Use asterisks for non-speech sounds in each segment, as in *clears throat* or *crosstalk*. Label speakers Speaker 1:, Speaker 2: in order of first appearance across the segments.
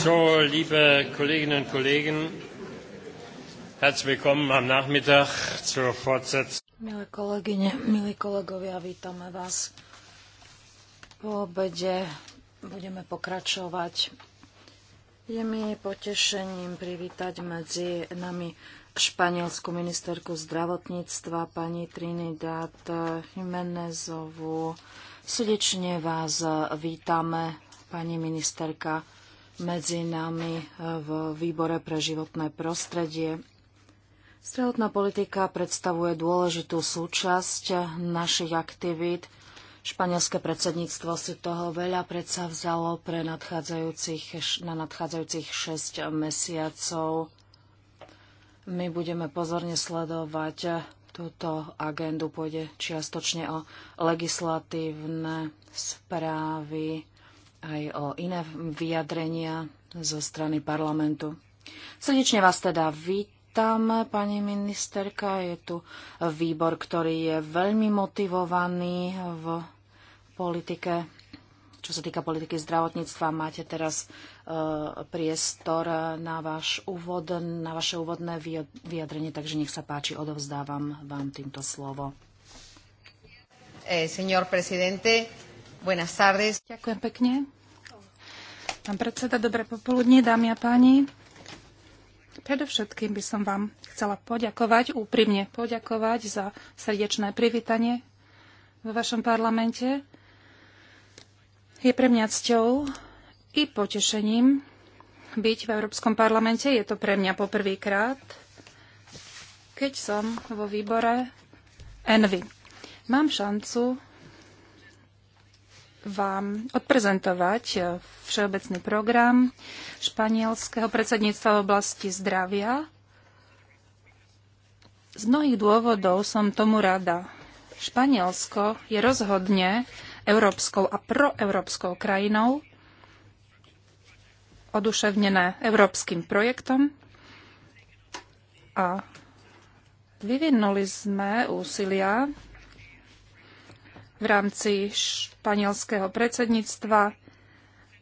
Speaker 1: So, liebe Kolleginnen und Kollegen, herzlich willkommen am Nachmittag zur Fortsetzung.
Speaker 2: Milé kolegyne, milí kolegovia, vítame vás. Po obede budeme pokračovať. Je mi potešením privítať medzi nami španielsku ministerku zdravotníctva pani Trinidad Jiménezovu. Srdečne vás vítame, pani ministerka medzi nami e, v výbore pre životné prostredie. Zdravotná politika predstavuje dôležitú súčasť našich aktivít. Španielské predsedníctvo si toho veľa predsa vzalo pre nadchádzajúcich, na nadchádzajúcich 6 mesiacov. My budeme pozorne sledovať túto agendu. Pôjde čiastočne o legislatívne správy aj o iné vyjadrenia zo strany parlamentu. Srdečne vás teda vítam, pani ministerka. Je tu výbor, ktorý je veľmi motivovaný v politike čo sa týka politiky zdravotníctva, máte teraz e, priestor na, váš úvod, na vaše úvodné vyjadrenie, takže nech sa páči, odovzdávam vám týmto slovo. Eh, señor presidente, Buenas tardes. Ďakujem pekne. Pán
Speaker 3: predseda, dobré popoludne, dámy a páni. Predovšetkým by som vám chcela poďakovať, úprimne poďakovať za srdečné privítanie vo vašom parlamente. Je pre mňa cťou i potešením byť v Európskom parlamente. Je to pre mňa poprvýkrát, keď som vo výbore Envy. Mám šancu vám odprezentovať e, všeobecný program španielského predsedníctva v oblasti zdravia. Z mnohých dôvodov som tomu rada. Španielsko je rozhodne európskou a proeurópskou krajinou, oduševnené európskym projektom a vyvinuli sme úsilia v rámci španielského predsedníctva.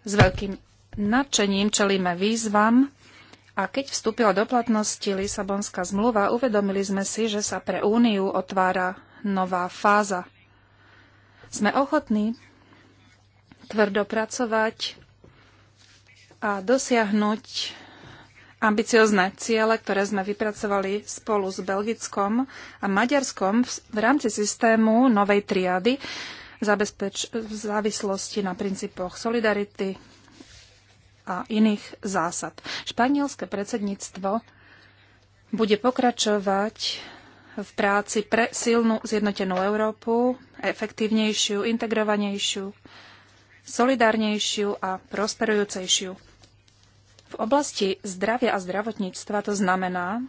Speaker 3: S veľkým nadšením čelíme výzvam a keď vstúpila do platnosti Lisabonská zmluva, uvedomili sme si, že sa pre Úniu otvára nová fáza. Sme ochotní tvrdo pracovať a dosiahnuť ambiciozne ciele, ktoré sme vypracovali spolu s Belgickom a Maďarskom v rámci systému novej triady zabezpeč- v závislosti na princípoch solidarity a iných zásad. Španielské predsedníctvo bude pokračovať v práci pre silnú zjednotenú Európu, efektívnejšiu, integrovanejšiu, solidárnejšiu a prosperujúcejšiu. V oblasti zdravia a zdravotníctva to znamená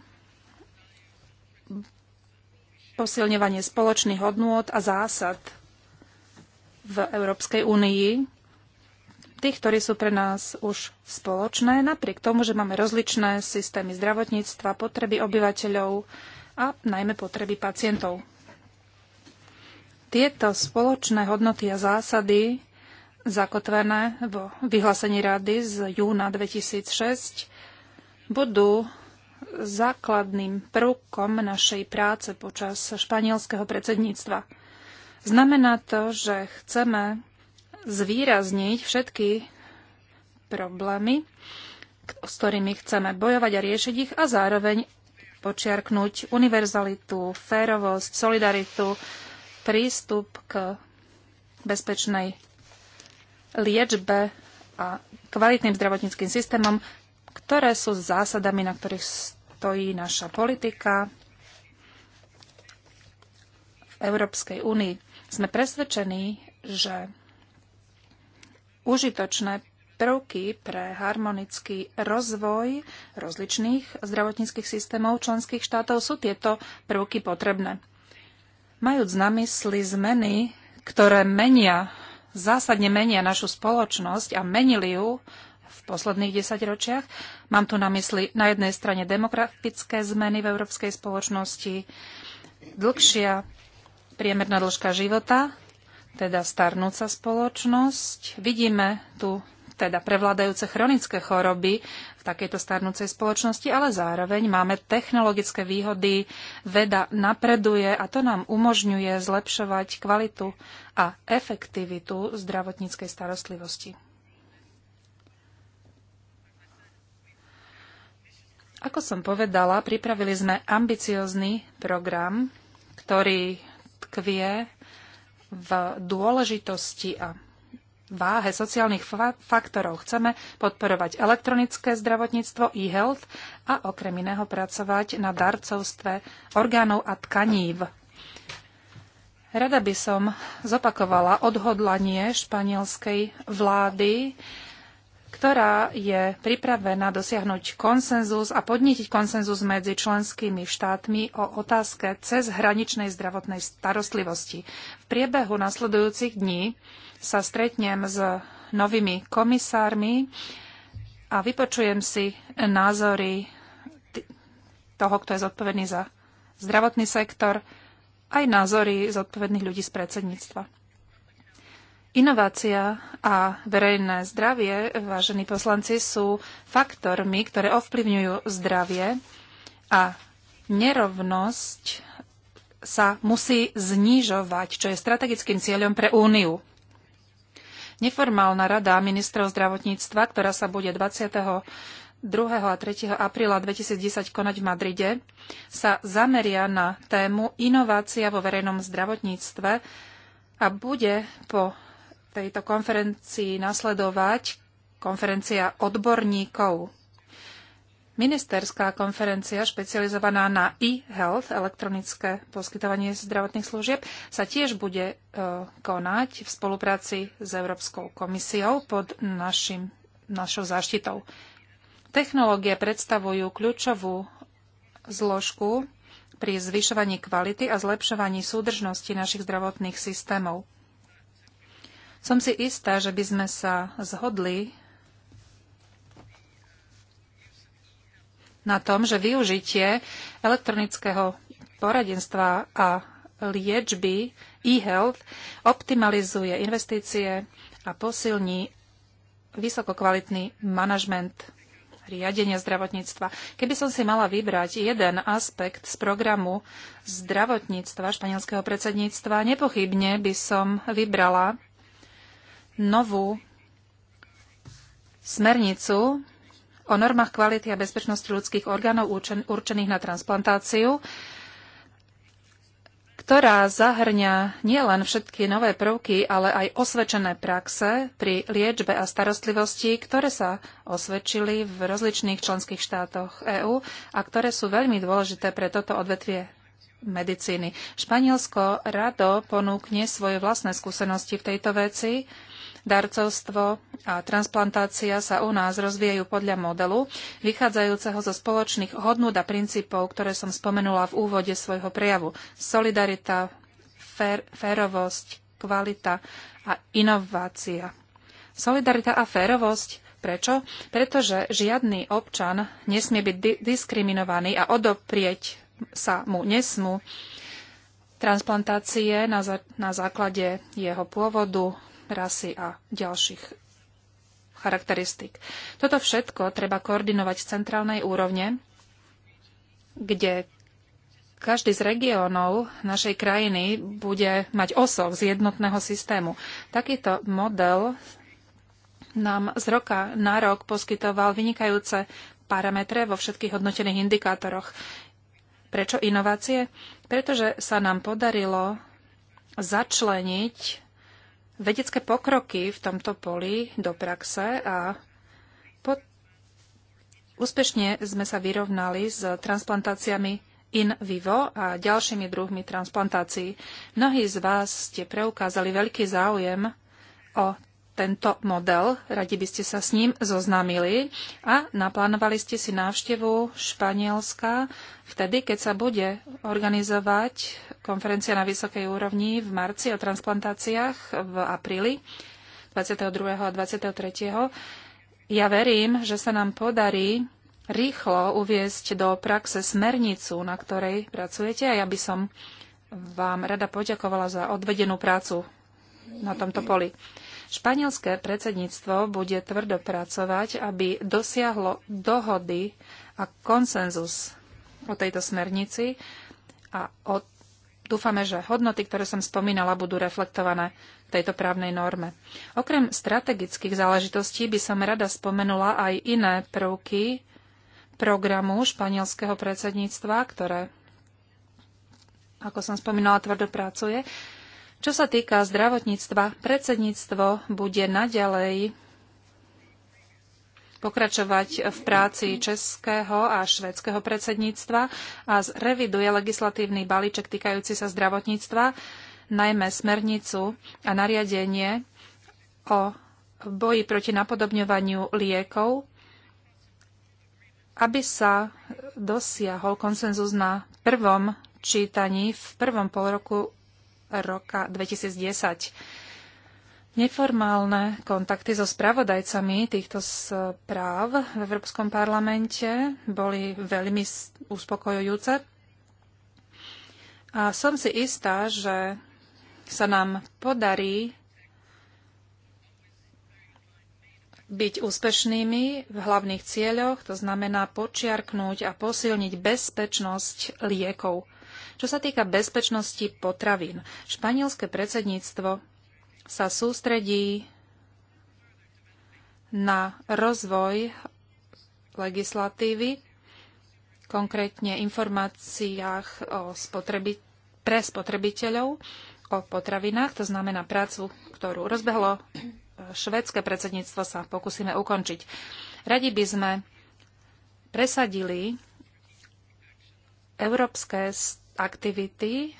Speaker 3: posilňovanie spoločných hodnôt a zásad v Európskej únii, tých, ktorí sú pre nás už spoločné, napriek tomu, že máme rozličné systémy zdravotníctva, potreby obyvateľov a najmä potreby pacientov. Tieto spoločné hodnoty a zásady zakotvené v vyhlásení rady z júna 2006, budú základným prvkom našej práce počas španielského predsedníctva. Znamená to, že chceme zvýrazniť všetky problémy, s ktorými chceme bojovať a riešiť ich a zároveň počiarknúť univerzalitu, férovosť, solidaritu, prístup k bezpečnej liečbe a kvalitným zdravotníckým systémom, ktoré sú zásadami, na ktorých stojí naša politika v Európskej únii. Sme presvedčení, že užitočné prvky pre harmonický rozvoj rozličných zdravotníckých systémov členských štátov sú tieto prvky potrebné. Majúc na mysli zmeny, ktoré menia zásadne menia našu spoločnosť a menili ju v posledných desaťročiach. Mám tu na mysli na jednej strane demografické zmeny v európskej spoločnosti, dlhšia priemerná dĺžka života, teda starnúca spoločnosť. Vidíme tu teda prevládajúce chronické choroby v takejto starnúcej spoločnosti, ale zároveň máme technologické výhody, veda napreduje a to nám umožňuje zlepšovať kvalitu a efektivitu zdravotníckej starostlivosti. Ako som povedala, pripravili sme ambiciózny program, ktorý tkvie v dôležitosti a váhe sociálnych fa faktorov. Chceme podporovať elektronické zdravotníctvo e-health a okrem iného pracovať na darcovstve orgánov a tkanív. Rada by som zopakovala odhodlanie španielskej vlády, ktorá je pripravená dosiahnuť konsenzus a podnítiť konsenzus medzi členskými štátmi o otázke cez hraničnej zdravotnej starostlivosti. V priebehu nasledujúcich dní sa stretnem s novými komisármi a vypočujem si názory toho, kto je zodpovedný za zdravotný sektor, aj názory zodpovedných ľudí z predsedníctva. Inovácia a verejné zdravie, vážení poslanci, sú faktormi, ktoré ovplyvňujú zdravie a nerovnosť sa musí znižovať, čo je strategickým cieľom pre Úniu. Neformálna rada ministrov zdravotníctva, ktorá sa bude 22. a 3. apríla 2010 konať v Madride, sa zameria na tému inovácia vo verejnom zdravotníctve a bude po tejto konferencii nasledovať konferencia odborníkov Ministerská konferencia špecializovaná na e-health, elektronické poskytovanie zdravotných služieb, sa tiež bude e, konať v spolupráci s Európskou komisiou pod našim, našou záštitou. Technológie predstavujú kľúčovú zložku pri zvyšovaní kvality a zlepšovaní súdržnosti našich zdravotných systémov. Som si istá, že by sme sa zhodli na tom, že využitie elektronického poradenstva a liečby e-health optimalizuje investície a posilní vysokokvalitný manažment riadenia zdravotníctva. Keby som si mala vybrať jeden aspekt z programu zdravotníctva španielského predsedníctva, nepochybne by som vybrala novú smernicu o normách kvality a bezpečnosti ľudských orgánov určených na transplantáciu, ktorá zahrňa nielen všetky nové prvky, ale aj osvedčené praxe pri liečbe a starostlivosti, ktoré sa osvedčili v rozličných členských štátoch EÚ a ktoré sú veľmi dôležité pre toto odvetvie medicíny. Španielsko rado ponúkne svoje vlastné skúsenosti v tejto veci Darcovstvo a transplantácia sa u nás rozvíjajú podľa modelu, vychádzajúceho zo spoločných hodnôt a princípov, ktoré som spomenula v úvode svojho prejavu. Solidarita, fér, férovosť, kvalita a inovácia. Solidarita a férovosť Prečo? Pretože žiadny občan nesmie byť di- diskriminovaný a odoprieť sa mu nesmú transplantácie na, za- na základe jeho pôvodu, rasy a ďalších charakteristik. Toto všetko treba koordinovať v centrálnej úrovne, kde každý z regiónov našej krajiny bude mať osoch z jednotného systému. Takýto model nám z roka na rok poskytoval vynikajúce parametre vo všetkých hodnotených indikátoroch. Prečo inovácie? Pretože sa nám podarilo začleniť vedecké pokroky v tomto poli do praxe a po... úspešne sme sa vyrovnali s transplantáciami in vivo a ďalšími druhmi transplantácií. Mnohí z vás ste preukázali veľký záujem o tento model, radi by ste sa s ním zoznámili a naplánovali ste si návštevu Španielska vtedy, keď sa bude organizovať konferencia na vysokej úrovni v marci o transplantáciách v apríli 22. a 23. Ja verím, že sa nám podarí rýchlo uviesť do praxe smernicu, na ktorej pracujete a ja by som vám rada poďakovala za odvedenú prácu na tomto poli. Španielské predsedníctvo bude tvrdo pracovať, aby dosiahlo dohody a konsenzus o tejto smernici a o, dúfame, že hodnoty, ktoré som spomínala, budú reflektované v tejto právnej norme. Okrem strategických záležitostí by som rada spomenula aj iné prvky programu španielského predsedníctva, ktoré, ako som spomínala, tvrdo pracuje. Čo sa týka zdravotníctva, predsedníctvo bude naďalej pokračovať v práci českého a švedského predsedníctva a zreviduje legislatívny balíček týkajúci sa zdravotníctva, najmä smernicu a nariadenie o boji proti napodobňovaniu liekov, aby sa dosiahol konsenzus na prvom čítaní v prvom polroku roka 2010. Neformálne kontakty so spravodajcami týchto správ v Európskom parlamente boli veľmi uspokojujúce. A som si istá, že sa nám podarí byť úspešnými v hlavných cieľoch, to znamená počiarknúť a posilniť bezpečnosť liekov. Čo sa týka bezpečnosti potravín, španielské predsedníctvo sa sústredí na rozvoj legislatívy, konkrétne informáciách o spotrebi- pre spotrebiteľov o potravinách, to znamená prácu, ktorú rozbehlo eh, švedské predsedníctvo, sa pokúsime ukončiť. Radi by sme presadili európske aktivity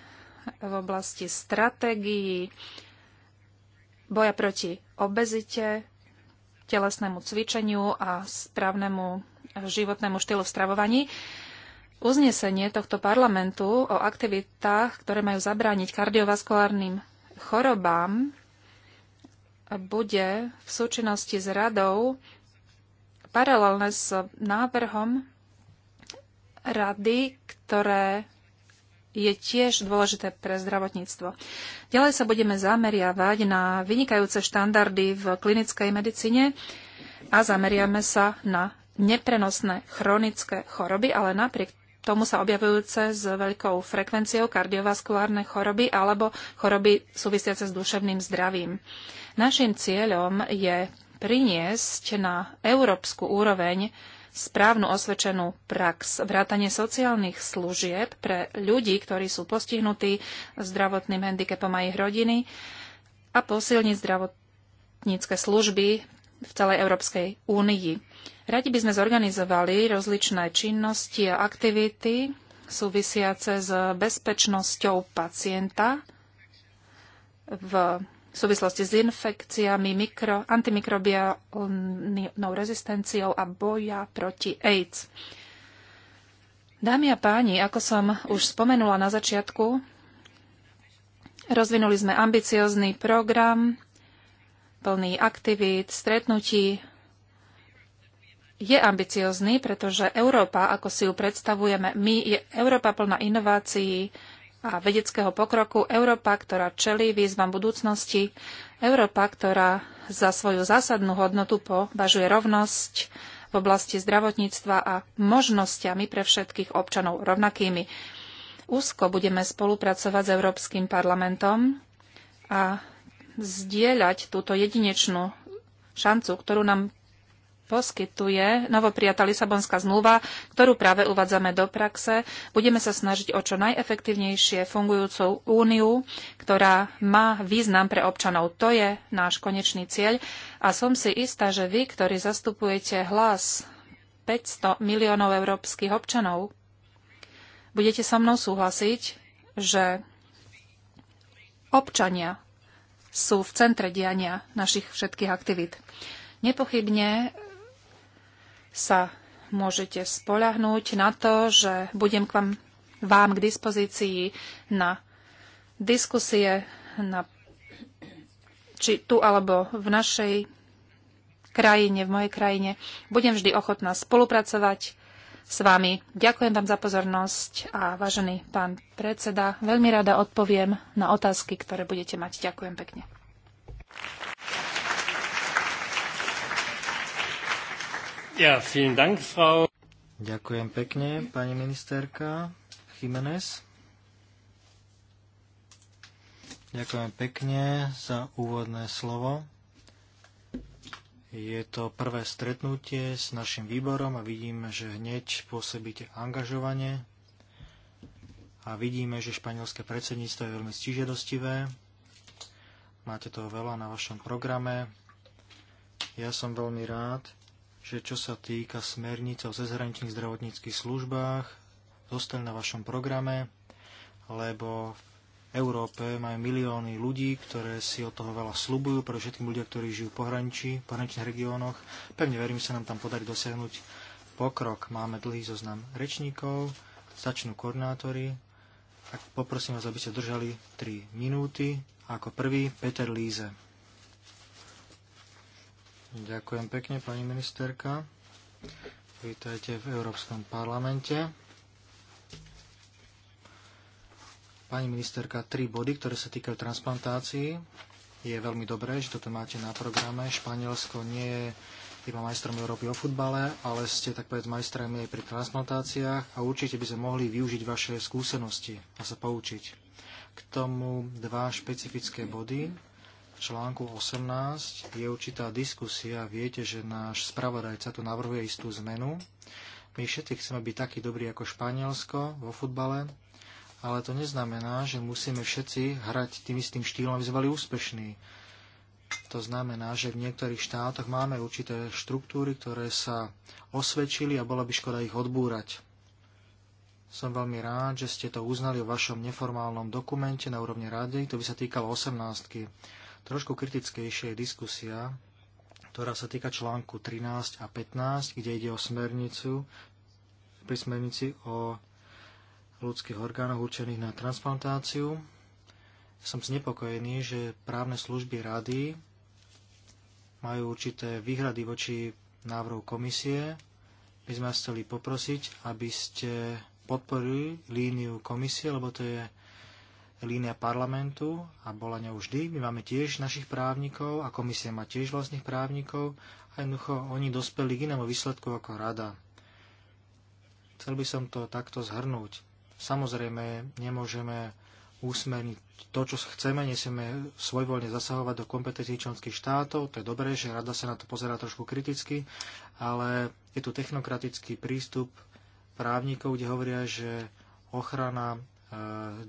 Speaker 3: v oblasti stratégií, boja proti obezite, telesnému cvičeniu a správnemu životnému štýlu v stravovaní. Uznesenie tohto parlamentu o aktivitách, ktoré majú zabrániť kardiovaskulárnym chorobám, bude v súčinnosti s radou paralelne s návrhom rady, ktoré je tiež dôležité pre zdravotníctvo. Ďalej sa budeme zameriavať na vynikajúce štandardy v klinickej medicíne a zameriame sa na neprenosné chronické choroby, ale napriek tomu sa objavujúce s veľkou frekvenciou kardiovaskulárne choroby alebo choroby súvisiace s duševným zdravím. Našim cieľom je priniesť na európsku úroveň správnu osvedčenú prax, vrátanie sociálnych služieb pre ľudí, ktorí sú postihnutí zdravotným handicapom a ich rodiny a posilniť zdravotnícke služby v celej Európskej únii. Radi by sme zorganizovali rozličné činnosti a aktivity súvisiace s bezpečnosťou pacienta v v súvislosti s infekciami, mikro, antimikrobiálnou rezistenciou a boja proti AIDS. Dámy a páni, ako som už spomenula na začiatku, rozvinuli sme ambiciózny program, plný aktivít, stretnutí. Je ambiciózny, pretože Európa, ako si ju predstavujeme my, je Európa plná inovácií, a vedeckého pokroku, Európa, ktorá čelí výzvam budúcnosti, Európa, ktorá za svoju zásadnú hodnotu považuje rovnosť v oblasti zdravotníctva a možnosťami pre všetkých občanov rovnakými. Úzko budeme spolupracovať s Európskym parlamentom a zdieľať túto jedinečnú šancu, ktorú nám poskytuje novoprijatá Lisabonská zmluva, ktorú práve uvádzame do praxe. Budeme sa snažiť o čo najefektívnejšie fungujúcu úniu, ktorá má význam pre občanov. To je náš konečný cieľ a som si istá, že vy, ktorí zastupujete hlas 500 miliónov európskych občanov, budete so mnou súhlasiť, že občania sú v centre diania našich všetkých aktivít. Nepochybne sa môžete spoľahnúť na to, že budem k vám, vám k dispozícii na diskusie, na, či tu alebo v našej krajine, v mojej krajine. Budem vždy ochotná spolupracovať s vami. Ďakujem vám za pozornosť a vážený pán predseda, veľmi rada odpoviem na otázky, ktoré budete mať. Ďakujem pekne.
Speaker 1: Ja, vielen Dank, Frau. Ďakujem pekne, pani ministerka Jiménez. Ďakujem pekne za úvodné slovo. Je to prvé stretnutie s našim výborom a vidíme, že hneď pôsobíte angažovanie a vidíme, že španielské predsedníctvo je veľmi stížedostivé. Máte toho veľa na vašom programe. Ja som veľmi rád, že čo sa týka smernice o cezhraničných zdravotníckých službách, zostali na vašom programe, lebo v Európe majú milióny ľudí, ktoré si od toho veľa slubujú, pre všetkých ľudia, ktorí žijú v pohraničí, v pohraničných regiónoch. Pevne verím, že sa nám tam podarí dosiahnuť pokrok. Máme dlhý zoznam rečníkov, začnú koordinátori. Tak poprosím vás, aby ste držali 3 minúty. Ako prvý Peter Líze. Ďakujem pekne, pani ministerka. Vítajte v Európskom parlamente. Pani ministerka, tri body, ktoré sa týkajú transplantácií. Je veľmi dobré, že toto máte na programe. Španielsko nie je iba majstrom Európy o futbale, ale ste tak povedz majstrami aj pri transplantáciách a určite by sme mohli využiť vaše skúsenosti a sa poučiť. K tomu dva špecifické body článku 18 je určitá diskusia. Viete, že náš spravodajca tu navrhuje istú zmenu. My všetci chceme byť takí dobrí ako Španielsko vo futbale, ale to neznamená, že musíme všetci hrať tým istým štýlom, aby sme boli úspešní. To znamená, že v niektorých štátoch máme určité štruktúry, ktoré sa osvedčili a bola by škoda ich odbúrať. Som veľmi rád, že ste to uznali v vašom neformálnom dokumente na úrovni rady, to by sa týkalo 18. Trošku kritickejšie je diskusia, ktorá sa týka článku 13 a 15, kde ide o smernicu, pri smernici o ľudských orgánoch určených na transplantáciu. Som znepokojený, že právne služby rady majú určité výhrady voči návrhu komisie. My sme vás chceli poprosiť, aby ste podporili líniu komisie, lebo to je línia parlamentu a bola ňou vždy. My máme tiež našich právnikov a komisia má tiež vlastných právnikov a jednoducho oni dospeli k inému výsledku ako rada. Chcel by som to takto zhrnúť. Samozrejme, nemôžeme úsmerniť to, čo chceme, nesieme svojvoľne zasahovať do kompetencií členských štátov, to je dobré, že rada sa na to pozerá trošku kriticky, ale je tu technokratický prístup právnikov, kde hovoria, že ochrana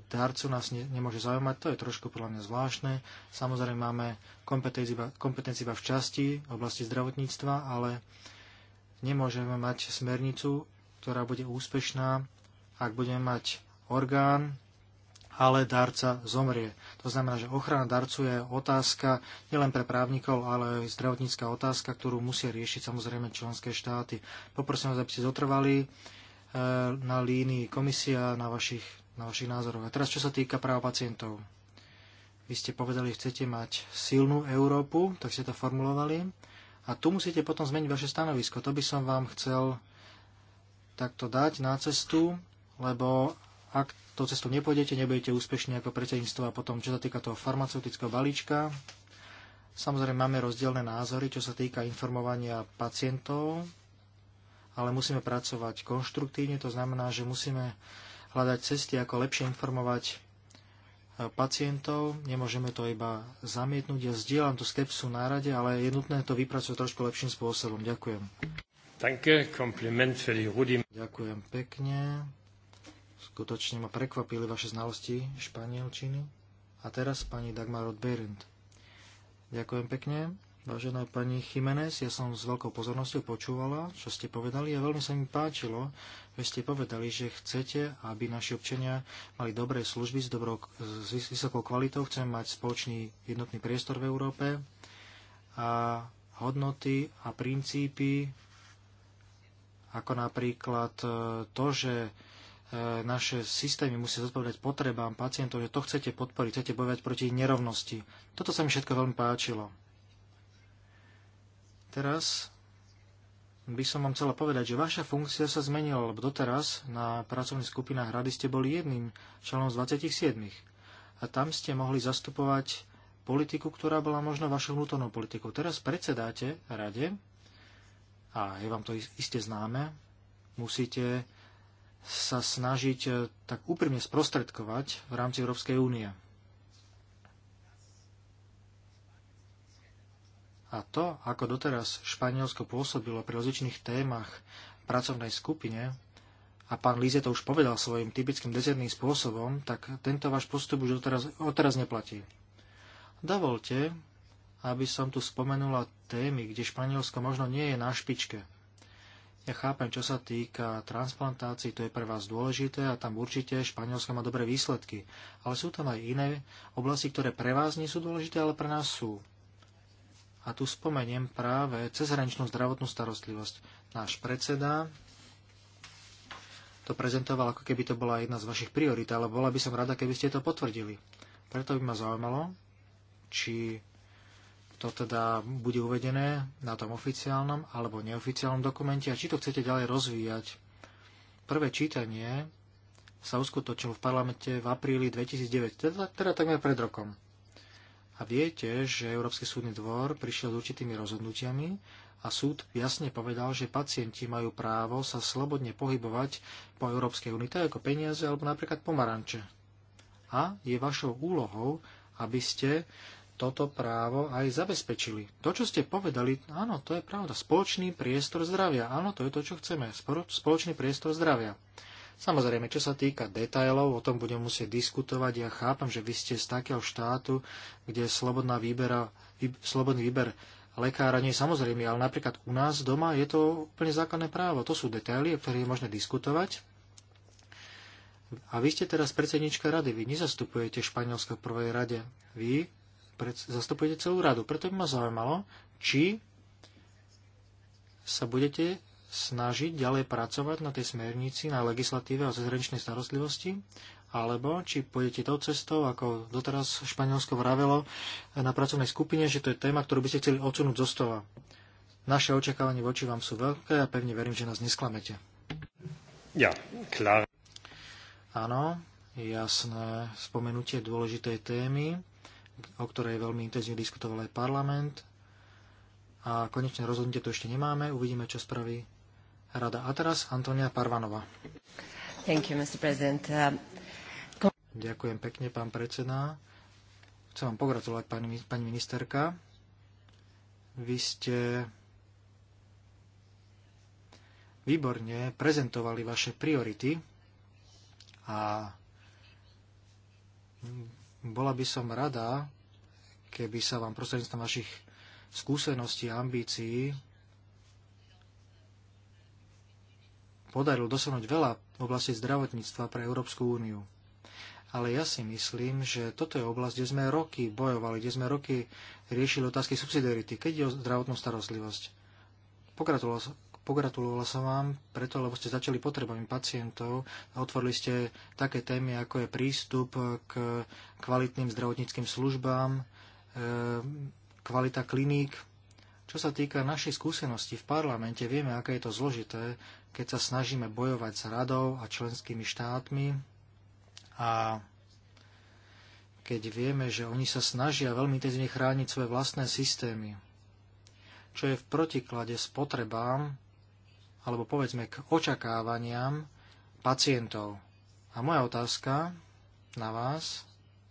Speaker 1: darcu nás ne, nemôže zaujímať, to je trošku podľa mňa zvláštne. Samozrejme máme kompetenci iba, v časti v oblasti zdravotníctva, ale nemôžeme mať smernicu, ktorá bude úspešná, ak budeme mať orgán, ale darca zomrie. To znamená, že ochrana darcu je otázka nielen pre právnikov, ale aj zdravotnícká otázka, ktorú musia riešiť samozrejme členské štáty. Poprosím vás, aby ste zotrvali eh, na línii komisia na vašich na vašich názoroch. A teraz, čo sa týka práva pacientov. Vy ste povedali, že chcete mať silnú Európu, tak ste to formulovali. A tu musíte potom zmeniť vaše stanovisko. To by som vám chcel takto dať na cestu, lebo ak to cestu nepôjdete, nebudete úspešní ako predsedníctvo a potom, čo sa týka toho farmaceutického balíčka, Samozrejme, máme rozdielne názory, čo sa týka informovania pacientov, ale musíme pracovať konštruktívne, to znamená, že musíme hľadať cesty, ako lepšie informovať e, pacientov. Nemôžeme to iba zamietnúť. Ja zdieľam tú skepsu na rade, ale je nutné to vypracovať trošku lepším spôsobom. Ďakujem. Danke, kompliment für die Rudi. Ďakujem pekne. Skutočne ma prekvapili vaše znalosti španielčiny. A teraz pani Dagmar Berend. Ďakujem pekne. Vážená pani Chimenez, ja som s veľkou pozornosťou počúvala, čo ste povedali a veľmi sa mi páčilo, že ste povedali, že chcete, aby naši občania mali dobré služby s, dobrou, s vysokou kvalitou, chceme mať spoločný jednotný priestor v Európe a hodnoty a princípy, ako napríklad e, to, že e, naše systémy musia zodpovedať potrebám pacientov, že to chcete podporiť, chcete bojovať proti nerovnosti. Toto sa mi všetko veľmi páčilo. Teraz by som vám chcela povedať, že vaša funkcia sa zmenila, lebo doteraz na pracovných skupinách rady ste boli jedným členom z 27. A tam ste mohli zastupovať politiku, ktorá bola možno vašou vnútornou politikou. Teraz predsedáte rade a je vám to iste známe. Musíte sa snažiť eh, tak úprimne sprostredkovať v rámci Európskej únie. A to, ako doteraz Španielsko pôsobilo pri rozličných témach v pracovnej skupine, a pán Líze to už povedal svojim typickým dezertným spôsobom, tak tento váš postup už doteraz, odteraz neplatí. Dovolte, aby som tu spomenula témy, kde Španielsko možno nie je na špičke. Ja chápem, čo sa týka transplantácií, to je pre vás dôležité a tam určite Španielsko má dobré výsledky. Ale sú tam aj iné oblasti, ktoré pre vás nie sú dôležité, ale pre nás sú. A tu spomeniem práve cezhraničnú zdravotnú starostlivosť. Náš predseda to prezentoval, ako keby to bola jedna z vašich priorít, ale bola by som rada, keby ste to potvrdili. Preto by ma zaujímalo, či to teda bude uvedené na tom oficiálnom alebo neoficiálnom dokumente a či to chcete ďalej rozvíjať. Prvé čítanie sa uskutočilo v parlamente v apríli 2009, teda, teda takmer pred rokom. A viete, že Európsky súdny dvor prišiel s určitými rozhodnutiami a súd jasne povedal, že pacienti majú právo sa slobodne pohybovať po Európskej únii, ako peniaze alebo napríklad pomaranče. A je vašou úlohou, aby ste toto právo aj zabezpečili. To, čo ste povedali, áno, to je pravda. Spoločný priestor zdravia. Áno, to je to, čo chceme. Spoločný priestor zdravia. Samozrejme, čo sa týka detajlov, o tom budem musieť diskutovať. Ja chápam, že vy ste z takého štátu, kde slobodná výbera, slobodný výber lekára nie je samozrejme, ale napríklad u nás doma je to úplne základné právo. To sú detaily, o ktorých je možné diskutovať. A vy ste teraz predsednička rady, vy nezastupujete Španielsko v prvej rade, vy pred, zastupujete celú radu. Preto by ma zaujímalo, či sa budete snažiť ďalej pracovať na tej smernici, na legislatíve o cezhraničnej starostlivosti, alebo či pôjdete tou cestou, ako doteraz Španielsko vravelo na pracovnej skupine, že to je téma, ktorú by ste chceli odsunúť zo stola. Naše očakávanie voči vám sú veľké a pevne verím, že nás nesklamete. Ja, klar. Áno, jasné spomenutie dôležitej témy, o ktorej veľmi intenzívne diskutoval aj parlament, a konečné rozhodnutie to ešte nemáme, uvidíme, čo spraví rada. A teraz Antonia Parvanova.
Speaker 2: Thank you, Mr. President. Uh...
Speaker 1: Ďakujem pekne, pán predseda. Chcem vám pogratulovať, pani, pani ministerka. Vy ste výborne prezentovali vaše priority a bola by som rada, keby sa vám prostredníctvom vašich skúseností a ambícií podarilo dosiahnuť veľa v oblasti zdravotníctva pre Európsku úniu. Ale ja si myslím, že toto je oblasť, kde sme roky bojovali, kde sme roky riešili otázky subsidiarity, keď je o zdravotnú starostlivosť. Pogratuloval, pogratulovala som vám preto, lebo ste začali potrebami pacientov a otvorili ste také témy, ako je prístup k kvalitným zdravotníckým službám, eh, kvalita kliník. Čo sa týka našej skúsenosti v parlamente, vieme, aké je to zložité keď sa snažíme bojovať s radou a členskými štátmi a keď vieme, že oni sa snažia veľmi tezne chrániť svoje vlastné systémy, čo je v protiklade s potrebám, alebo povedzme k očakávaniam pacientov. A moja otázka na vás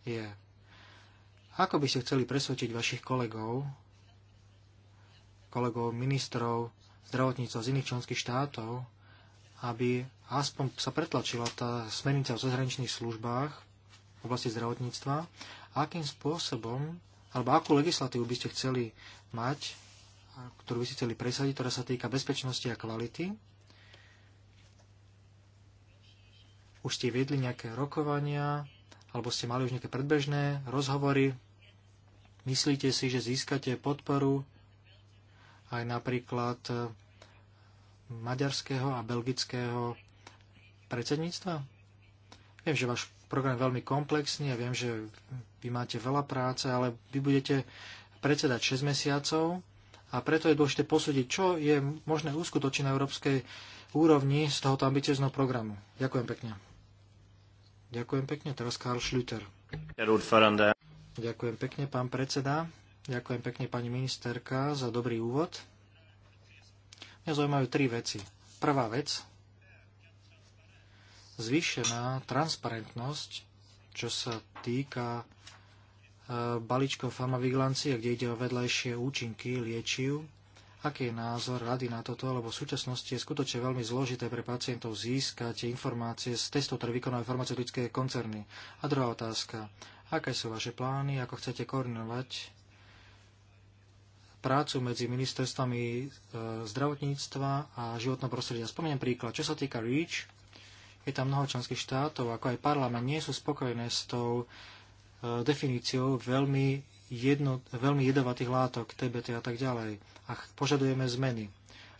Speaker 1: je, ako by ste chceli presvedčiť vašich kolegov, kolegov ministrov zdravotníctva z iných členských štátov, aby aspoň sa pretlačila tá smernica o zahraničných službách v oblasti zdravotníctva, akým spôsobom, alebo akú legislatívu by ste chceli mať, ktorú by ste chceli presadiť, ktorá sa týka bezpečnosti a kvality. Už ste viedli nejaké rokovania, alebo ste mali už nejaké predbežné rozhovory. Myslíte si, že získate podporu aj napríklad e, maďarského a belgického predsedníctva? Viem, že váš program je veľmi komplexný a viem, že vy máte veľa práce, ale vy budete predsedať 6 mesiacov a preto je dôležité posúdiť, čo je možné uskutočniť na európskej úrovni z tohoto ambiciozného programu. Ďakujem pekne. Ďakujem pekne. Teraz Karl Schlüter. Ďakujem pekne, pán predseda. Ďakujem pekne pani ministerka za dobrý úvod. Mňa zaujímajú tri veci. Prvá vec, zvýšená transparentnosť, čo sa týka e, balíčkov farmavigilancie, kde ide o vedľajšie účinky liečiv. Aký je názor rady na toto, lebo v súčasnosti je skutočne veľmi zložité pre pacientov získať informácie z testov, ktoré vykonajú farmaceutické koncerny. A druhá otázka. Aké sú vaše plány, ako chcete koordinovať prácu medzi ministerstvami e, zdravotníctva a životného prostredia. Spomeniem príklad. Čo sa týka REACH, je tam mnoho členských štátov, ako aj parlament, nie sú spokojné s tou e, definíciou veľmi, jedno, veľmi jedovatých látok, TBT a tak ďalej. A požadujeme zmeny.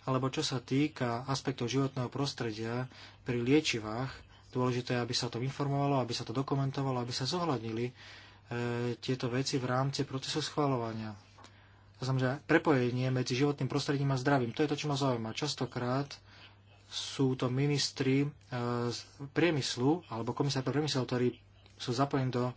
Speaker 1: Alebo čo sa týka aspektov životného prostredia pri liečivách, dôležité je, aby sa to informovalo, aby sa to dokumentovalo, aby sa zohľadnili e, tieto veci v rámci procesu schvalovania to znamená prepojenie medzi životným prostredím a zdravím. To je to, čo ma zaujíma. Častokrát sú to ministri e, z priemyslu alebo komisár pre priemysel, ktorí sú zapojení do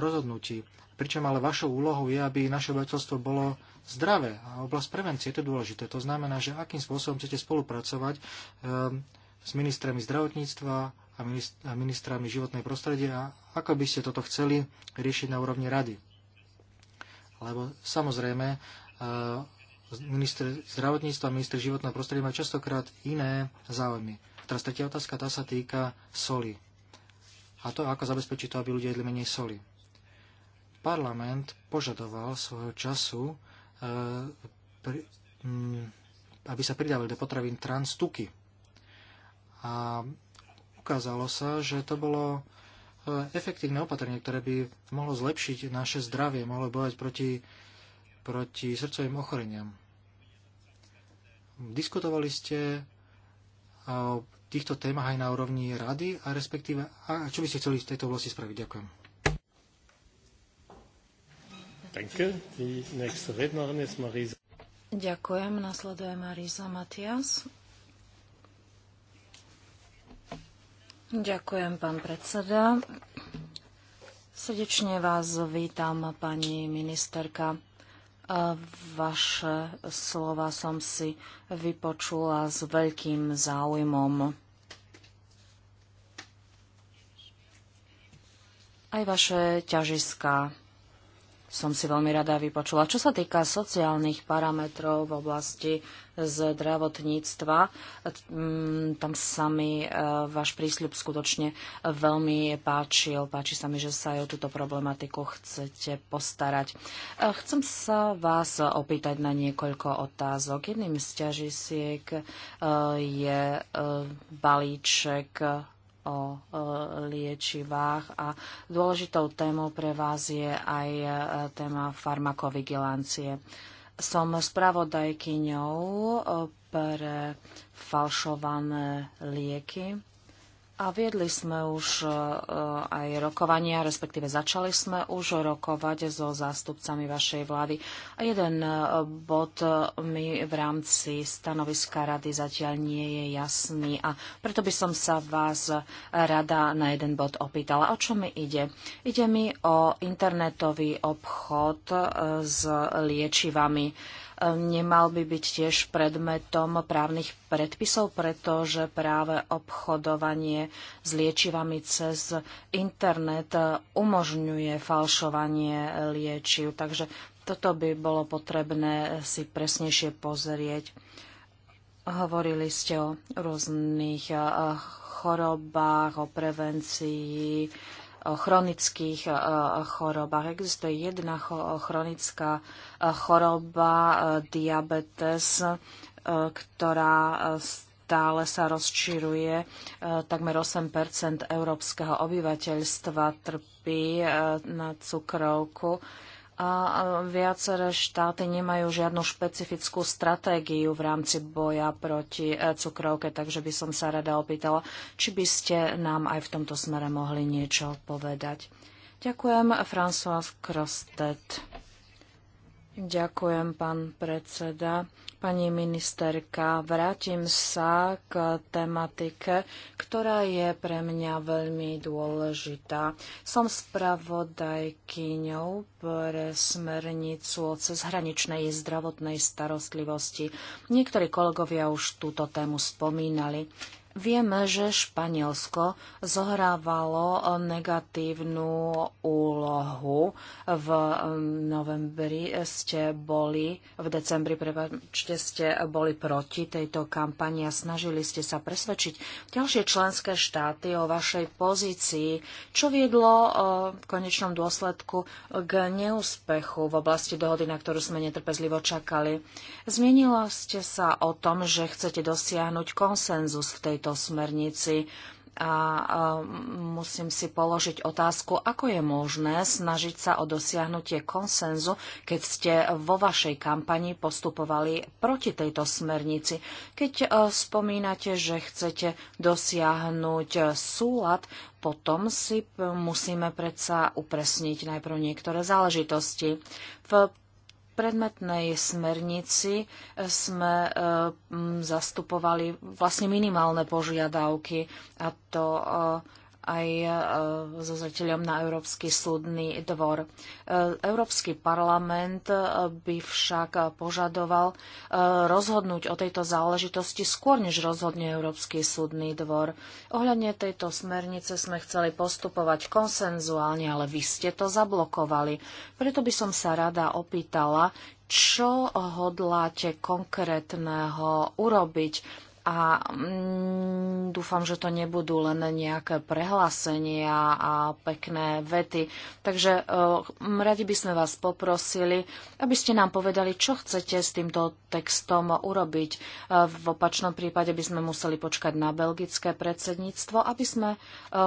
Speaker 1: rozhodnutí. Pričom ale vašou úlohou je, aby naše obyvateľstvo bolo zdravé a oblasť prevencie je to dôležité. To znamená, že akým spôsobom chcete spolupracovať e, s ministrami zdravotníctva, a ministrami životnej prostredia a ako by ste toto chceli riešiť na úrovni rady. Lebo samozrejme, e, minister zdravotníctva a minister životného prostredia majú častokrát iné záujmy. Teraz tretia otázka, tá sa týka soli. A to, ako zabezpečiť to, aby ľudia jedli menej soli. Parlament požadoval svojho času, e, aby sa pridávali do potravín trans tuky. A ukázalo sa, že to bolo efektívne opatrenie, ktoré by mohlo zlepšiť naše zdravie, mohlo bojať proti, proti srdcovým ochoreniam. Diskutovali ste o týchto témach aj na úrovni rady a respektíve, a čo by ste chceli v tejto oblasti spraviť? Ďakujem.
Speaker 2: Ďakujem. Nasleduje Marisa Matias. Ďakujem, pán predseda. Srdečne vás vítam, pani ministerka. Vaše slova som si vypočula s veľkým záujmom. Aj vaše ťažiská som si veľmi rada vypočula. Čo sa týka sociálnych parametrov v oblasti zdravotníctva, mm, tam sa mi e, váš prísľub skutočne veľmi páčil. Páči sa mi, že sa aj o túto problematiku chcete postarať. E, chcem sa vás opýtať na niekoľko otázok. Jedným z ťažisiek e, je balíček o e, liečivách a dôležitou témou pre vás je aj e, téma farmakovigilancie. Som spravodajkyňou e, pre falšované lieky a viedli sme už e, aj rokovania, respektíve začali sme už rokovať so zástupcami vašej vlády. A jeden e, bod mi v rámci stanoviska rady zatiaľ nie je jasný a preto by som sa vás rada na jeden bod opýtala. O čo mi ide? Ide mi o internetový obchod e, s liečivami nemal by byť tiež predmetom právnych predpisov, pretože práve obchodovanie s liečivami cez internet umožňuje falšovanie liečiv. Takže toto by bolo potrebné si presnejšie pozrieť. Hovorili ste o rôznych eh, chorobách, o prevencii, chronických e, e, chorobách. Existuje jedna e, chronická choroba, diabetes, ktorá stále sa rozširuje. Takmer 8 európskeho obyvateľstva trpí na cukrovku a viaceré štáty nemajú žiadnu špecifickú stratégiu v rámci boja proti e, cukrovke, takže by som sa rada opýtala, či by ste nám aj v tomto smere mohli niečo povedať. Ďakujem, François Krostet. Ďakujem, pán predseda. Pani ministerka, vrátim sa k tematike, ktorá je pre mňa veľmi dôležitá. Som spravodajkyňou pre smernicu o cezhraničnej zdravotnej starostlivosti. Niektorí kolegovia už túto tému spomínali. Vieme, že Španielsko zohrávalo eh, negatívnu úlohu. V eh, novembri ste boli, v decembri, prepačte, ste boli proti tejto kampani a snažili ste sa presvedčiť ďalšie členské štáty o vašej pozícii, čo viedlo eh, v konečnom dôsledku k neúspechu v oblasti dohody, na ktorú sme netrpezlivo čakali. Zmienila ste sa o tom, že chcete dosiahnuť konsenzus v tejto tejto smernici a musím si položiť otázku, ako je možné snažiť sa o dosiahnutie konsenzu, keď ste vo vašej kampani postupovali proti tejto smernici. Keď e, spomínate, že chcete dosiahnuť súlad, potom si musíme predsa upresniť najprv niektoré záležitosti. V predmetnej smernici sme eh, zastupovali vlastne minimálne požiadavky a to eh, aj e, so zreteľom na Európsky súdny dvor. E, Európsky parlament e, by však požadoval rozhodnúť o tejto záležitosti skôr, než rozhodne Európsky súdny dvor. Ohľadne tejto smernice sme chceli postupovať konsenzuálne, ale vy ste to zablokovali. Preto by som sa rada opýtala, čo hodláte konkrétneho urobiť, a mm, dúfam, že to nebudú len nejaké prehlásenia a pekné vety. Takže e, radi by sme vás poprosili, aby ste nám povedali, čo chcete s týmto textom urobiť. E, v opačnom prípade by sme museli počkať na belgické predsedníctvo, aby sme e,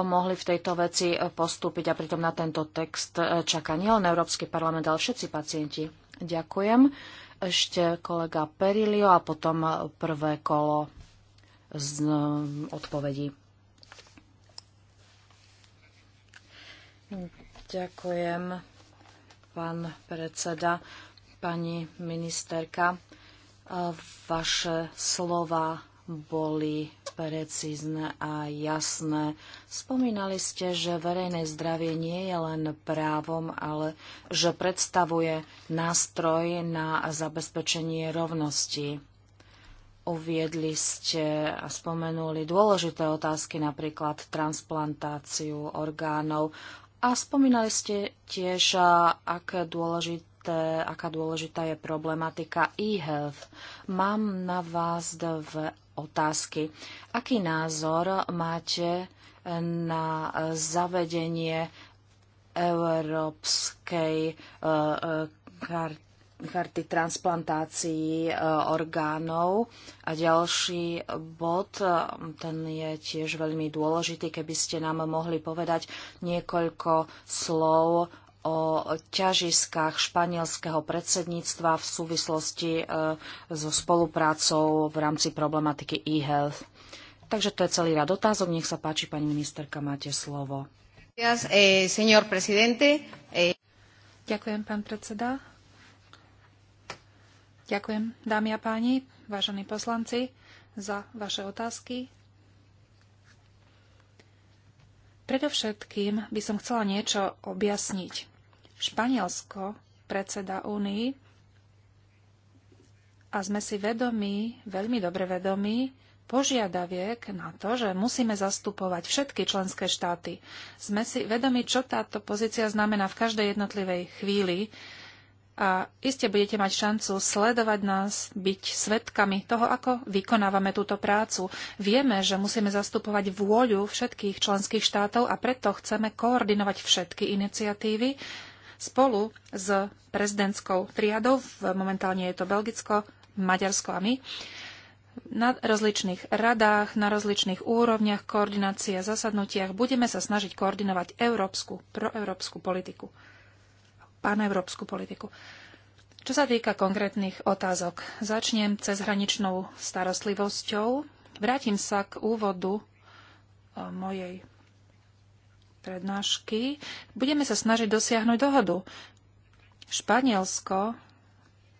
Speaker 2: mohli v tejto veci postúpiť a pritom na tento text čaká nielen Európsky parlament, ale všetci pacienti. Ďakujem ešte kolega Perilio a potom prvé kolo z no, odpovedí. Ďakujem, pán predseda, pani ministerka. Vaše slova boli precízne a jasné. Spomínali ste, že verejné zdravie nie je len právom, ale že predstavuje nástroj na zabezpečenie rovnosti. Uviedli ste a spomenuli dôležité otázky, napríklad transplantáciu orgánov. A spomínali ste tiež, aké dôležité, aká dôležitá je problematika e-health. Mám na vás dve otázky. Aký názor máte na zavedenie európskej e, e, karty? charty transplantácií e, orgánov. A ďalší bod, e, ten je tiež veľmi dôležitý, keby ste nám mohli povedať niekoľko slov o ťažiskách španielského predsedníctva v súvislosti e, so spoluprácou v rámci problematiky e-health. Takže to je celý rad otázok. Nech sa páči, pani ministerka, máte slovo.
Speaker 3: Eh, eh, Ďakujem, pán predseda. Ďakujem, dámy a páni, vážení poslanci, za vaše otázky. Predovšetkým by som chcela niečo objasniť. Španielsko predseda Únii a sme si vedomí, veľmi dobre vedomí, požiadaviek na to, že musíme zastupovať všetky členské štáty. Sme si vedomi, čo táto pozícia znamená v každej jednotlivej chvíli, a iste budete mať šancu sledovať nás, byť svetkami toho, ako vykonávame túto prácu. Vieme, že musíme zastupovať vôľu všetkých členských štátov a preto chceme koordinovať všetky iniciatívy spolu s prezidentskou triadou, momentálne je to Belgicko, Maďarsko a my, na rozličných radách, na rozličných úrovniach koordinácie a zasadnutiach budeme sa snažiť koordinovať európsku, proeurópsku politiku paneurópsku politiku. Čo sa týka konkrétnych otázok, začnem cez hraničnou starostlivosťou. Vrátim sa k úvodu e, mojej prednášky. Budeme sa snažiť dosiahnuť dohodu. Španielsko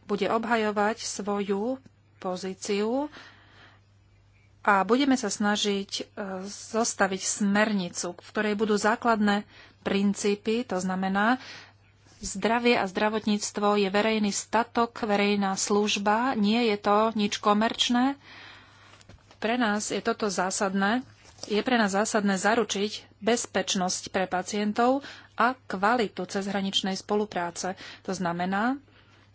Speaker 3: bude obhajovať svoju pozíciu a budeme sa snažiť e, zostaviť smernicu, v ktorej budú základné princípy, to znamená Zdravie a zdravotníctvo je verejný statok, verejná služba, nie je to nič komerčné. Pre nás je toto zásadné. Je pre nás zásadné zaručiť bezpečnosť pre pacientov a kvalitu cezhraničnej spolupráce. To znamená,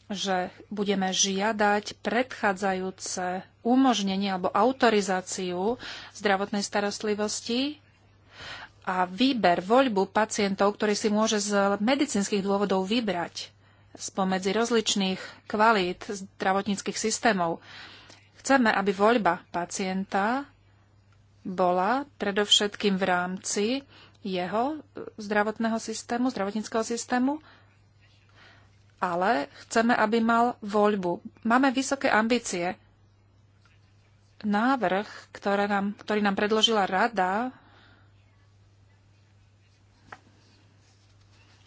Speaker 3: že budeme žiadať predchádzajúce umožnenie alebo autorizáciu zdravotnej starostlivosti a výber, voľbu pacientov, ktorý si môže z medicínskych dôvodov vybrať spomedzi rozličných kvalít zdravotníckých systémov. Chceme, aby voľba pacienta bola predovšetkým v rámci jeho zdravotného systému, zdravotníckého systému, ale chceme, aby mal voľbu. Máme vysoké ambície. Návrh, ktoré nám, ktorý nám predložila rada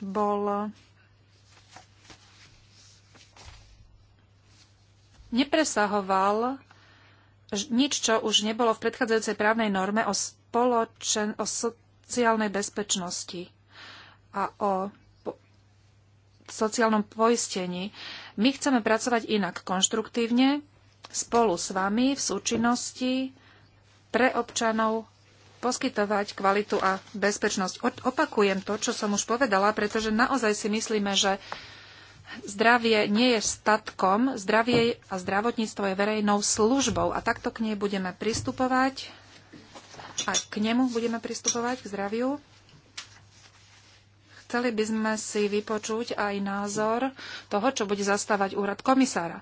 Speaker 3: bol nepresahoval nič, čo už nebolo v predchádzajúcej právnej norme o, spoločen- o sociálnej bezpečnosti a o po- sociálnom poistení. My chceme pracovať inak, konštruktívne, spolu s vami, v súčinnosti, pre občanov poskytovať kvalitu a bezpečnosť. Opakujem to, čo som už povedala, pretože naozaj si myslíme, že zdravie nie je statkom, zdravie a zdravotníctvo je verejnou službou a takto k nej budeme pristupovať a k nemu budeme pristupovať, k zdraviu. Chceli by sme si vypočuť aj názor toho, čo bude zastávať úrad komisára.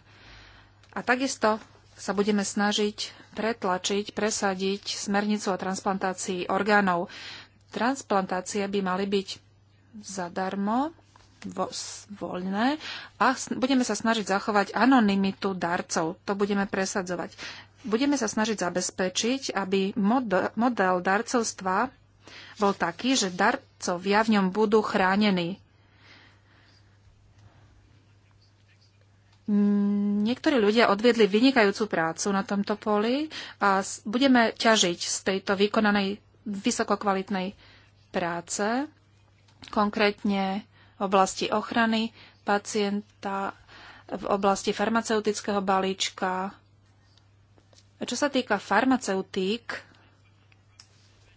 Speaker 3: A takisto sa budeme snažiť pretlačiť, presadiť smernicu o transplantácii orgánov. Transplantácie by mali byť zadarmo, vo, voľné a budeme sa snažiť zachovať anonymitu darcov. To budeme presadzovať. Budeme sa snažiť zabezpečiť, aby model, model darcovstva bol taký, že darcovia v ňom budú chránení Mm, niektorí ľudia odviedli vynikajúcu prácu na tomto poli a budeme ťažiť z tejto vykonanej vysokokvalitnej práce, konkrétne v oblasti ochrany pacienta, v oblasti farmaceutického balíčka. Čo sa týka farmaceutík,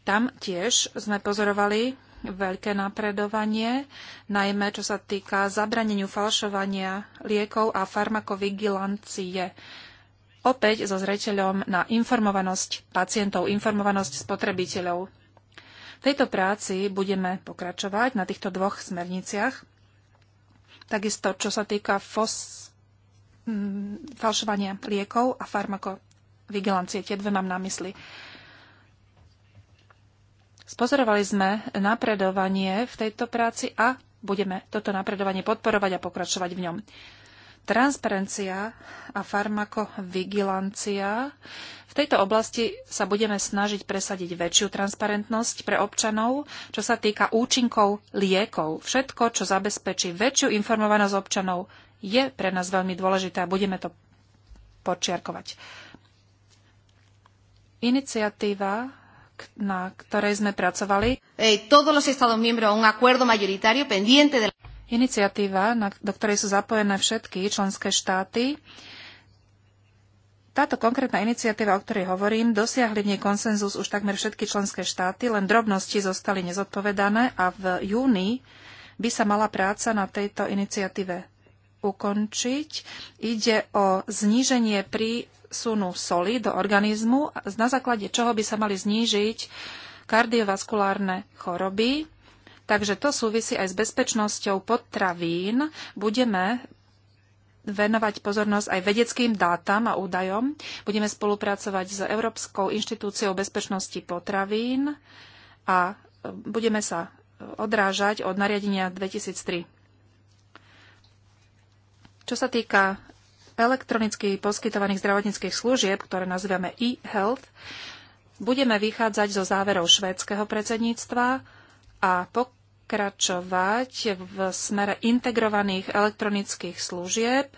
Speaker 3: tam tiež sme pozorovali veľké napredovanie, najmä čo sa týka zabraneniu falšovania liekov a farmakovigilancie. Opäť so zreteľom na informovanosť pacientov, informovanosť spotrebiteľov. V tejto práci budeme pokračovať na týchto dvoch smerniciach. Takisto, čo sa týka FOS, falšovania liekov a farmakovigilancie. Tie dve mám na mysli. Spozorovali sme napredovanie v tejto práci a budeme toto napredovanie podporovať a pokračovať v ňom. Transparencia a farmakovigilancia. V tejto oblasti sa budeme snažiť presadiť väčšiu transparentnosť pre občanov, čo sa týka účinkov liekov. Všetko, čo zabezpečí väčšiu informovanosť občanov, je pre nás veľmi dôležité a budeme to počiarkovať. Iniciatíva na ktorej sme pracovali. Eh, iniciatíva, do ktorej sú zapojené všetky členské štáty, táto konkrétna iniciatíva, o ktorej hovorím, dosiahli v nej konsenzus už takmer všetky členské štáty, len drobnosti zostali nezodpovedané a v júni by sa mala práca na tejto iniciatíve ukončiť. Ide o zníženie prísunu soli do organizmu, na základe čoho by sa mali znížiť kardiovaskulárne choroby. Takže to súvisí aj s bezpečnosťou potravín. Budeme venovať pozornosť aj vedeckým dátam a údajom. Budeme spolupracovať s Európskou inštitúciou bezpečnosti potravín a budeme sa odrážať od nariadenia 2003. Čo sa týka elektronicky poskytovaných zdravotníckých služieb, ktoré nazývame e-health, budeme vychádzať zo záverov švédskeho predsedníctva a pokračovať v smere integrovaných elektronických služieb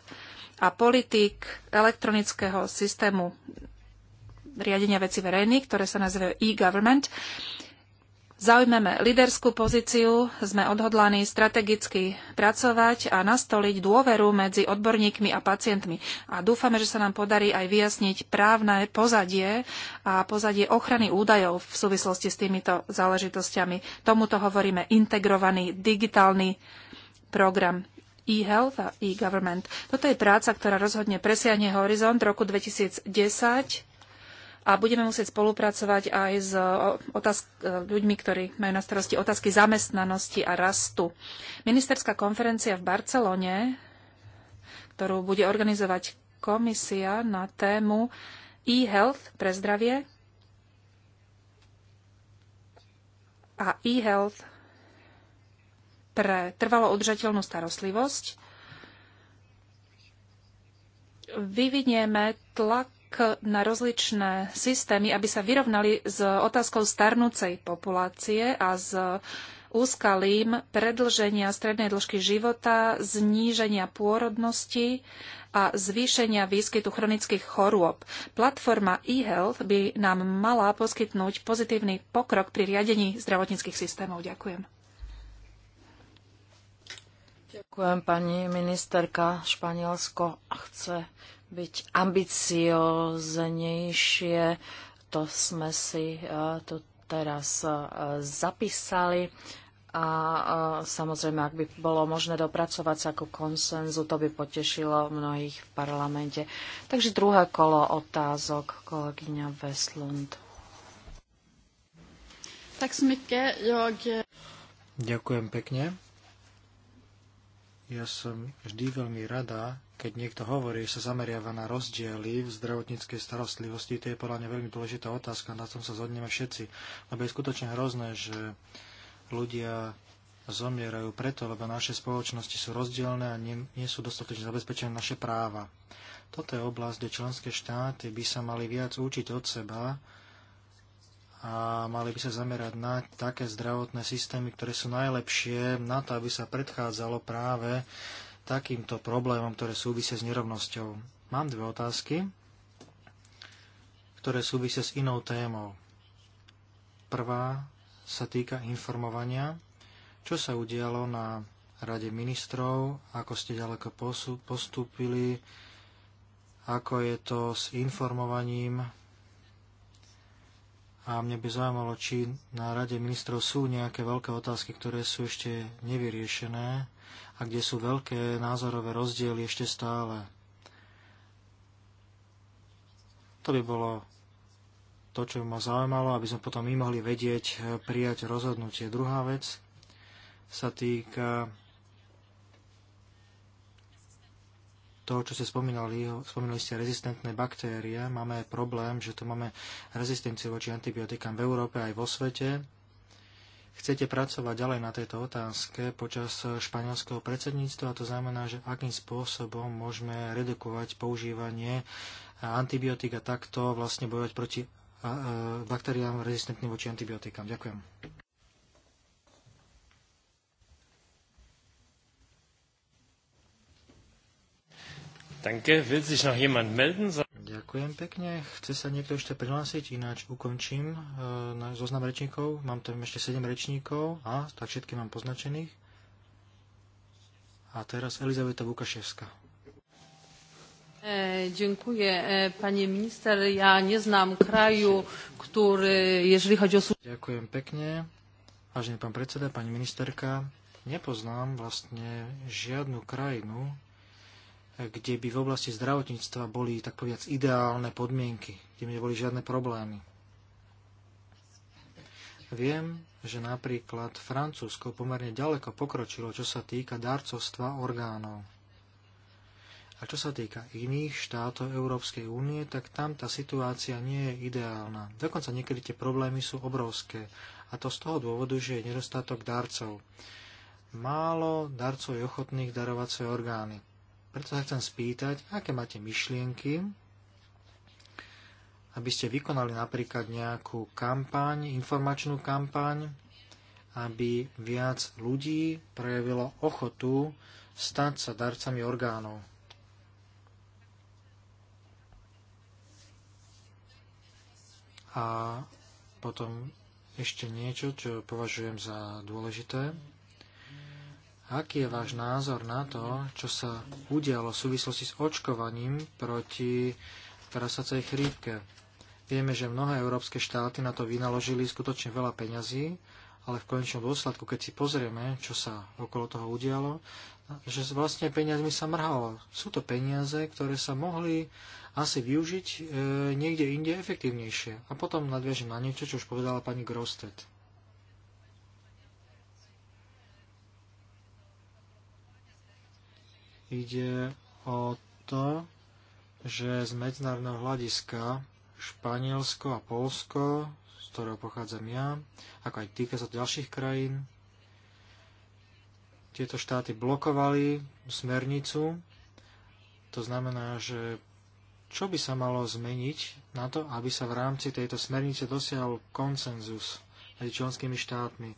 Speaker 3: a politik elektronického systému riadenia veci verejných, ktoré sa nazývajú e-government zaujmeme líderskú pozíciu, sme odhodlaní strategicky pracovať a nastoliť dôveru medzi odborníkmi a pacientmi. A dúfame, že sa nám podarí aj vyjasniť právne pozadie a pozadie ochrany údajov v súvislosti s týmito záležitosťami. Tomuto hovoríme integrovaný digitálny program e-health a e-government. Toto je práca, ktorá rozhodne presiahne horizont roku 2010 a budeme musieť spolupracovať aj s otázk, e, ľuďmi, ktorí majú na starosti otázky zamestnanosti a rastu. Ministerská konferencia v Barcelone, ktorú bude organizovať komisia na tému e-health pre zdravie a e-health pre trvalo udržateľnú starostlivosť, vyvinieme tlak na rozličné systémy, aby sa vyrovnali s otázkou starnúcej populácie a s úskalím predlženia strednej dĺžky života, zníženia pôrodnosti a zvýšenia výskytu chronických chorôb. Platforma eHealth by nám mala poskytnúť pozitívny pokrok pri riadení zdravotníckých systémov. Ďakujem.
Speaker 2: Ďakujem, pani ministerka. Španielsko chce byť ambicioznejšie. To sme si e, tu teraz e, zapísali. A e, samozrejme, ak by bolo možné dopracovať sa ako konsenzu, to by potešilo mnohých v parlamente. Takže druhé kolo otázok, kolegyňa Veslund. Tak smyke, jog...
Speaker 1: Ďakujem pekne. Ja som vždy veľmi rada, keď niekto hovorí, že sa zameriava na rozdiely v zdravotníckej starostlivosti, to je podľa mňa veľmi dôležitá otázka, na tom sa zhodneme všetci. Lebo je skutočne hrozné, že ľudia zomierajú preto, lebo naše spoločnosti sú rozdielne a nie, nie sú dostatočne zabezpečené naše práva. Toto je oblasť, kde členské štáty by sa mali viac učiť od seba a mali by sa zamerať na také zdravotné systémy, ktoré sú najlepšie na to, aby sa predchádzalo práve takýmto problémom, ktoré súvisia s nerovnosťou. Mám dve otázky, ktoré súvisia s inou témou. Prvá sa týka informovania. Čo sa udialo na Rade ministrov, ako ste ďaleko postúpili, ako je to s informovaním. A mne by zaujímalo, či na Rade ministrov sú nejaké veľké otázky, ktoré sú ešte nevyriešené a kde sú veľké názorové rozdiely ešte stále. To by bolo to, čo by ma zaujímalo, aby sme potom my mohli vedieť e, prijať rozhodnutie. Druhá vec sa týka toho, čo ste spomínali, spomínali ste rezistentné baktérie. Máme problém, že tu máme rezistenciu voči antibiotikám v Európe aj vo svete chcete pracovať ďalej na tejto otázke počas španielského predsedníctva. To znamená, že akým spôsobom môžeme redukovať používanie antibiotík a takto vlastne bojovať proti baktériám rezistentným voči antibiotikám. Ďakujem. Danke. Will sich noch jemand melden? Ďakujem pekne. Chce sa niekto ešte prihlásiť? Ináč ukončím e, zoznam rečníkov. Mám tam ešte 7 rečníkov. A, tak všetky mám poznačených. A teraz Elizaveta Vukaševská.
Speaker 2: E, dziękuję. E, Panie minister, ja nie znam kraju, który, jeżeli
Speaker 1: chodzi o... Ďakujem pekne. Vážený pán predseda, pani ministerka, nepoznám vlastne žiadnu krajinu, kde by v oblasti zdravotníctva boli, tak povedať, ideálne podmienky, kde by neboli žiadne problémy. Viem, že napríklad Francúzsko pomerne ďaleko pokročilo, čo sa týka darcovstva orgánov. A čo sa týka iných štátov Európskej únie, tak tam tá situácia nie je ideálna. Dokonca niekedy tie problémy sú obrovské. A to z toho dôvodu, že je nedostatok darcov. Málo darcov je ochotných darovať svoje orgány. Preto sa chcem spýtať, aké máte myšlienky, aby ste vykonali napríklad nejakú kampaň, informačnú kampaň, aby viac ľudí prejavilo ochotu stať sa darcami orgánov. A potom ešte niečo, čo považujem za dôležité. Aký je váš názor na to, čo sa udialo v súvislosti s očkovaním proti prasacej chrípke? Vieme, že mnohé európske štáty na to vynaložili skutočne veľa peňazí, ale v konečnom dôsledku, keď si pozrieme, čo sa okolo toho udialo, že vlastne peniazmi sa mrhalo. Sú to peniaze, ktoré sa mohli asi využiť e, niekde inde efektívnejšie. A potom nadviažem na niečo, čo už povedala pani Grostet. Ide o to, že z medzinárodného hľadiska Španielsko a Polsko, z ktorého pochádzam ja, ako aj týka sa ďalších krajín, tieto štáty blokovali smernicu. To znamená, že čo by sa malo zmeniť na to, aby sa v rámci tejto smernice dosiahol konsenzus medzi členskými štátmi.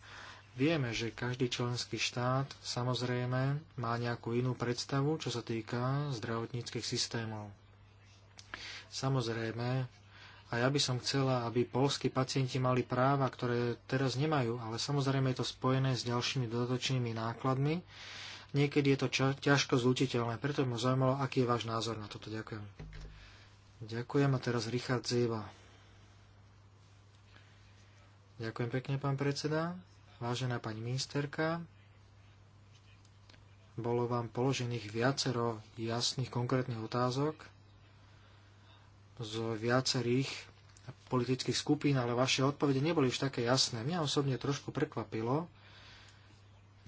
Speaker 1: Vieme, že každý členský štát samozrejme má nejakú inú predstavu, čo sa týka zdravotníckých systémov. Samozrejme, a ja by som chcela, aby polskí pacienti mali práva, ktoré teraz nemajú, ale samozrejme je to spojené s ďalšími dodatočnými nákladmi. Niekedy je to ťažko zlutiteľné, preto by ma zaujímalo, aký je váš názor na toto. Ďakujem. Ďakujem a teraz Richard Zieva. Ďakujem pekne, pán predseda. Vážená pani ministerka, bolo vám položených viacero jasných, konkrétnych otázok z viacerých politických skupín, ale vaše odpovede neboli už také jasné. Mňa osobne trošku prekvapilo,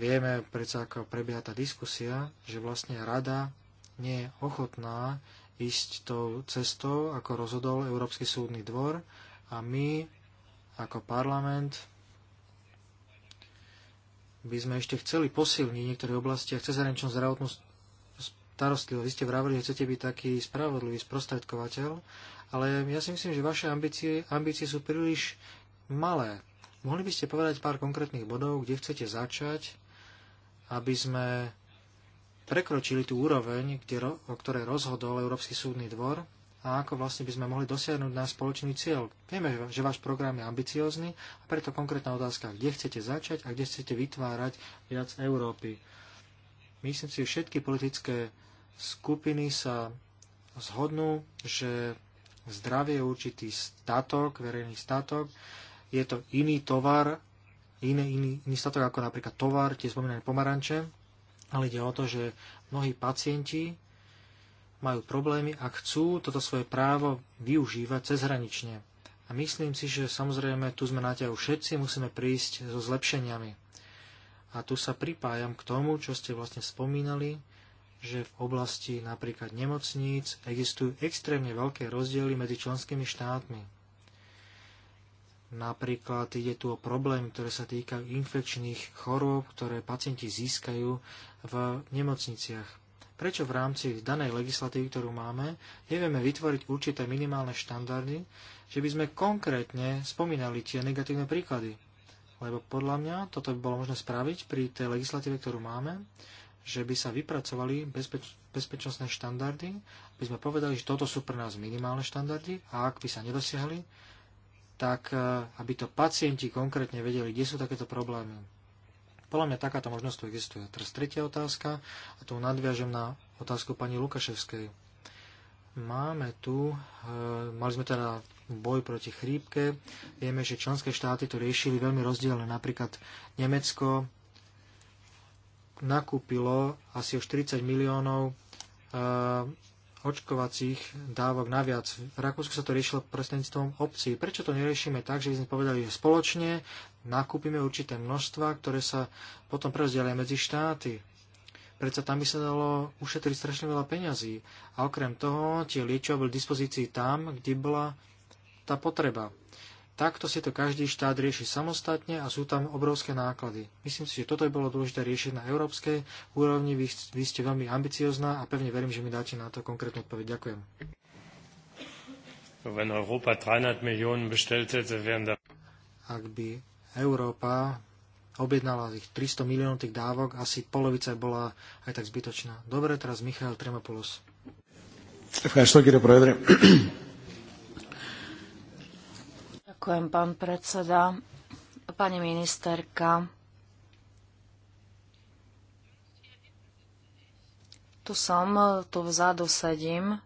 Speaker 1: vieme predsa, ako prebieha tá diskusia, že vlastne rada nie je ochotná ísť tou cestou, ako rozhodol Európsky súdny dvor a my ako parlament by sme ešte chceli posilniť v niektorých oblastiach cezhraničnú zdravotnú starostlivosť. Vy ste vravili, že chcete byť taký spravodlivý sprostredkovateľ, ale ja si myslím, že vaše ambície, ambície sú príliš malé. Mohli by ste povedať pár konkrétnych bodov, kde chcete začať, aby sme prekročili tú úroveň, kde, o ktorej rozhodol Európsky súdny dvor a ako vlastne by sme mohli dosiahnuť náš spoločný cieľ. Vieme, že váš program je ambiciózny a preto konkrétna otázka, kde chcete začať a kde chcete vytvárať viac Európy. Myslím si, že všetky politické skupiny sa zhodnú, že zdravie je určitý statok, verejný statok, je to iný tovar, iný, iný, iný statok ako napríklad tovar, tie spomínané pomaranče, ale ide o to, že mnohí pacienti majú problémy a chcú toto svoje právo využívať cezhranične. A myslím si, že samozrejme tu sme na ťahu všetci, musíme prísť so zlepšeniami. A tu sa pripájam k tomu, čo ste vlastne spomínali, že v oblasti napríklad nemocníc existujú extrémne veľké rozdiely medzi členskými štátmi. Napríklad ide tu o problémy, ktoré sa týkajú infekčných chorôb, ktoré pacienti získajú v nemocniciach prečo v rámci danej legislatívy, ktorú máme, nevieme vytvoriť určité minimálne štandardy, že by sme konkrétne spomínali tie negatívne príklady. Lebo podľa mňa toto by bolo možné spraviť pri tej legislatíve, ktorú máme, že by sa vypracovali bezpeč- bezpečnostné štandardy, aby sme povedali, že toto sú pre nás minimálne štandardy a ak by sa nedosiahli, tak eh, aby to pacienti konkrétne vedeli, kde sú takéto problémy. Podľa mňa takáto možnosť tu existuje. Teraz tretia otázka a tu nadviažem na otázku pani Lukaševskej. Máme tu, e, mali sme teda boj proti chrípke. Vieme, že členské štáty to riešili veľmi rozdielne. Napríklad Nemecko nakúpilo asi o 40 miliónov e, očkovacích dávok naviac. V Rakúsku sa to riešilo prostredníctvom obcí. Prečo to neriešime tak, že by sme povedali, že spoločne nakúpime určité množstva, ktoré sa potom prerozdelia medzi štáty? Prečo tam by sa dalo ušetriť strašne veľa peňazí. A okrem toho tie liečia boli v dispozícii tam, kde bola tá potreba. Takto si to každý štát rieši samostatne a sú tam obrovské náklady. Myslím si, že toto by bolo dôležité riešiť na európskej úrovni. Vy, vy ste veľmi ambiciozná a pevne verím, že mi dáte na to konkrétnu odpoveď. Ďakujem. Ak by Európa objednala tých 300 miliónov tých dávok, asi polovica bola aj tak zbytočná. Dobre, teraz Michal Tremopoulos.
Speaker 2: Ďakujem, pán predseda. Pani ministerka, tu som, tu vzadu sedím.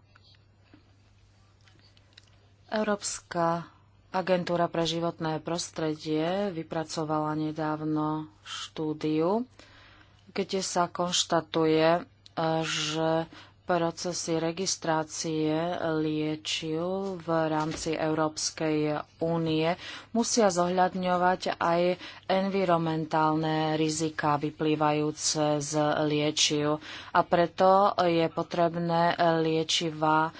Speaker 2: Európska agentúra pre životné prostredie vypracovala nedávno štúdiu, kde sa konštatuje, že procesy registrácie liečiv v rámci Európskej únie musia zohľadňovať aj environmentálne rizika vyplývajúce z liečiv a preto je potrebné liečiva e,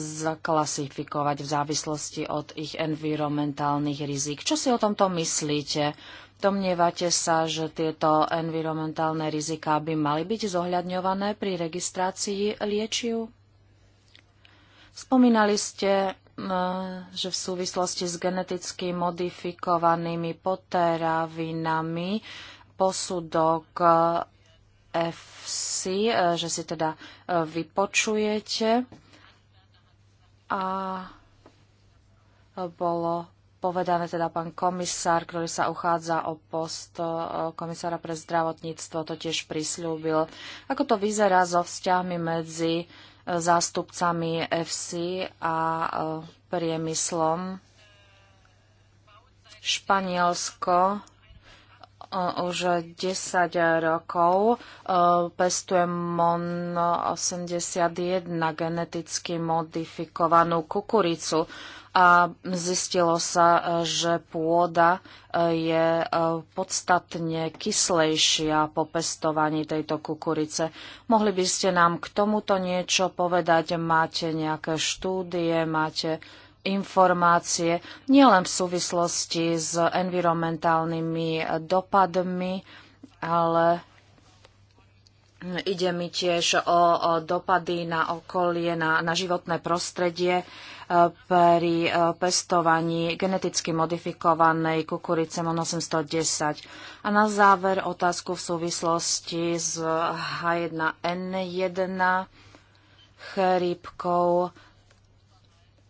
Speaker 2: zaklasifikovať v závislosti od ich environmentálnych rizik. Čo si o tomto myslíte? Domnievate sa, že tieto environmentálne riziká by mali byť zohľadňované pri registrácii liečiv? Spomínali ste, že v súvislosti s geneticky modifikovanými potravinami posudok eh, FC, eh, že si teda eh, vypočujete a bolo povedané, teda pán komisár, ktorý sa uchádza o post komisára pre zdravotníctvo, to tiež prislúbil. Ako to vyzerá so vzťahmi medzi e, zástupcami FC a e, priemyslom? Španielsko e, už 10 rokov pestuje MON 81 geneticky modifikovanú kukuricu a zistilo sa, e, že pôda e, je e, podstatne kyslejšia po pestovaní tejto kukurice. Mohli by ste nám k tomuto niečo povedať? Máte nejaké štúdie, máte informácie, nielen v súvislosti s environmentálnymi dopadmi, ale ide mi tiež o, dopady na okolie, na, na životné prostredie pri e, pestovaní geneticky modifikovanej kukurice MON 810. A na záver otázku v súvislosti s H1N1 chrípkou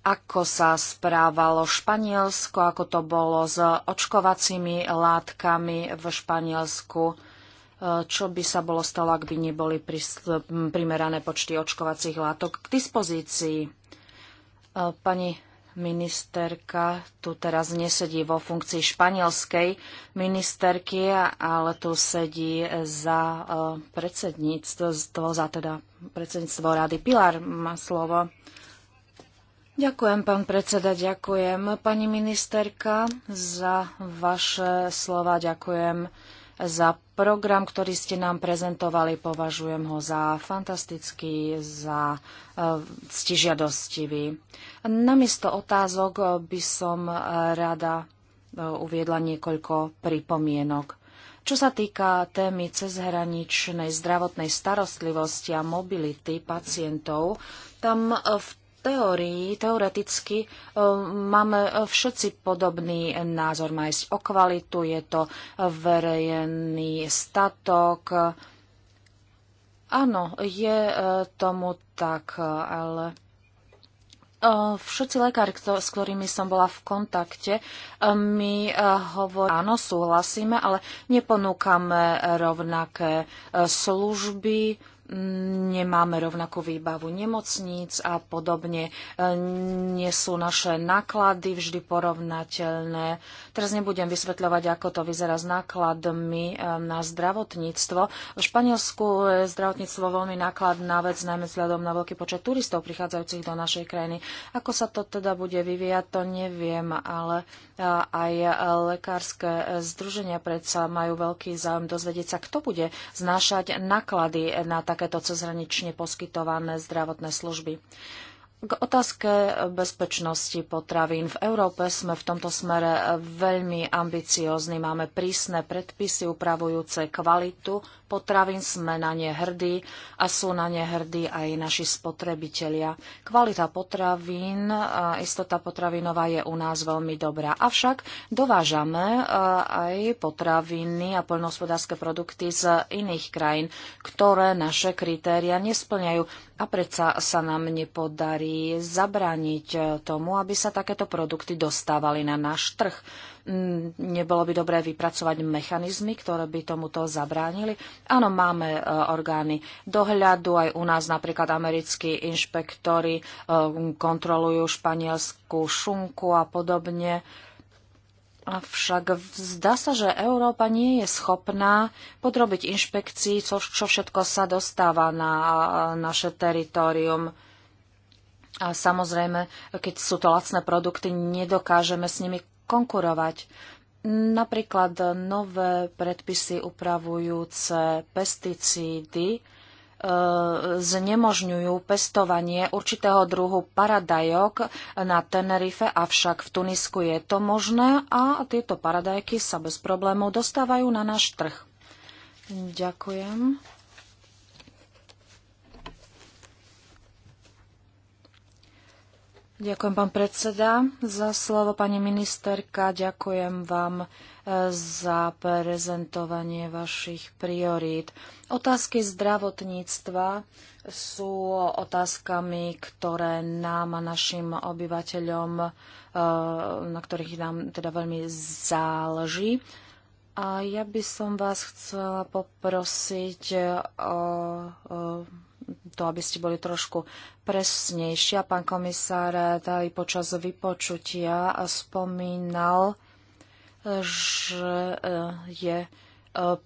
Speaker 2: ako sa správalo Španielsko, ako to bolo s očkovacími látkami v Španielsku, e, čo by sa bolo stalo, ak by neboli primerané počty očkovacích látok k dispozícii. Pani ministerka tu teraz nesedí vo funkcii španielskej ministerky, ale tu sedí za e, predsedníctvo, za teda predsedníctvo rady. Pilar má slovo. Ďakujem, pán predseda, ďakujem, pani ministerka, za vaše slova, ďakujem za program, ktorý ste nám prezentovali. Považujem ho za fantastický, za e, ctižiadostivý. Namiesto otázok by som e, rada e, uviedla niekoľko pripomienok. Čo sa týka témy cezhraničnej zdravotnej starostlivosti a mobility pacientov, tam v teórii, teoreticky e, máme e, všetci podobný názor. Má ísť o kvalitu, je to verejný statok. Áno, je e, tomu tak, ale všetci lekári, s ktorými som bola v kontakte, mi hovorí, áno, súhlasíme, ale neponúkame rovnaké služby, nemáme rovnakú výbavu nemocníc a podobne. E, nie sú naše náklady vždy porovnateľné. Teraz nebudem vysvetľovať, ako to vyzerá s nákladmi e, na zdravotníctvo. V Španielsku je zdravotníctvo veľmi nákladná vec, najmä vzhľadom na veľký počet turistov prichádzajúcich do našej krajiny. Ako sa to teda bude vyvíjať, to neviem, ale e, aj lekárske združenia predsa majú veľký záujem dozvedieť sa, kto bude znášať náklady na také takéto cezhranične poskytované zdravotné služby. K otázke bezpečnosti potravín. V Európe sme v tomto smere veľmi ambiciózni. Máme prísne predpisy upravujúce kvalitu, potravín, sme na ne hrdí a sú na ne hrdí aj naši spotrebitelia. Kvalita potravín, istota potravinová je u nás veľmi dobrá. Avšak dovážame e, aj potraviny a poľnohospodárske produkty z iných krajín, ktoré naše kritéria nesplňajú. A predsa sa nám nepodarí zabrániť tomu, aby sa takéto produkty dostávali na náš trh nebolo by dobré vypracovať mechanizmy, ktoré by tomuto zabránili? Áno, máme e, orgány dohľadu, aj u nás napríklad americkí inšpektori e, kontrolujú španielskú šunku a podobne. Avšak zdá sa, že Európa nie je schopná podrobiť inšpekcii, čo, čo všetko sa dostáva na e, naše teritorium. A samozrejme, keď sú to lacné produkty, nedokážeme s nimi konkurovať. Napríklad nové predpisy upravujúce pesticídy e, znemožňujú pestovanie určitého druhu paradajok na Tenerife, avšak v Tunisku je to možné a tieto paradajky sa bez problémov dostávajú na náš trh. Ďakujem. Ďakujem, pán predseda, za slovo. Pani ministerka, ďakujem vám e, za prezentovanie vašich priorít. Otázky zdravotníctva sú otázkami, ktoré nám a našim obyvateľom, e, na ktorých nám teda veľmi záleží. A ja by som vás chcela poprosiť o, e, o to, aby ste boli trošku presnejšia. Pán komisár aj počas vypočutia spomínal, že eh, je eh,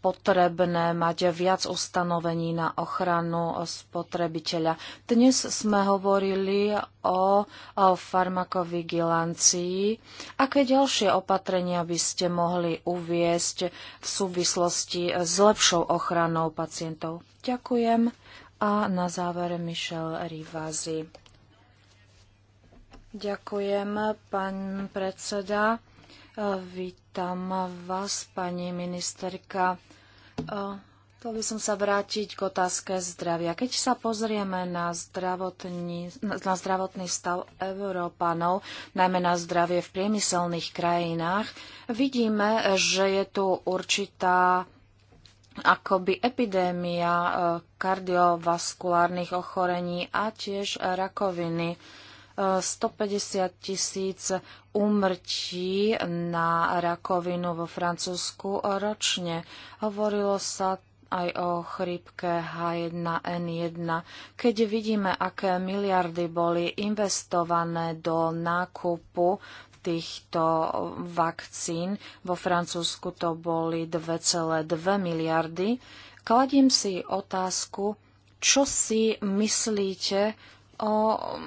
Speaker 2: potrebné mať viac ustanovení na ochranu spotrebiteľa. Dnes sme hovorili o, farmakovigilancii. Aké ďalšie opatrenia by ste mohli uviesť v súvislosti s lepšou ochranou pacientov? Ďakujem. A na záver Michel Rivazi. Ďakujem, pán predseda. Vítam vás, pani ministerka. E, chcel by som sa vrátiť k otázke zdravia. Keď sa pozrieme na, zdravotní, na zdravotný stav Európanov, najmä na zdravie v priemyselných krajinách, vidíme, že je tu určitá akoby epidémia e, kardiovaskulárnych ochorení a tiež rakoviny. 150 e, tisíc úmrtí na rakovinu vo Francúzsku ročne. Hovorilo sa aj o chrípke H1N1. Keď vidíme, aké miliardy boli investované do nákupu týchto vakcín. Vo Francúzsku to boli 2,2 miliardy. Kladím si otázku, čo si myslíte o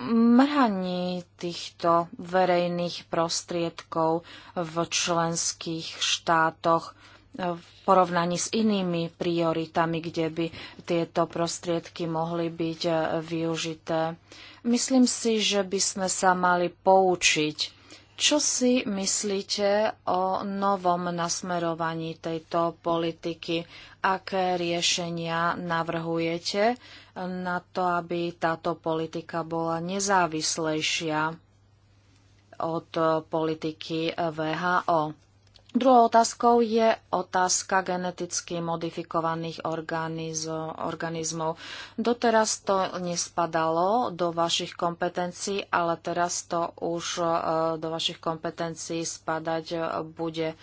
Speaker 2: mrhaní týchto verejných prostriedkov v členských štátoch v porovnaní s inými prioritami, kde by tieto prostriedky mohli byť využité. Myslím si, že by sme sa mali poučiť čo si myslíte o novom nasmerovaní tejto politiky? Aké riešenia navrhujete na to, aby táto politika bola nezávislejšia od politiky VHO? Druhou otázkou je otázka geneticky modifikovaných organizmov. Doteraz to nespadalo do vašich kompetencií, ale teraz to už e, do vašich kompetencií spadať e, bude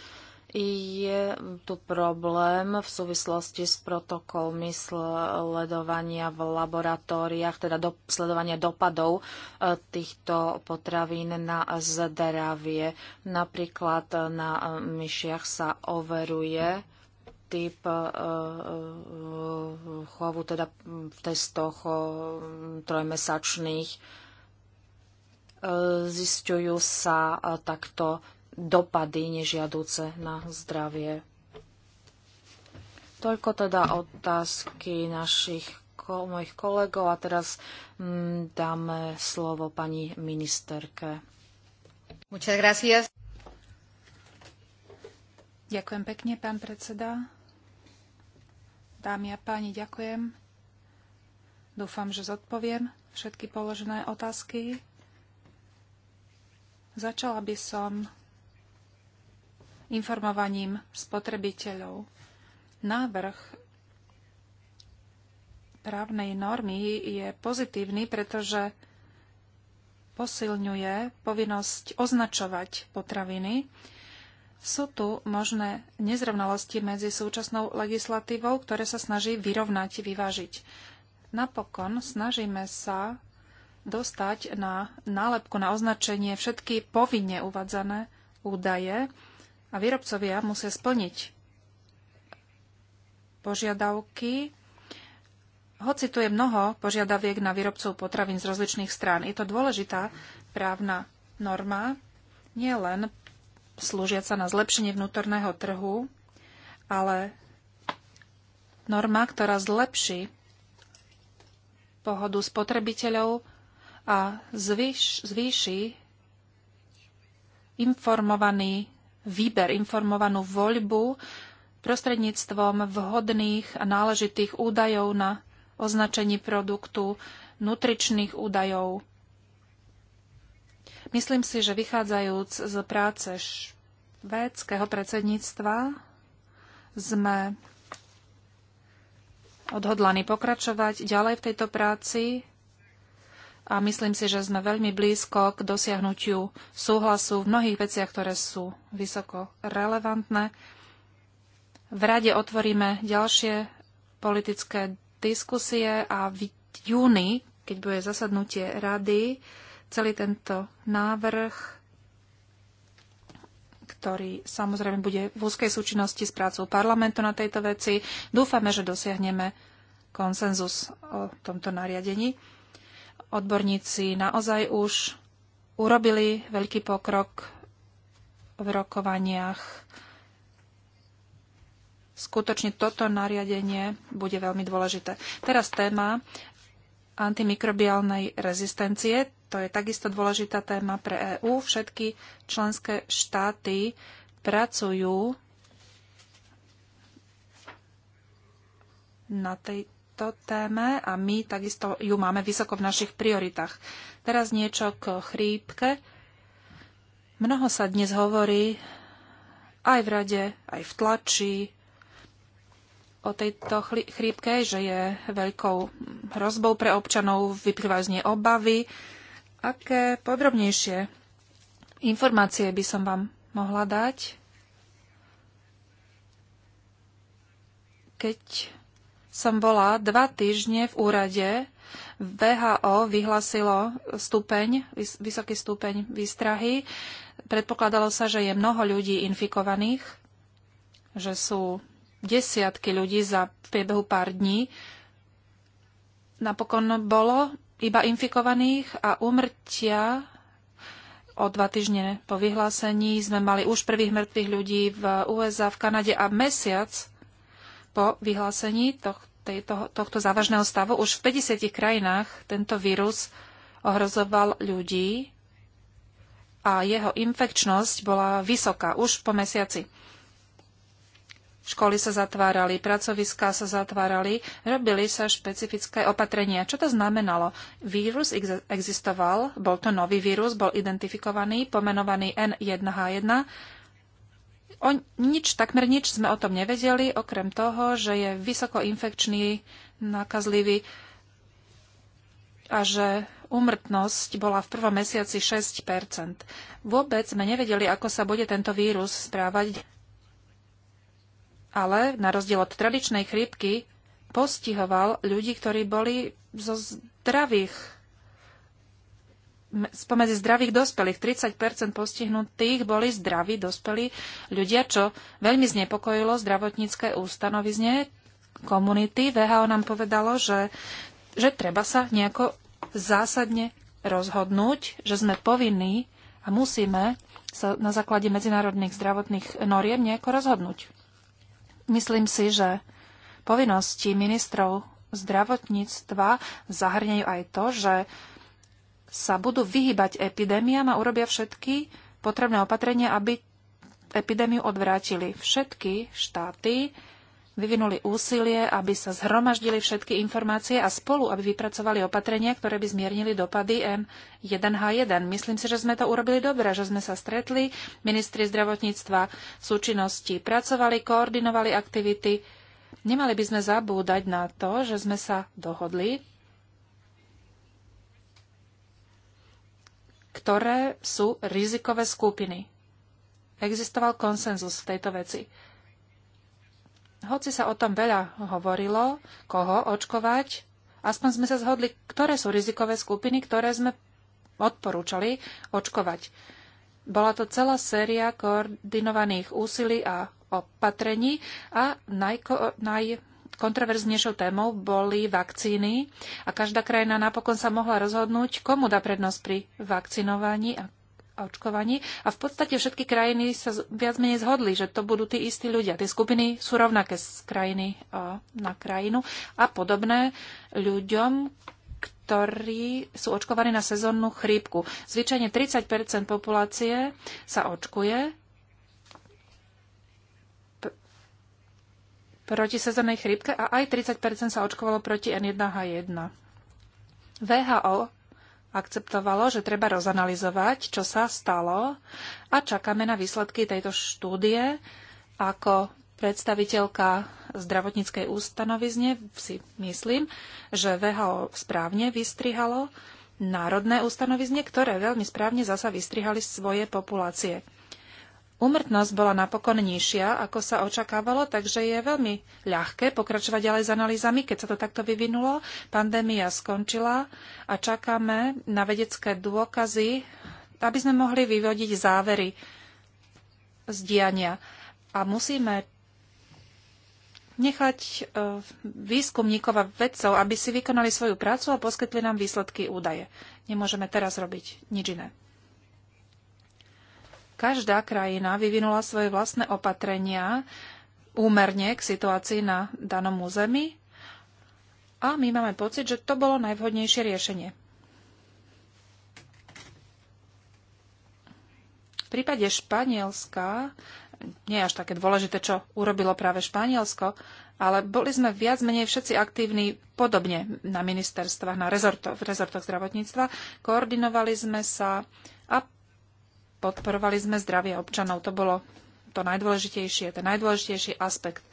Speaker 2: je tu problém v súvislosti s protokolmi sledovania v laboratóriách, teda do, sledovania dopadov e, týchto potravín na zdravie. Napríklad na e, myšiach sa overuje typ e, chovu, teda v testoch trojmesačných. Zisťujú sa takto dopady nežiaduce na zdravie. Toľko teda otázky našich mojich kolegov a teraz mm, dáme slovo pani ministerke. Muchas gracias. Ďakujem pekne, pán predseda.
Speaker 3: Dámy a páni, ďakujem. Dúfam, že zodpoviem všetky položené otázky. Začala by som informovaním spotrebiteľov. Návrh právnej normy je pozitívny, pretože posilňuje povinnosť označovať potraviny. Sú tu možné nezrovnalosti medzi súčasnou legislatívou, ktoré sa snaží vyrovnať, vyvážiť. Napokon snažíme sa dostať na nálepku, na označenie všetky povinne uvádzané údaje, a výrobcovia musia splniť požiadavky. Hoci tu je mnoho požiadaviek na výrobcov potravín z rozličných strán, je to dôležitá právna norma, nielen slúžiaca na zlepšenie vnútorného trhu, ale norma, ktorá zlepší pohodu spotrebiteľov a zvýš, zvýši informovaný výber, informovanú voľbu prostredníctvom vhodných a náležitých údajov na označení produktu, nutričných údajov. Myslím si, že vychádzajúc z práce švédskeho predsedníctva sme odhodlaní pokračovať ďalej v tejto práci a myslím si, že sme veľmi blízko k dosiahnutiu súhlasu v mnohých veciach, ktoré sú vysoko relevantné. V rade otvoríme ďalšie politické diskusie a v júni, keď bude zasadnutie rady, celý tento návrh, ktorý samozrejme bude v úzkej súčinnosti s prácou parlamentu na tejto veci, dúfame, že dosiahneme konsenzus o tomto nariadení odborníci naozaj už urobili veľký pokrok v rokovaniach. Skutočne toto nariadenie bude veľmi dôležité. Teraz téma antimikrobiálnej rezistencie. To je takisto dôležitá téma pre EÚ. Všetky členské štáty pracujú na tej tejto téme a my takisto ju máme vysoko v našich prioritách. Teraz niečo k chrípke. Mnoho sa dnes hovorí aj v rade, aj v tlači o tejto chrípke, že je veľkou hrozbou pre občanov, vyplývajú z nej obavy. Aké podrobnejšie informácie by som vám mohla dať? Keď som bola dva týždne v úrade. VHO vyhlasilo stupeň, vysoký stupeň výstrahy. Predpokladalo sa, že je mnoho ľudí infikovaných, že sú desiatky ľudí za priebehu pár dní. Napokon bolo iba infikovaných a umrtia o dva týždne po vyhlásení sme mali už prvých mŕtvych ľudí v USA, v Kanade a mesiac po vyhlásení tohto, tohto závažného stavu už v 50 krajinách tento vírus ohrozoval ľudí a jeho infekčnosť bola vysoká už po mesiaci. Školy sa zatvárali, pracoviská sa zatvárali, robili sa špecifické opatrenia. Čo to znamenalo? Vírus existoval, bol to nový vírus, bol identifikovaný, pomenovaný N1H1 o nič, takmer nič sme o tom nevedeli, okrem toho, že je vysoko infekčný, nakazlivý a že úmrtnosť bola v prvom mesiaci 6 Vôbec sme nevedeli, ako sa bude tento vírus správať. Ale na rozdiel od tradičnej chrípky postihoval ľudí, ktorí boli zo zdravých spomedzi zdravých dospelých. 30 postihnutých boli zdraví dospelí ľudia, čo veľmi znepokojilo zdravotnícke ustanovizne komunity. VHO nám povedalo, že, že treba sa nejako zásadne rozhodnúť, že sme povinní a musíme sa na základe medzinárodných zdravotných noriem nejako rozhodnúť. Myslím si, že povinnosti ministrov zdravotníctva zahrňajú aj to, že sa budú vyhybať epidémiám a urobia všetky potrebné opatrenia, aby epidémiu odvrátili. Všetky štáty vyvinuli úsilie, aby sa zhromaždili všetky informácie a spolu, aby vypracovali opatrenia, ktoré by zmiernili dopady M1H1. Myslím si, že sme to urobili dobre, že sme sa stretli, ministri zdravotníctva v súčinnosti pracovali, koordinovali aktivity. Nemali by sme zabúdať na to, že sme sa dohodli ktoré sú rizikové skupiny. Existoval konsenzus v tejto veci. Hoci sa o tom veľa hovorilo, koho očkovať, aspoň sme sa zhodli, ktoré sú rizikové skupiny, ktoré sme odporúčali očkovať. Bola to celá séria koordinovaných úsilí a opatrení a najko- naj kontroverznejšou témou boli vakcíny a každá krajina napokon sa mohla rozhodnúť, komu dá prednosť pri vakcinovaní a očkovaní. A v podstate všetky krajiny sa viac menej zhodli, že to budú tí istí ľudia. Tie skupiny sú rovnaké z krajiny na krajinu a podobné ľuďom, ktorí sú očkovaní na sezónnu chrípku. Zvyčajne 30 populácie sa očkuje proti sezónnej chrípke a aj 30 sa očkovalo proti N1H1. VHO akceptovalo, že treba rozanalizovať, čo sa stalo a čakáme na výsledky tejto štúdie. Ako predstaviteľka zdravotníckej ústanovizne si myslím, že VHO správne vystrihalo národné ústanovizne, ktoré veľmi správne zasa vystrihali svoje populácie. Umrtnosť bola napokon nižšia, ako sa očakávalo, takže je veľmi ľahké pokračovať ďalej s analýzami, keď sa to takto vyvinulo. Pandémia skončila a čakáme na vedecké dôkazy, aby sme mohli vyvodiť závery z diania. A musíme nechať e, výskumníkov a vedcov, aby si vykonali svoju prácu a poskytli nám výsledky údaje. Nemôžeme teraz robiť nič iné. Každá krajina vyvinula svoje vlastné opatrenia úmerne k situácii na danom území a my máme pocit, že to bolo najvhodnejšie riešenie. V prípade Španielska, nie je až také dôležité, čo urobilo práve Španielsko, ale boli sme viac menej všetci aktívni podobne na ministerstvách, na rezorto, v rezortoch zdravotníctva. Koordinovali sme sa a podporovali sme zdravie občanov. To bolo to najdôležitejšie, ten najdôležitejší aspekt.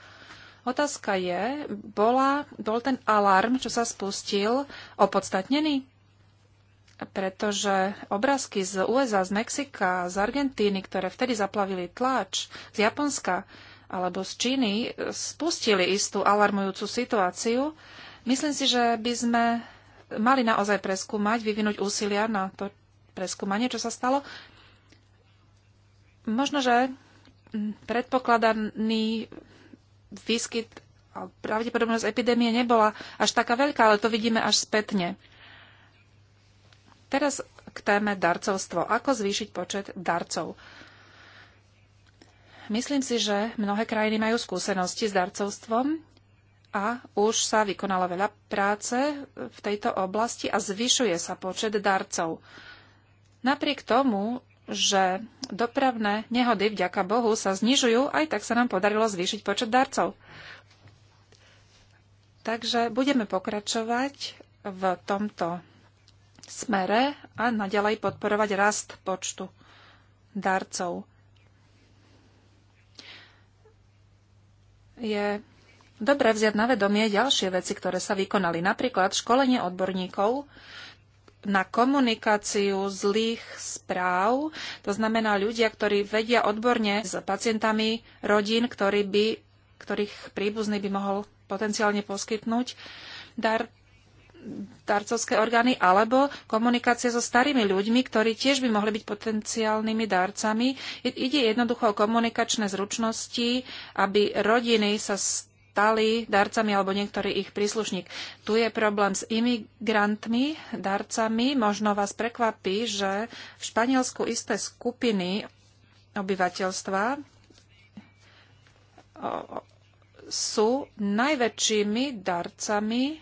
Speaker 3: Otázka je, bola, bol ten alarm, čo sa spustil, opodstatnený? Pretože obrázky z USA, z Mexika, z Argentíny, ktoré vtedy zaplavili tlač, z Japonska alebo z Číny, spustili istú alarmujúcu situáciu. Myslím si, že by sme mali naozaj preskúmať, vyvinúť úsilia na to preskúmanie, čo sa stalo, Možno, že predpokladaný výskyt a pravdepodobnosť epidémie nebola až taká veľká, ale to vidíme až spätne. Teraz k téme darcovstvo. Ako zvýšiť počet darcov? Myslím si, že mnohé krajiny majú skúsenosti s darcovstvom a už sa vykonalo veľa práce v tejto oblasti a zvyšuje sa počet darcov. Napriek tomu že dopravné nehody, vďaka Bohu, sa znižujú, aj tak sa nám podarilo zvýšiť počet darcov. Takže budeme pokračovať v tomto smere a naďalej podporovať rast počtu darcov. Je dobre vziať na vedomie ďalšie veci, ktoré sa vykonali, napríklad školenie odborníkov na komunikáciu zlých správ, to znamená ľudia, ktorí vedia odborne s pacientami rodín, ktorý by, ktorých príbuzný by mohol potenciálne poskytnúť dar, darcovské orgány, alebo komunikácia so starými ľuďmi, ktorí tiež by mohli byť potenciálnymi darcami. Ide jednoducho o komunikačné zručnosti, aby rodiny sa stali darcami alebo niektorý ich príslušník. Tu je problém s imigrantmi, darcami. Možno vás prekvapí, že v Španielsku isté skupiny obyvateľstva sú najväčšími darcami,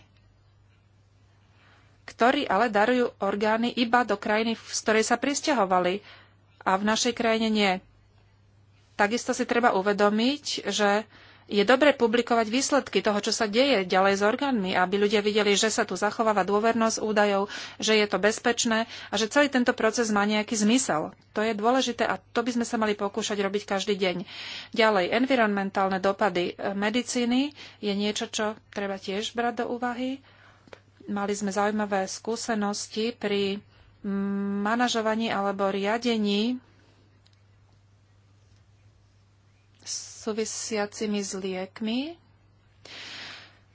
Speaker 3: ktorí ale darujú orgány iba do krajiny, z ktorej sa pristahovali a v našej krajine nie. Takisto si treba uvedomiť, že je dobre publikovať výsledky toho, čo sa deje ďalej s orgánmi, aby ľudia videli, že sa tu zachováva dôvernosť údajov, že je to bezpečné a že celý tento proces má nejaký zmysel. To je dôležité a to by sme sa mali pokúšať robiť každý deň. Ďalej, environmentálne dopady e, medicíny je niečo, čo treba tiež brať do úvahy. Mali sme zaujímavé skúsenosti pri manažovaní alebo riadení súvisiacimi s liekmi.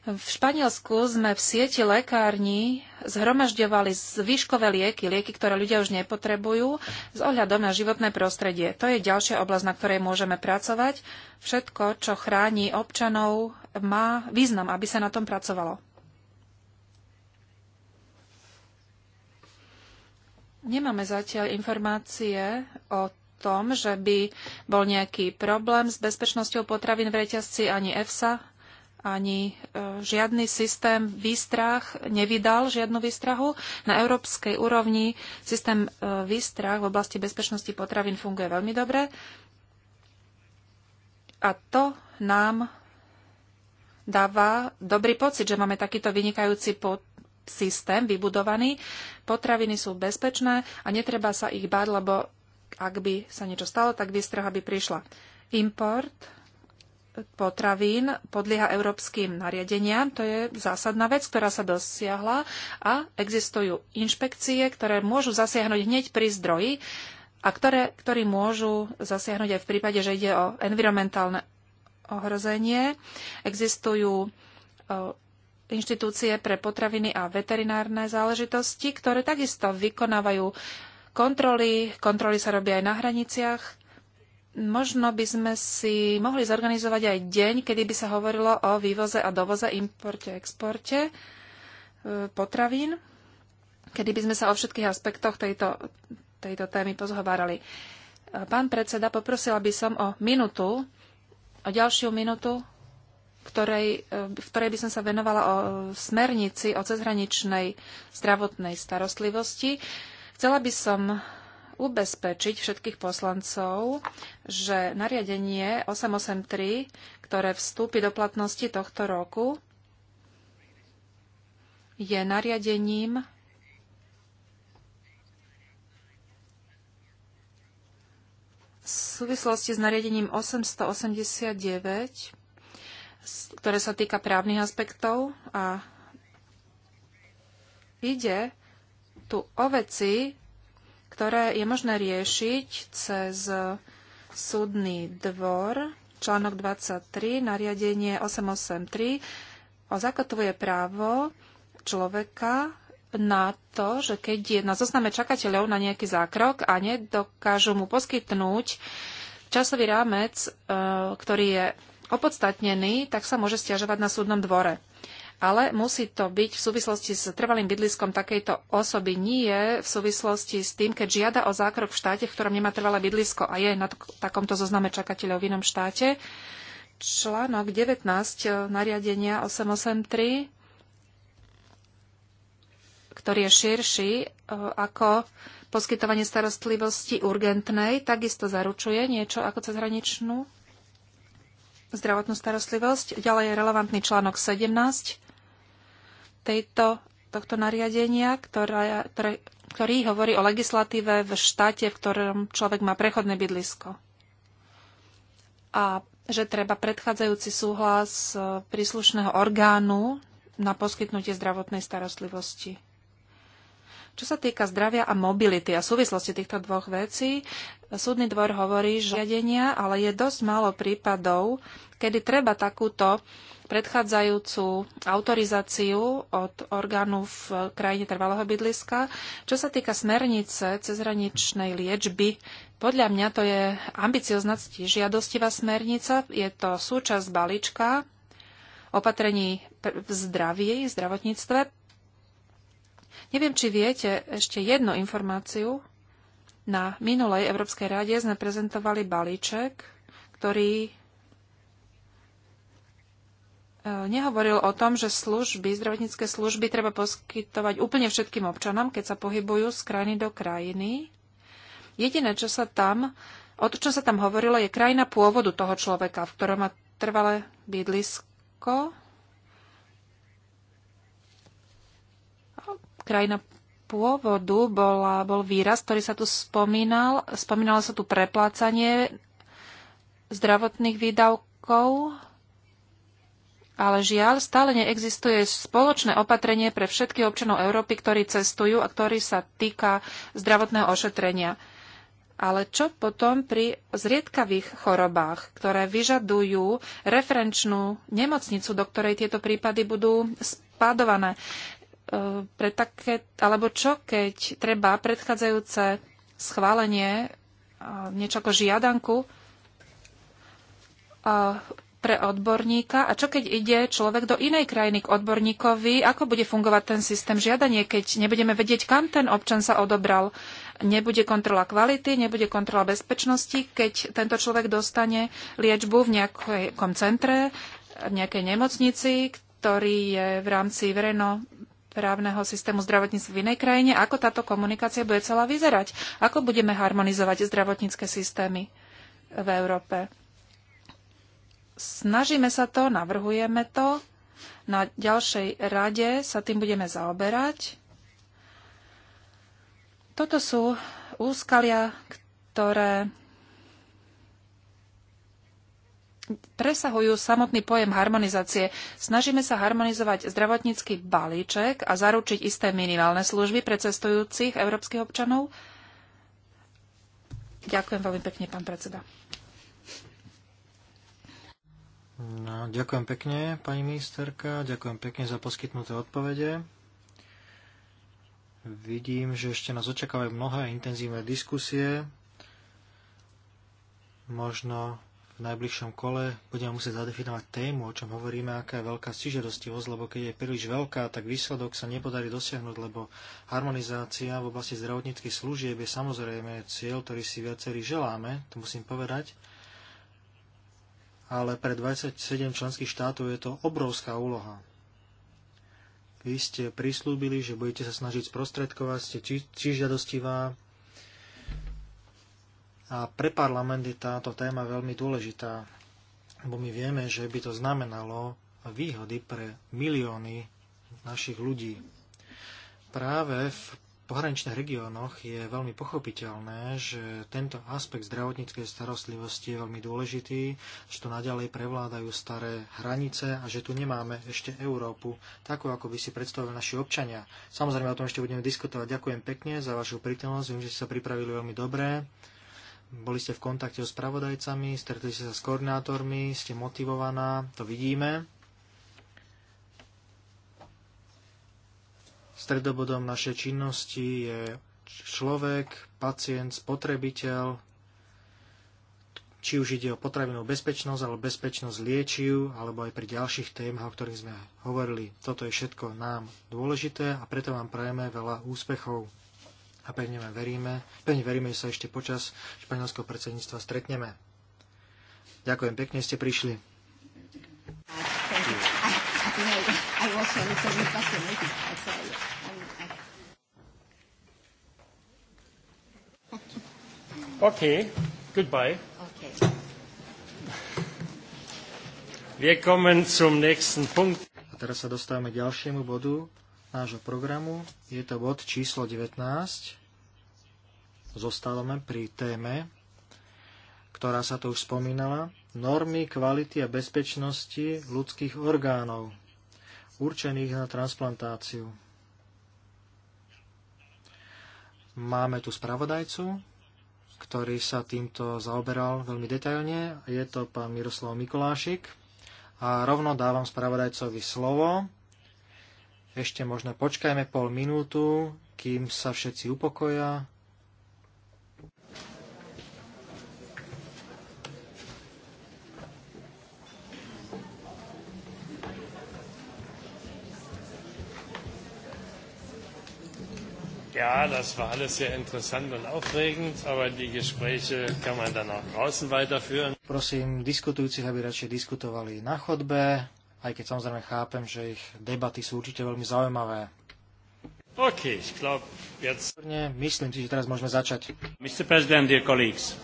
Speaker 3: V Španielsku sme v sieti lekární zhromažďovali zvyškové lieky, lieky, ktoré ľudia už nepotrebujú, s ohľadom na životné prostredie. To je ďalšia oblasť, na ktorej môžeme pracovať. Všetko, čo chráni občanov, má význam, aby sa na tom pracovalo. Nemáme zatiaľ informácie o tom, že by bol nejaký problém s bezpečnosťou potravín v reťazci ani EFSA, ani e, žiadny systém výstrach nevydal žiadnu výstrahu. Na európskej úrovni systém e, výstrach v oblasti bezpečnosti potravín funguje veľmi dobre. A to nám dáva dobrý pocit, že máme takýto vynikajúci po- systém vybudovaný. Potraviny sú bezpečné a netreba sa ich báť, lebo ak by sa niečo stalo, tak výstraha by prišla. Import potravín podlieha európskym nariadeniam. To je zásadná vec, ktorá sa dosiahla a existujú inšpekcie, ktoré môžu zasiahnuť hneď pri zdroji a ktoré, ktorí môžu zasiahnuť aj v prípade, že ide o environmentálne ohrozenie. Existujú e, inštitúcie pre potraviny a veterinárne záležitosti, ktoré takisto vykonávajú kontroly. Kontroly sa robia aj na hraniciach. Možno by sme si mohli zorganizovať aj deň, kedy by sa hovorilo o vývoze a dovoze, importe, exporte e, potravín, kedy by sme sa o všetkých aspektoch tejto, tejto témy pozhovárali. E, pán predseda, poprosila by som o minutu, o ďalšiu minutu, ktorej, e, v ktorej by som sa venovala o smernici o cezhraničnej zdravotnej starostlivosti. Chcela by som ubezpečiť všetkých poslancov, že nariadenie 883, ktoré vstúpi do platnosti tohto roku, je nariadením v súvislosti s nariadením 889, ktoré sa týka právnych aspektov a ide tu o veci, ktoré je možné riešiť cez súdny dvor, článok 23, nariadenie 883, zakotvuje právo človeka na to, že keď je na zozname čakateľov na nejaký zákrok a nedokážu mu poskytnúť časový rámec, e, ktorý je opodstatnený, tak sa môže stiažovať na súdnom dvore ale musí to byť v súvislosti s trvalým bydliskom takejto osoby, nie v súvislosti s tým, keď žiada o zákrok v štáte, v ktorom nemá trvalé bydlisko a je na takomto zozname čakateľov v inom štáte. Článok 19 e, nariadenia 883 ktorý je širší e, ako poskytovanie starostlivosti urgentnej, takisto zaručuje niečo ako cezhraničnú zdravotnú starostlivosť. Ďalej je relevantný článok 17, tejto, tohto nariadenia, ktorá, ktoré, ktorý hovorí o legislatíve v štáte, v ktorom človek má prechodné bydlisko. A že treba predchádzajúci súhlas e, príslušného orgánu na poskytnutie zdravotnej starostlivosti. Čo sa týka zdravia a mobility a súvislosti týchto dvoch vecí, súdny dvor hovorí, že riadenia, ale je dosť málo prípadov, kedy treba takúto predchádzajúcu autorizáciu od orgánu v krajine trvalého bydliska. Čo sa týka smernice cezhraničnej liečby, podľa mňa to je ambiciozná žiadostivá smernica. Je to súčasť balíčka opatrení v zdraví, zdravotníctve. Neviem, či viete ešte jednu informáciu. Na minulej Európskej rade sme prezentovali balíček, ktorý e, nehovoril o tom, že služby, zdravotnícke služby treba poskytovať úplne všetkým občanom, keď sa pohybujú z krajiny do krajiny. Jediné, čo sa tam, o to, čo sa tam hovorilo, je krajina pôvodu toho človeka, v ktorom má trvalé bydlisko. krajina pôvodu bola, bol výraz, ktorý sa tu spomínal. Spomínalo sa tu preplácanie zdravotných výdavkov, ale žiaľ, stále neexistuje spoločné opatrenie pre všetky občanov Európy, ktorí cestujú a ktorý sa týka zdravotného ošetrenia. Ale čo potom pri zriedkavých chorobách, ktoré vyžadujú referenčnú nemocnicu, do ktorej tieto prípady budú spadované? E, pre také, alebo čo, keď treba predchádzajúce schválenie e, niečo ako žiadanku e, pre odborníka a čo keď ide človek do inej krajiny k odborníkovi, ako bude fungovať ten systém žiadanie, keď nebudeme vedieť, kam ten občan sa odobral. Nebude kontrola kvality, nebude kontrola bezpečnosti, keď tento človek dostane liečbu v nejakom centre, v nejakej nemocnici, ktorý je v rámci verejno právneho systému zdravotníctva v inej krajine, ako táto komunikácia bude celá vyzerať, ako budeme harmonizovať zdravotnícke systémy v Európe. Snažíme sa to, navrhujeme to, na ďalšej rade sa tým budeme zaoberať. Toto sú úskalia, ktoré presahujú samotný pojem harmonizácie. Snažíme sa harmonizovať zdravotnícky balíček a zaručiť isté minimálne služby pre cestujúcich európskych občanov. Ďakujem veľmi pekne, pán predseda.
Speaker 1: No, ďakujem pekne, pani ministerka. Ďakujem pekne za poskytnuté odpovede. Vidím, že ešte nás očakávajú mnohé intenzívne diskusie. Možno v najbližšom kole budeme musieť zadefinovať tému, o čom hovoríme, aká je veľká stížadostivosť, lebo keď je príliš veľká, tak výsledok sa nepodarí dosiahnuť, lebo harmonizácia v oblasti zdravotníckých služieb je samozrejme cieľ, ktorý si viacerí želáme, to musím povedať, ale pre 27 členských štátov je to obrovská úloha. Vy ste prislúbili, že budete sa snažiť sprostredkovať, ste či, či žiadostivá, a pre parlament je táto téma veľmi dôležitá, lebo my vieme, že by to znamenalo výhody pre milióny našich ľudí. Práve v pohraničných regiónoch je veľmi pochopiteľné, že tento aspekt zdravotníckej starostlivosti je veľmi dôležitý, že tu naďalej prevládajú staré hranice a že tu nemáme ešte Európu takú, ako by si predstavovali naši občania. Samozrejme, o tom ešte budeme diskutovať. Ďakujem pekne za vašu prítomnosť, viem, že ste sa pripravili veľmi dobré boli ste v kontakte so spravodajcami, stretli ste sa s koordinátormi, ste motivovaná, to vidíme. Stredobodom našej činnosti je človek, pacient, spotrebiteľ, či už ide o potravinovú bezpečnosť alebo bezpečnosť liečiv, alebo aj pri ďalších témach, o ktorých sme hovorili. Toto je všetko nám dôležité a preto vám prajeme veľa úspechov a pevne veríme, pevne veríme, že sa ešte počas španielského predsedníctva stretneme. Ďakujem pekne, ste prišli. OK, goodbye. Okay. Wir kommen zum nächsten Punkt. A teraz sa dostávame k ďalšiemu bodu nášho programu. Je to bod číslo 19. Zostávame pri téme, ktorá sa tu už spomínala, normy kvality a bezpečnosti ľudských orgánov určených na transplantáciu. Máme tu spravodajcu, ktorý sa týmto zaoberal veľmi detailne. Je to pán Miroslav Mikolášik. A rovno dávam spravodajcovi slovo ešte možno počkajme pol minútu, kým sa všetci upokoja. Ja, das war alles sehr interessant und aufregend, aber die Gespräche kann man dann auch draußen weiterführen. Prosím diskutujúcich, aby radšej diskutovali na chodbe aj keď samozrejme chápem, že ich debaty sú určite veľmi zaujímavé. OK, glaub, jetzt... Myslím si, že teraz môžeme začať. Mr. President, dear colleagues.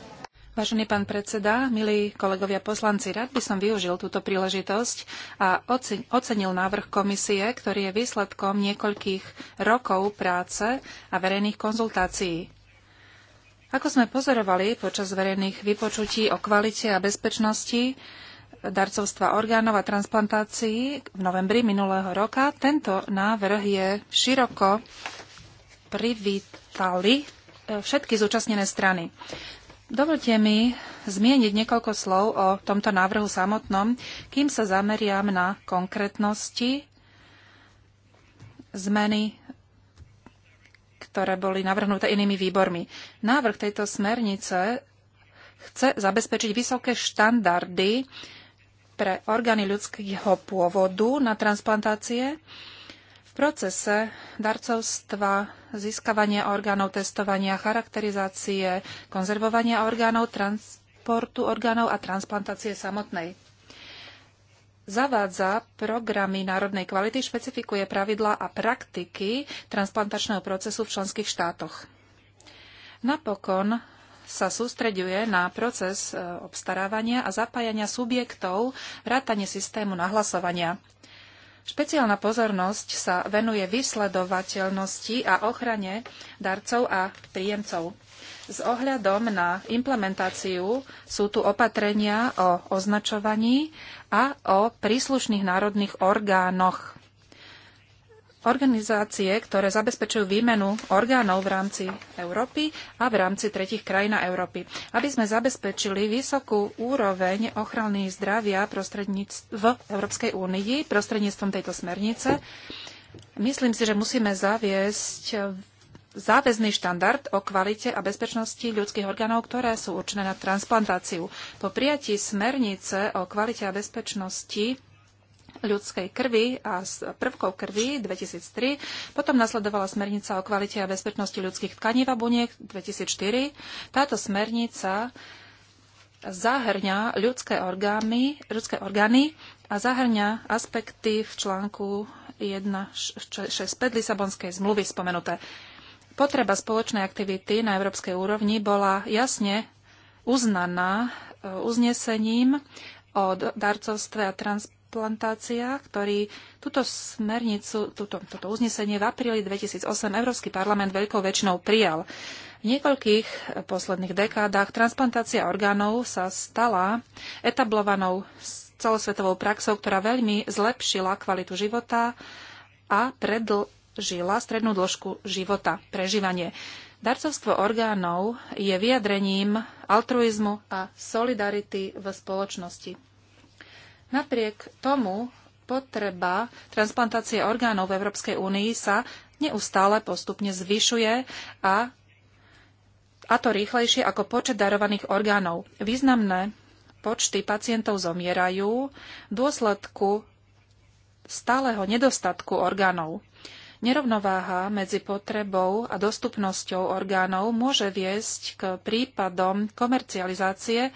Speaker 3: Vážený pán predseda, milí kolegovia poslanci, rád by som využil túto príležitosť a ocenil návrh komisie, ktorý je výsledkom niekoľkých rokov práce a verejných konzultácií. Ako sme pozorovali počas verejných vypočutí o kvalite a bezpečnosti, darcovstva orgánov a transplantácií v novembri minulého roka. Tento návrh je široko privítali e, všetky zúčastnené strany. Dovolte mi zmieniť niekoľko slov o tomto návrhu samotnom, kým sa zameriam na konkrétnosti zmeny ktoré boli navrhnuté inými výbormi. Návrh tejto smernice chce zabezpečiť vysoké štandardy pre orgány ľudského pôvodu na transplantácie. V procese darcovstva, získavania orgánov, testovania, charakterizácie, konzervovania orgánov, transportu orgánov a transplantácie samotnej. Zavádza programy národnej kvality, špecifikuje pravidlá a praktiky transplantačného procesu v členských štátoch. Napokon sa sústreďuje na proces e, obstarávania a zapájania subjektov vrátane systému nahlasovania. Špeciálna pozornosť sa venuje vysledovateľnosti a ochrane darcov a príjemcov. S ohľadom na implementáciu sú tu opatrenia o označovaní a o príslušných národných orgánoch. Organizácie, ktoré zabezpečujú výmenu orgánov v rámci Európy a v rámci tretich krajín Európy. Aby sme zabezpečili vysokú úroveň ochrany zdravia v Európskej únii prostredníctvom tejto smernice, myslím si, že musíme zaviesť záväzný štandard o kvalite a bezpečnosti ľudských orgánov, ktoré sú určené na transplantáciu. Po prijatí smernice o kvalite a bezpečnosti ľudskej krvi a z prvkov krvi 2003, potom nasledovala smernica o kvalite a bezpečnosti ľudských tkaní a buniek 2004. Táto smernica zahrňa ľudské orgány, ľudské orgány a zahrňa aspekty v článku 165 Lisabonskej zmluvy spomenuté. Potreba spoločnej aktivity na európskej úrovni bola jasne uznaná e, uznesením o darcovstve a trans- transplantáciách, ktorý túto smernicu, túto, toto uznesenie v apríli 2008 Európsky parlament veľkou väčšinou prijal. V niekoľkých posledných dekádach transplantácia orgánov sa stala etablovanou celosvetovou praxou, ktorá veľmi zlepšila kvalitu života a predlžila strednú dĺžku života, prežívanie. Darcovstvo orgánov je vyjadrením altruizmu a solidarity v spoločnosti. Napriek tomu potreba transplantácie orgánov v Európskej únii sa neustále postupne zvyšuje a, a to rýchlejšie ako počet darovaných orgánov. Významné počty pacientov zomierajú v dôsledku stáleho nedostatku orgánov. Nerovnováha medzi potrebou a dostupnosťou orgánov môže viesť k prípadom komercializácie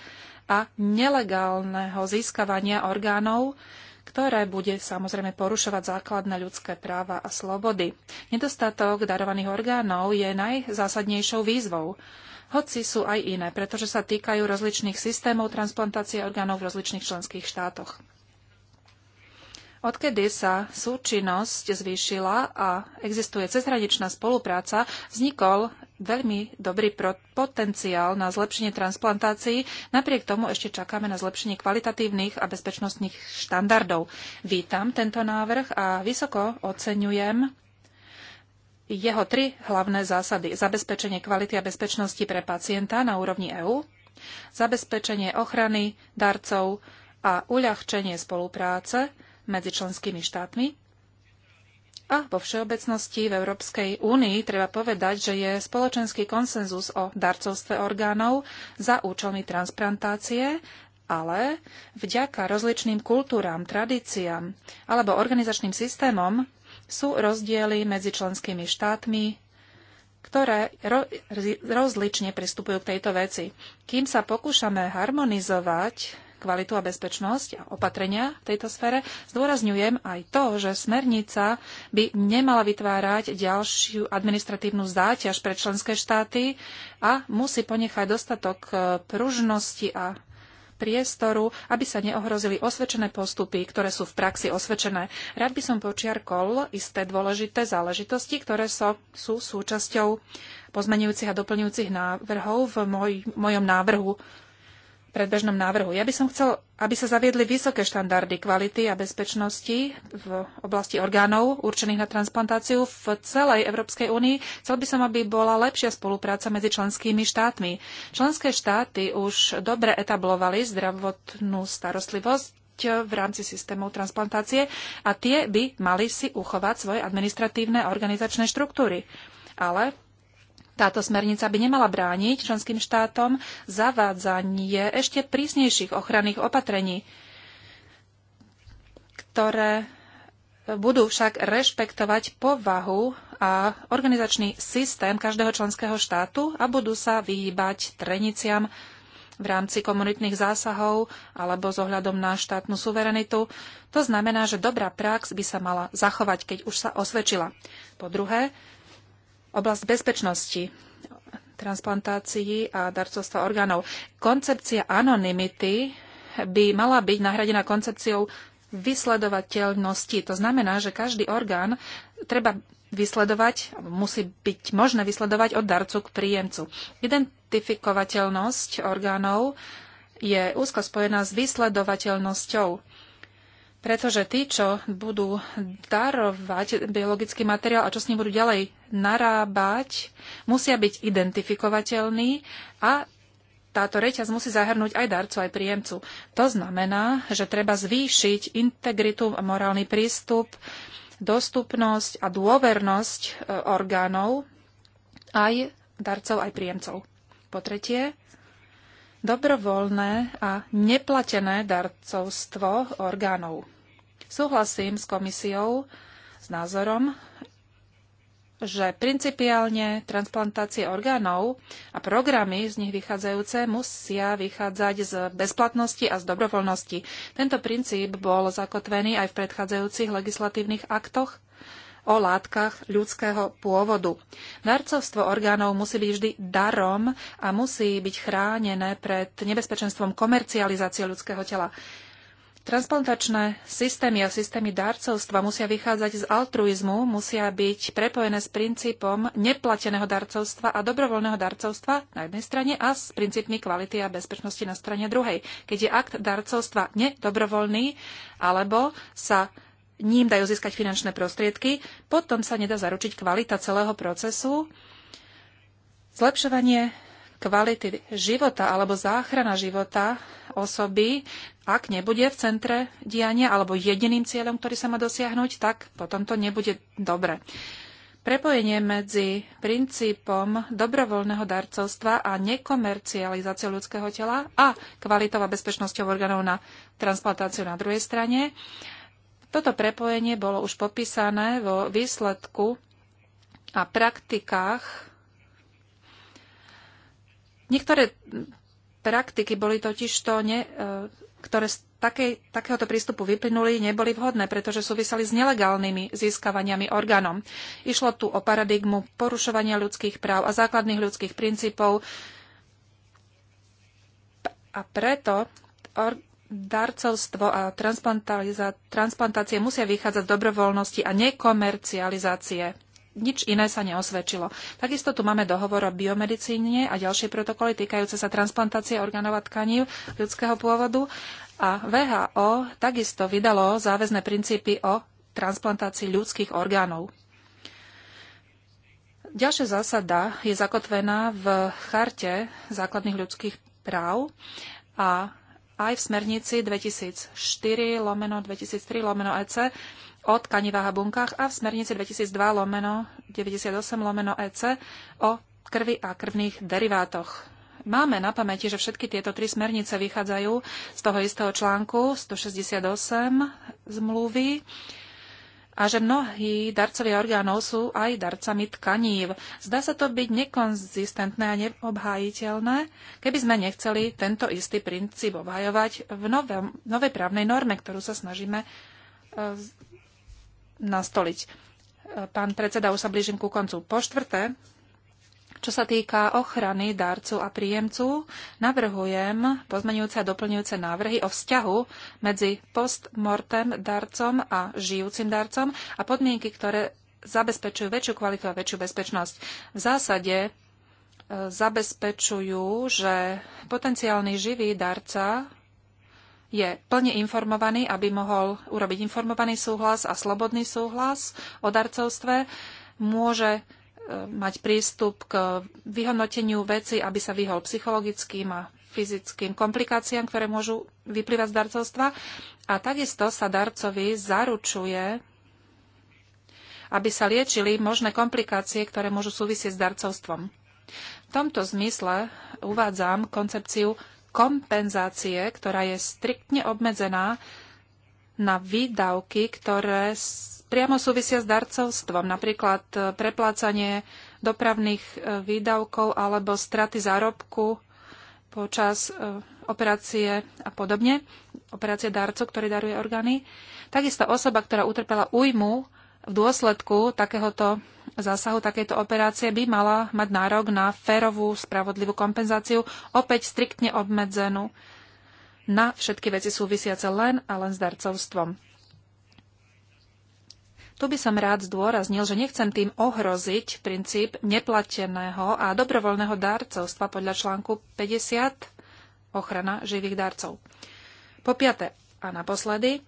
Speaker 3: a nelegálneho získavania orgánov, ktoré bude samozrejme porušovať základné ľudské práva a slobody. Nedostatok darovaných orgánov je najzásadnejšou výzvou, hoci sú aj iné, pretože sa týkajú rozličných systémov transplantácie orgánov v rozličných členských štátoch. Odkedy sa súčinnosť zvýšila a existuje cezhraničná spolupráca, vznikol veľmi dobrý potenciál na zlepšenie transplantácií. Napriek tomu ešte čakáme na zlepšenie kvalitatívnych a bezpečnostných štandardov. Vítam tento návrh a vysoko oceňujem jeho tri hlavné zásady. Zabezpečenie kvality a bezpečnosti pre pacienta na úrovni EÚ, zabezpečenie ochrany darcov a uľahčenie spolupráce medzi členskými štátmi a vo všeobecnosti v Európskej únii treba povedať, že je spoločenský konsenzus o darcovstve orgánov za účelmi transplantácie, ale vďaka rozličným kultúram, tradíciám alebo organizačným systémom sú rozdiely medzi členskými štátmi, ktoré rozlične pristupujú k tejto veci. Kým sa pokúšame harmonizovať kvalitu a bezpečnosť a opatrenia v tejto sfére. Zdôrazňujem aj to, že smernica by nemala vytvárať ďalšiu administratívnu záťaž pre členské štáty a musí ponechať dostatok e, pružnosti a priestoru, aby sa neohrozili osvedčené postupy, ktoré sú v praxi osvedčené. Rád by som počiarkol isté dôležité záležitosti, ktoré so, sú súčasťou pozmenujúcich a doplňujúcich návrhov v moj, mojom návrhu predbežnom návrhu. Ja by som chcel, aby sa zaviedli vysoké štandardy kvality a bezpečnosti v oblasti orgánov určených na transplantáciu v celej Európskej únii. Chcel by som, aby bola lepšia spolupráca medzi členskými štátmi. Členské štáty už dobre etablovali zdravotnú starostlivosť v rámci systémov transplantácie a tie by mali si uchovať svoje administratívne a organizačné štruktúry. Ale táto smernica by nemala brániť členským štátom zavádzanie ešte prísnejších ochranných opatrení, ktoré budú však rešpektovať povahu a organizačný systém každého členského štátu a budú sa vyhýbať treniciam v rámci komunitných zásahov alebo s ohľadom na štátnu suverenitu. To znamená, že dobrá prax by sa mala zachovať, keď už sa osvedčila. Po druhé, Oblasť bezpečnosti transplantácií a darcovstva orgánov. Koncepcia anonymity by mala byť nahradená koncepciou vysledovateľnosti. To znamená, že každý orgán treba vysledovať, musí byť možné vysledovať od darcu k príjemcu. Identifikovateľnosť orgánov je úzko spojená s vysledovateľnosťou. Pretože tí, čo budú darovať biologický materiál a čo s ním budú ďalej narábať, musia byť identifikovateľní a táto reťaz musí zahrnúť aj darcu, aj príjemcu. To znamená, že treba zvýšiť integritu a morálny prístup, dostupnosť a dôvernosť e, orgánov aj darcov, aj príjemcov. Po tretie, dobrovoľné a neplatené darcovstvo orgánov. Súhlasím s komisiou, s názorom, že principiálne transplantácie orgánov a programy z nich vychádzajúce musia vychádzať z bezplatnosti a z dobrovoľnosti. Tento princíp bol zakotvený aj v predchádzajúcich legislatívnych aktoch o látkach ľudského pôvodu. Darcovstvo orgánov musí byť vždy darom a musí byť chránené pred nebezpečenstvom komercializácie ľudského tela. Transplantačné systémy a systémy darcovstva musia vychádzať z altruizmu, musia byť prepojené s princípom neplateného darcovstva a dobrovoľného darcovstva na jednej strane a s princípmi kvality a bezpečnosti na strane druhej. Keď je akt darcovstva nedobrovoľný alebo sa ním dajú získať finančné prostriedky, potom sa nedá zaručiť kvalita celého procesu, zlepšovanie kvality života alebo záchrana života osoby, ak nebude v centre diania alebo jediným cieľom, ktorý sa má dosiahnuť, tak potom to nebude dobre. Prepojenie medzi princípom dobrovoľného darcovstva a nekomercializáciou ľudského tela a kvalitou a bezpečnosťou orgánov na transplantáciu na druhej strane. Toto prepojenie bolo už popísané vo výsledku a praktikách Niektoré praktiky boli totiž to, ne, e, ktoré z takej, takéhoto prístupu vyplynuli, neboli vhodné, pretože súviseli s nelegálnymi získavaniami orgánom. Išlo tu o paradigmu porušovania ľudských práv a základných ľudských princípov a preto or- darcovstvo a transplantácie musia vychádzať z dobrovoľnosti a nekomercializácie nič iné sa neosvedčilo. Takisto tu máme dohovor o biomedicíne a ďalšie protokoly týkajúce sa transplantácie orgánov a tkaní ľudského pôvodu. A VHO takisto vydalo záväzné princípy o transplantácii ľudských orgánov. Ďalšia zásada je zakotvená v charte základných ľudských práv a aj v smernici 2004 lomeno 2003 lomeno EC o tkanivách a bunkách a v smernici 2002 lomeno 98 lomeno EC o krvi a krvných derivátoch. Máme na pamäti, že všetky tieto tri smernice vychádzajú z toho istého článku 168 zmluvy a že mnohí darcovia orgánov sú aj darcami tkanív. Zdá sa to byť nekonzistentné a neobhájiteľné, keby sme nechceli tento istý princíp obhajovať v novej právnej norme, ktorú sa snažíme e, nastoliť. E, Pán predseda, už sa blížim ku koncu. Po štvrté, čo sa týka ochrany darcu a príjemcu, navrhujem pozmenujúce a doplňujúce návrhy o vzťahu medzi postmortem darcom a žijúcim darcom a podmienky, ktoré zabezpečujú väčšiu kvalitu a väčšiu bezpečnosť. V zásade e, zabezpečujú, že potenciálny živý darca je plne informovaný, aby mohol urobiť informovaný súhlas a slobodný súhlas o darcovstve, môže e, mať prístup k vyhodnoteniu veci, aby sa vyhol psychologickým a fyzickým komplikáciám, ktoré môžu vyplývať z darcovstva. A takisto sa darcovi zaručuje, aby sa liečili možné komplikácie, ktoré môžu súvisieť s darcovstvom. V tomto zmysle uvádzam koncepciu kompenzácie, ktorá je striktne obmedzená na výdavky, ktoré priamo súvisia s darcovstvom, napríklad e, preplácanie dopravných e, výdavkov alebo straty zárobku počas e, operácie a podobne, operácie darcov, ktorý daruje orgány. Takisto osoba, ktorá utrpela újmu v dôsledku takéhoto zásahu takéto operácie by mala mať nárok na férovú, spravodlivú kompenzáciu, opäť striktne obmedzenú na všetky veci súvisiace len a len s darcovstvom. Tu by som rád zdôraznil, že nechcem tým ohroziť princíp neplateného a dobrovoľného darcovstva podľa článku 50 ochrana živých darcov. Po piate a naposledy,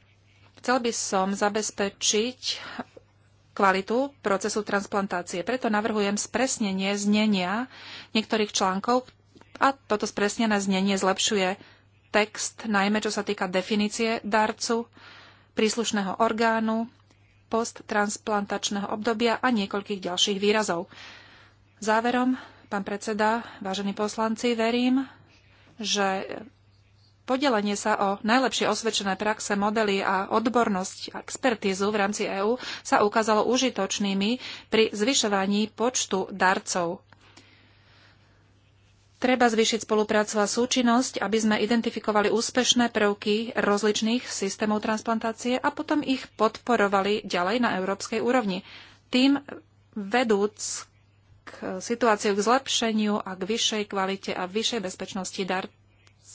Speaker 3: chcel by som zabezpečiť kvalitu procesu transplantácie. Preto navrhujem spresnenie znenia niektorých článkov a toto spresnené znenie zlepšuje text, najmä čo sa týka definície darcu, príslušného orgánu, posttransplantačného obdobia a niekoľkých ďalších výrazov. Záverom, pán predseda, vážení poslanci, verím, že Podelenie sa o najlepšie osvedčené praxe, modely a odbornosť a expertízu v rámci EÚ sa ukázalo užitočnými pri zvyšovaní počtu darcov. Treba zvýšiť spoluprácu a súčinnosť, aby sme identifikovali úspešné prvky rozličných systémov transplantácie a potom ich podporovali ďalej na európskej úrovni. Tým vedúc k situáciu k zlepšeniu a k vyššej kvalite a vyššej bezpečnosti darcov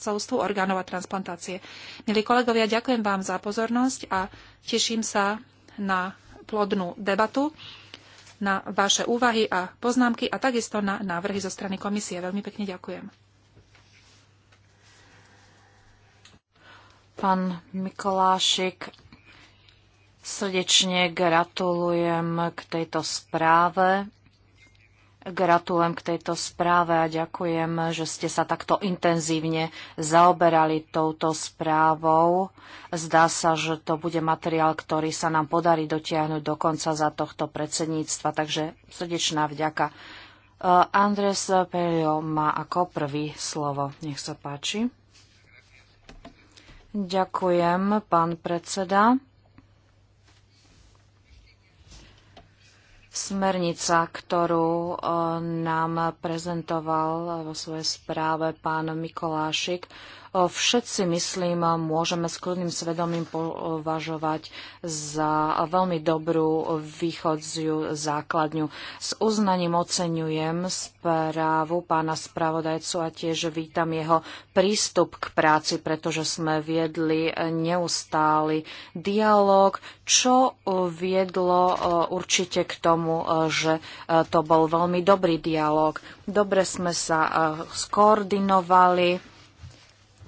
Speaker 3: celstvu orgánov a transplantácie. Milí kolegovia, ďakujem vám za pozornosť a teším sa na plodnú debatu, na vaše úvahy a poznámky a takisto na návrhy zo strany komisie.
Speaker 2: Veľmi pekne ďakujem. Pán Mikolášik, srdečne gratulujem k tejto správe Gratulujem k tejto správe a ďakujem, že ste sa takto intenzívne zaoberali touto správou. Zdá sa, že to bude materiál, ktorý sa nám podarí dotiahnuť do konca za tohto predsedníctva, takže srdečná vďaka. E, Andres Pelio má ako prvý slovo. Nech sa páči. Ďakujem, pán predseda. Smernica, ktorú eh, nám prezentoval vo svojej správe pán Mikolášik, všetci, myslím, môžeme s kľudným svedomím považovať za veľmi dobrú východziu základňu. S uznaním oceňujem správu pána spravodajcu a tiež vítam jeho prístup k práci, pretože sme viedli neustály dialog, čo viedlo určite k tomu, že to bol veľmi dobrý dialog. Dobre sme sa skoordinovali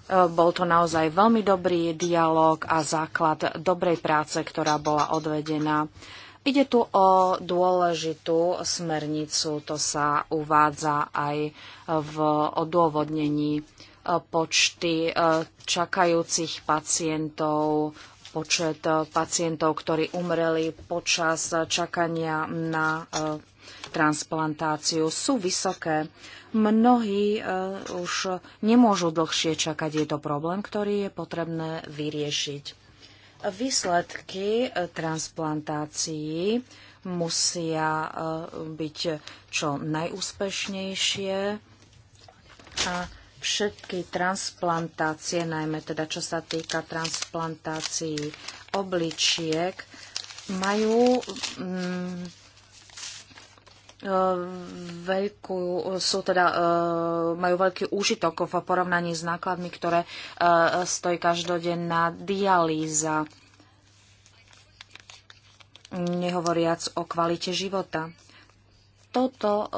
Speaker 2: Eh, bol to naozaj veľmi dobrý dialog a základ dobrej práce, ktorá bola odvedená. Ide tu o dôležitú smernicu, to sa uvádza aj v odôvodnení eh, počty eh, čakajúcich pacientov, počet pacientov, ktorí umreli počas čakania na transplantáciu, sú vysoké. Mnohí e, už nemôžu dlhšie čakať. Je to problém, ktorý je potrebné vyriešiť. Výsledky e, transplantácií musia e, byť čo najúspešnejšie a všetky transplantácie, najmä teda čo sa týka transplantácií obličiek, majú mm, E, veľkú, sú teda, e, majú veľký úžitok v porovnaní s nákladmi, ktoré e, stojí každodenná dialýza. Nehovoriac o kvalite života. Toto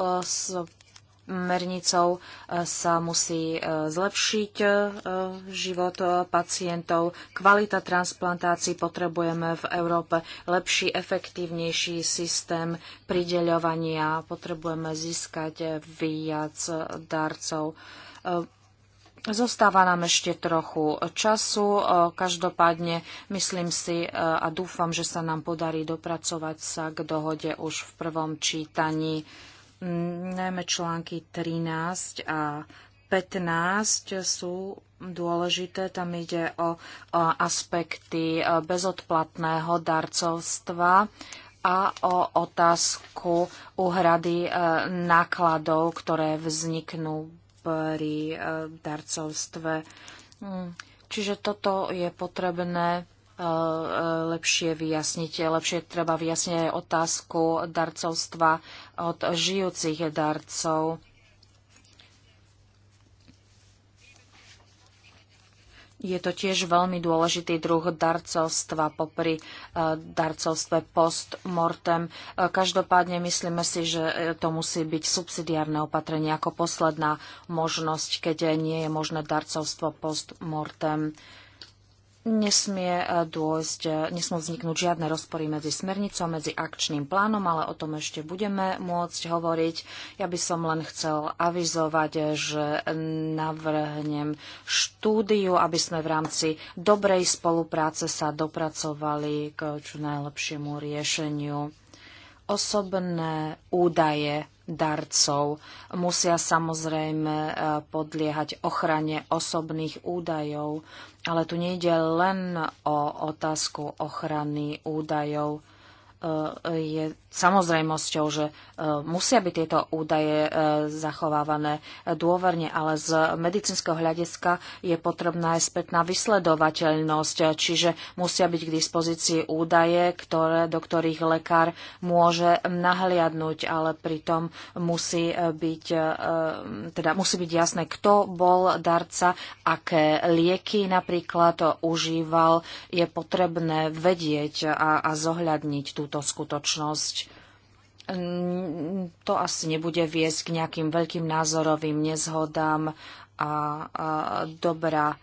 Speaker 2: smernicou e, sa musí e, zlepšiť e, život pacientov. Kvalita transplantácií potrebujeme v Európe lepší, efektívnejší systém prideľovania. Potrebujeme získať viac darcov. Zostáva nám ešte trochu času. Každopádne myslím si a dúfam, že sa nám podarí dopracovať sa k dohode už v prvom čítaní. Mm, najmä články 13 a 15 sú dôležité. Tam ide o, aspekty e, bezodplatného darcovstva a o otázku úhrady e, nákladov, ktoré vzniknú pri e, darcovstve. Mm, čiže toto je potrebné E, lepšie vyjasniť. Lepšie treba vyjasniť aj otázku darcovstva od žijúcich darcov. Je to tiež veľmi dôležitý druh darcovstva popri e, darcovstve post-mortem. E, každopádne myslíme si, že to musí byť subsidiárne opatrenie ako posledná možnosť, keď nie je možné darcovstvo post-mortem nesmie e, dôjsť, e, nesmú vzniknúť žiadne rozpory medzi smernicou, medzi akčným plánom, ale o tom ešte budeme môcť hovoriť. Ja by som len chcel avizovať, e, že navrhnem štúdiu, aby sme v rámci dobrej spolupráce sa dopracovali k čo najlepšiemu riešeniu. Osobné údaje darcov. Musia samozrejme podliehať ochrane osobných údajov. Ale tu nejde len o otázku ochrany údajov. E, je samozrejmosťou, že e, musia byť tieto údaje e, zachovávané dôverne, ale z medicínskeho hľadiska je potrebná aj spätná vysledovateľnosť, čiže musia byť k dispozícii údaje, ktoré, do ktorých lekár môže nahliadnúť, ale pritom musí e, byť, teda musí byť jasné, kto bol darca, aké lieky napríklad užíval. Je potrebné vedieť a, a zohľadniť túto skutočnosť to asi nebude viesť k nejakým veľkým názorovým nezhodám a, a dobrá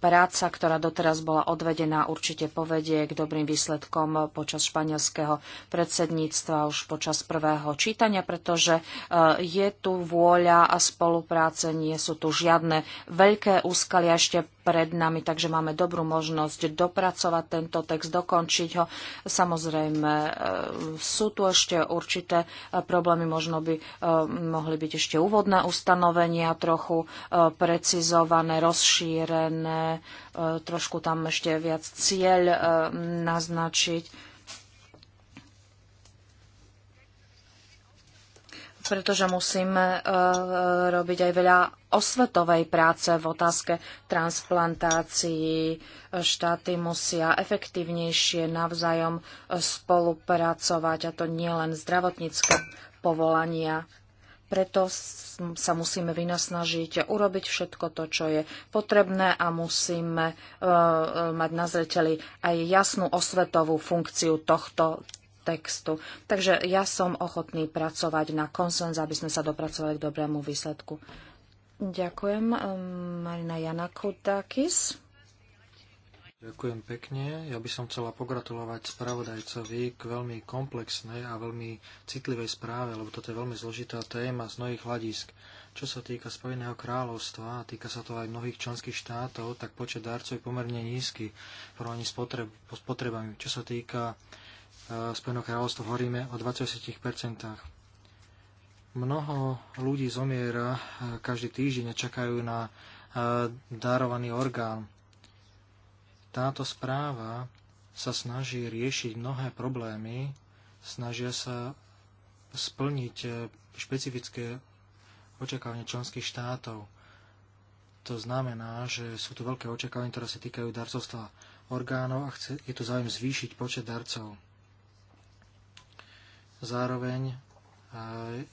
Speaker 2: práca, ktorá doteraz bola odvedená, určite povedie k dobrým výsledkom počas španielského predsedníctva už počas prvého čítania, pretože e, je tu vôľa a spolupráce, nie sú tu žiadne veľké úskalia. Ešte pred nami, takže máme dobrú možnosť dopracovať tento text, dokončiť ho. Samozrejme, e, sú tu ešte určité e, problémy, možno by e, mohli byť ešte úvodné ustanovenia trochu precizované, rozšírené, trošku tam ešte viac cieľ naznačiť pretože musíme robiť aj veľa osvetovej práce v otázke transplantácií. Štáty musia efektívnejšie navzájom e, spolupracovať, a to nielen zdravotnícke povolania. Preto sa musíme vynasnažiť urobiť všetko to, čo je potrebné a musíme e, e, mať na zreteli aj jasnú osvetovú funkciu tohto textu. Takže ja som ochotný pracovať na konsens, aby sme sa dopracovali k dobrému výsledku. Ďakujem. Um, Marina Jana Kutakis.
Speaker 1: Ďakujem pekne. Ja by som chcela pogratulovať spravodajcovi k veľmi komplexnej a veľmi citlivej správe, lebo toto je veľmi zložitá téma z mnohých hľadisk. Čo sa týka Spojeného kráľovstva, a týka sa to aj mnohých členských štátov, tak počet darcov je pomerne nízky v porovnaní s potrebami. Čo sa týka Spojeného kráľovstva hovoríme o 20%. Mnoho ľudí zomiera e, každý týždeň a čakajú na e, darovaný orgán. Táto správa sa snaží riešiť mnohé problémy, snažia sa splniť e, špecifické očakávania členských štátov. To znamená, že sú tu veľké očakávania, ktoré sa týkajú darcovstva orgánov a chce, je tu záujem zvýšiť počet darcov. Zároveň e,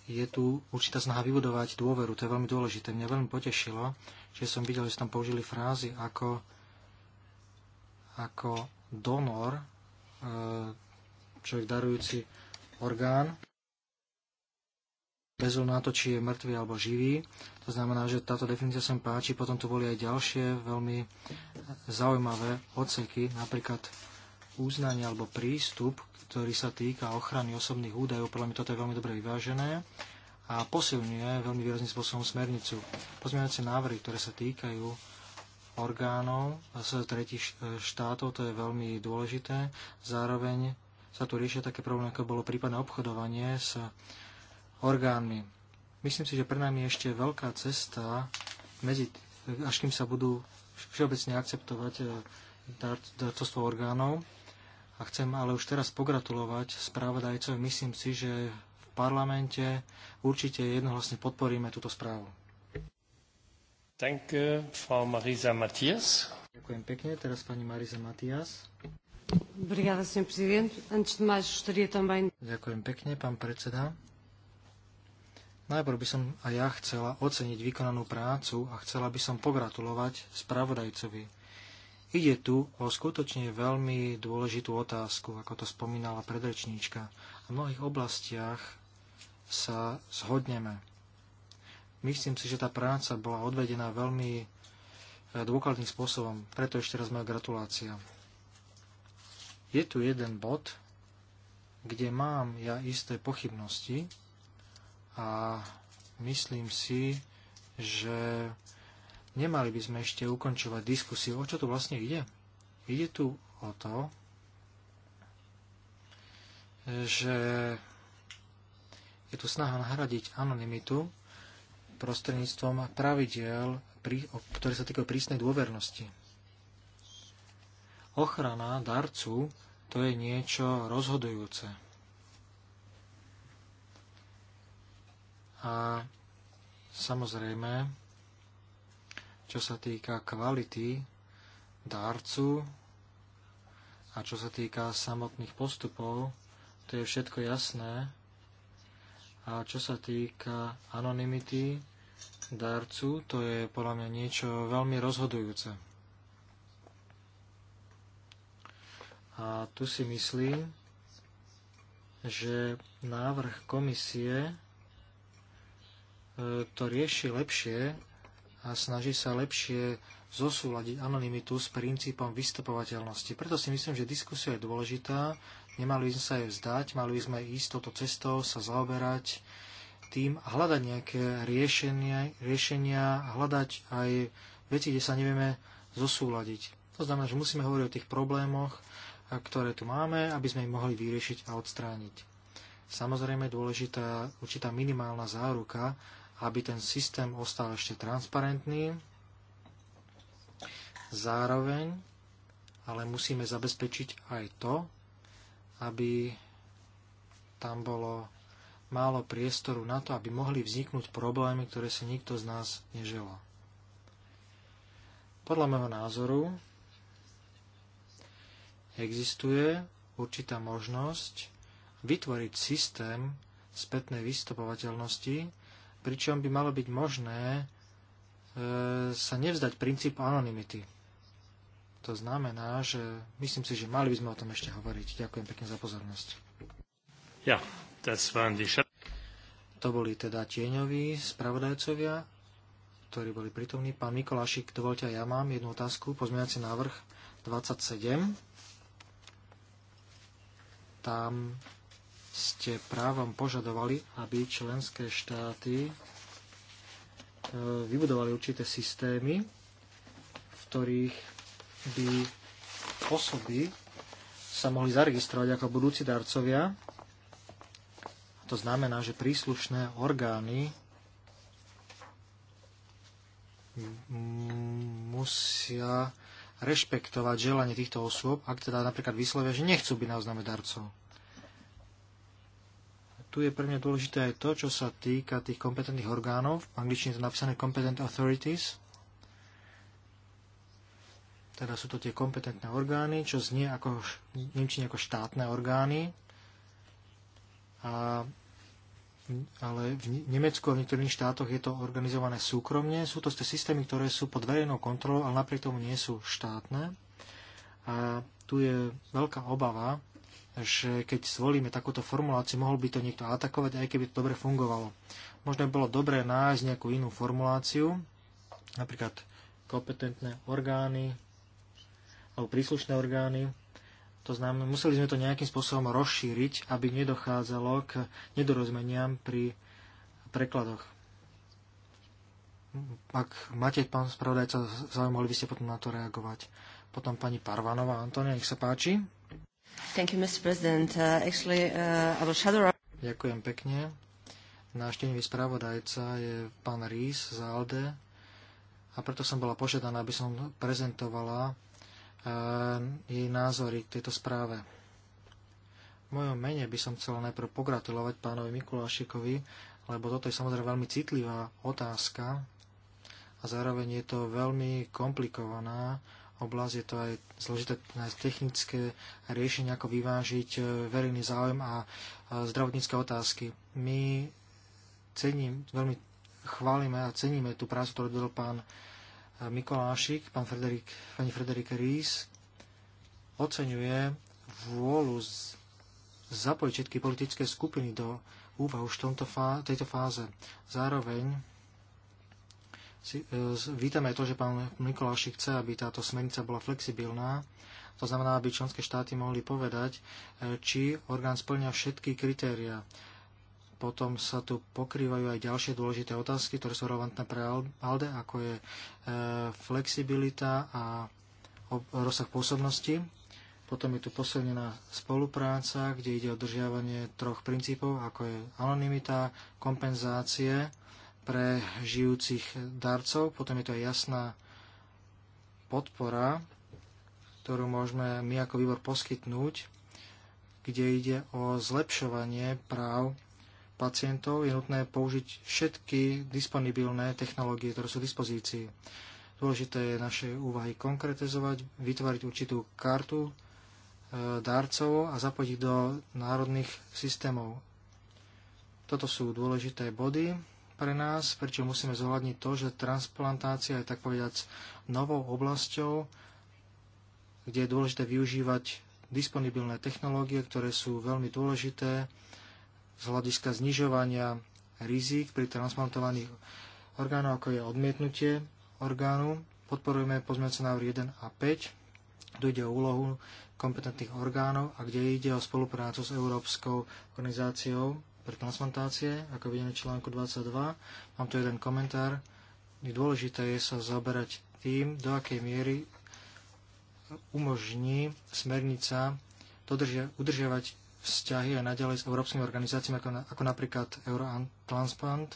Speaker 1: je tu určitá snaha vybudovať dôveru, to je veľmi dôležité. Mňa veľmi potešilo, že som videl, že tam použili frázy ako, ako donor, e, človek darujúci orgán, bez na to, či je mŕtvy alebo živý. To znamená, že táto definícia sa mi páči. Potom tu boli aj ďalšie veľmi zaujímavé odseky, napríklad uznanie alebo prístup, ktorý sa týka ochrany osobných údajov. Podľa mňa toto je veľmi dobre vyvážené a posilňuje veľmi výrazným spôsobom smernicu. Pozmeňujúce návrhy, ktoré sa týkajú orgánov z tretich e, štátov, to je veľmi dôležité. Zároveň sa tu riešia také problémy, ako bolo prípadné obchodovanie s orgánmi. Myslím si, že pre nami je ešte veľká cesta, medzi, až kým sa budú všeobecne akceptovať e, dárcovstvo orgánov a chcem ale už teraz pogratulovať správodajcovi. Myslím si, že v parlamente určite jednohlasne podporíme túto správu. Danke, Frau Marisa Ďakujem pekne. Teraz pani Marisa Matias.
Speaker 3: Obrigada, Presidente. Antes de mais, gostaria também...
Speaker 1: Ďakujem pekne, pán predseda. Najprv by som a ja chcela oceniť vykonanú prácu a chcela by som pogratulovať spravodajcovi. Ide tu o skutočne veľmi dôležitú otázku, ako to spomínala predrečníčka. V mnohých oblastiach sa zhodneme. Myslím si, že tá práca bola odvedená veľmi e, dôkladným spôsobom, preto ešte raz moja gratulácia. Je tu jeden bod, kde mám ja isté pochybnosti a myslím si, že Nemali by sme ešte ukončovať diskusiu, o čo tu vlastne ide. Ide tu o to, že je tu snaha nahradiť anonymitu prostredníctvom pravidel, ktoré sa týkajú prísnej dôvernosti. Ochrana darcu to je niečo rozhodujúce. A samozrejme, čo sa týka kvality dárcu a čo sa týka samotných postupov, to je všetko jasné. A čo sa týka anonymity dárcu, to je podľa mňa niečo veľmi rozhodujúce. A tu si myslím, že návrh komisie e, to rieši lepšie a snaží sa lepšie zosúľadiť anonymitu s princípom vystupovateľnosti. Preto si myslím, že diskusia je dôležitá, nemali by sme sa jej vzdať, mali by sme ísť touto cestou, sa zaoberať tým a hľadať nejaké riešenia, riešenia hľadať aj veci, kde sa nevieme zosúľadiť. To znamená, že musíme hovoriť o tých problémoch, ktoré tu máme, aby sme ich mohli vyriešiť a odstrániť. Samozrejme je dôležitá určitá minimálna záruka aby ten systém ostal ešte transparentný. Zároveň ale musíme zabezpečiť aj to, aby tam bolo málo priestoru na to, aby mohli vzniknúť problémy, ktoré si nikto z nás neželá. Podľa môjho názoru existuje určitá možnosť vytvoriť systém spätnej vystupovateľnosti, pričom by malo byť možné e, sa nevzdať princípu anonymity. To znamená, že myslím si, že mali by sme o tom ešte hovoriť. Ďakujem pekne za pozornosť. Ja, das waren die To boli teda tieňoví spravodajcovia, ktorí boli prítomní. Pán Mikolášik, dovolte, ja mám jednu otázku. Pozmeňací návrh 27. Tam ste právom požadovali, aby členské štáty e, vybudovali určité systémy, v ktorých by osoby sa mohli zaregistrovať ako budúci darcovia. To znamená, že príslušné orgány musia rešpektovať želanie týchto osôb, ak teda napríklad vyslovia, že nechcú byť naoznáme darcov tu je pre mňa dôležité aj to, čo sa týka tých kompetentných orgánov. V angličtine je to napísané competent authorities. Teda sú to tie kompetentné orgány, čo znie ako, v Nemčine ako štátne orgány. A, ale v Nemecku a v niektorých štátoch je to organizované súkromne. Sú to systémy, ktoré sú pod verejnou kontrolou, ale napriek tomu nie sú štátne. A tu je veľká obava že keď zvolíme takúto formuláciu, mohol by to niekto atakovať, aj keby to dobre fungovalo. Možno by bolo dobré nájsť nejakú inú formuláciu, napríklad kompetentné orgány alebo príslušné orgány. To znamená, museli sme to nejakým spôsobom rozšíriť, aby nedochádzalo k nedorozmeniam pri prekladoch. Ak máte, pán spravodajca, zaujímali by ste potom na to reagovať. Potom pani Parvanová Antonia, nech sa páči.
Speaker 2: Thank you, Mr. President. Uh, actually, uh, shadow...
Speaker 1: Ďakujem pekne. Náš spravodajca je pán Rís z ALDE a preto som bola požiadaná, aby som prezentovala uh, jej názory k tejto správe. V mojom mene by som chcela najprv pogratulovať pánovi Mikulášikovi, lebo toto je samozrejme veľmi citlivá otázka a zároveň je to veľmi komplikovaná oblasť, je to aj zložité technické riešenie, ako vyvážiť e, verejný záujem a zdravotnícke otázky. My cením, veľmi chválime a ceníme tú prácu, ktorú dodal pán e, Mikolášik, pán Frederik, pani Frederik Ries, oceňuje vôľu zapojiť všetky politické skupiny do úvahu už v tomto fá- tejto fáze. Zároveň E, vítame to, že pán Mikuláši chce, aby táto smernica bola flexibilná. To znamená, aby členské štáty mohli povedať, e, či orgán splňa všetky kritéria. Potom sa tu pokrývajú aj ďalšie dôležité otázky, ktoré sú relevantné pre ALDE, ako je e, flexibilita a rozsah pôsobnosti. Potom je tu posilnená spolupráca, kde ide o držiavanie troch princípov, ako je anonimita, kompenzácie pre žijúcich darcov. Potom je to aj jasná podpora, ktorú môžeme my ako výbor poskytnúť, kde ide o zlepšovanie práv pacientov. Je nutné použiť všetky disponibilné technológie, ktoré sú v dispozícii. Dôležité je naše úvahy konkretizovať, vytvoriť určitú kartu e, darcov a zapojiť do národných systémov. Toto sú dôležité body pre nás, pričom musíme zohľadniť to, že transplantácia je tak povedať novou oblasťou, kde je dôležité využívať disponibilné technológie, ktoré sú veľmi dôležité z hľadiska znižovania rizik pri transplantovaných orgánov, ako je odmietnutie orgánu. Podporujeme pozmeňujúce návrhy 1 a 5, kde ide o úlohu kompetentných orgánov a kde ide o spoluprácu s Európskou organizáciou pre transplantácie, ako vidíme v článku 22. Mám tu jeden komentár. Dôležité je sa zaberať tým, do akej miery umožní smernica dodržia, udržiavať vzťahy aj naďalej s európskymi organizáciami, ako, na, ako napríklad Eurotransplant.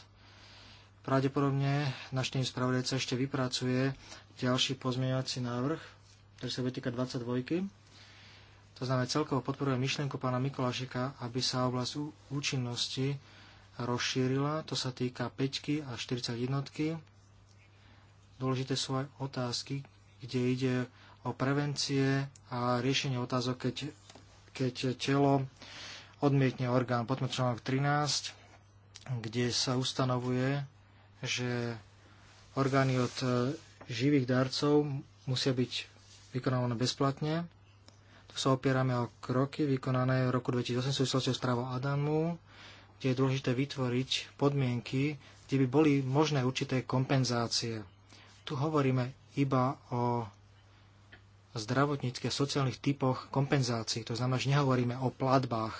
Speaker 1: Pravdepodobne náš tým spravodajca ešte vypracuje ďalší pozmeňovací návrh, ktorý sa bude týkať 22. To znamená, celkovo podporuje myšlienku pána Mikolašika, aby sa oblasť účinnosti rozšírila. To sa týka 5 a 41. Dôležité sú aj otázky, kde ide o prevencie a riešenie otázok, keď, keď telo odmietne orgán. Potom článok 13, kde sa ustanovuje, že orgány od e, živých darcov musia byť vykonávané bezplatne sa opierame o kroky vykonané v roku 2008 v súvislosti s právom Adamu, kde je dôležité vytvoriť podmienky, kde by boli možné určité kompenzácie. Tu hovoríme iba o zdravotníckých a sociálnych typoch kompenzácií. To znamená, že nehovoríme o platbách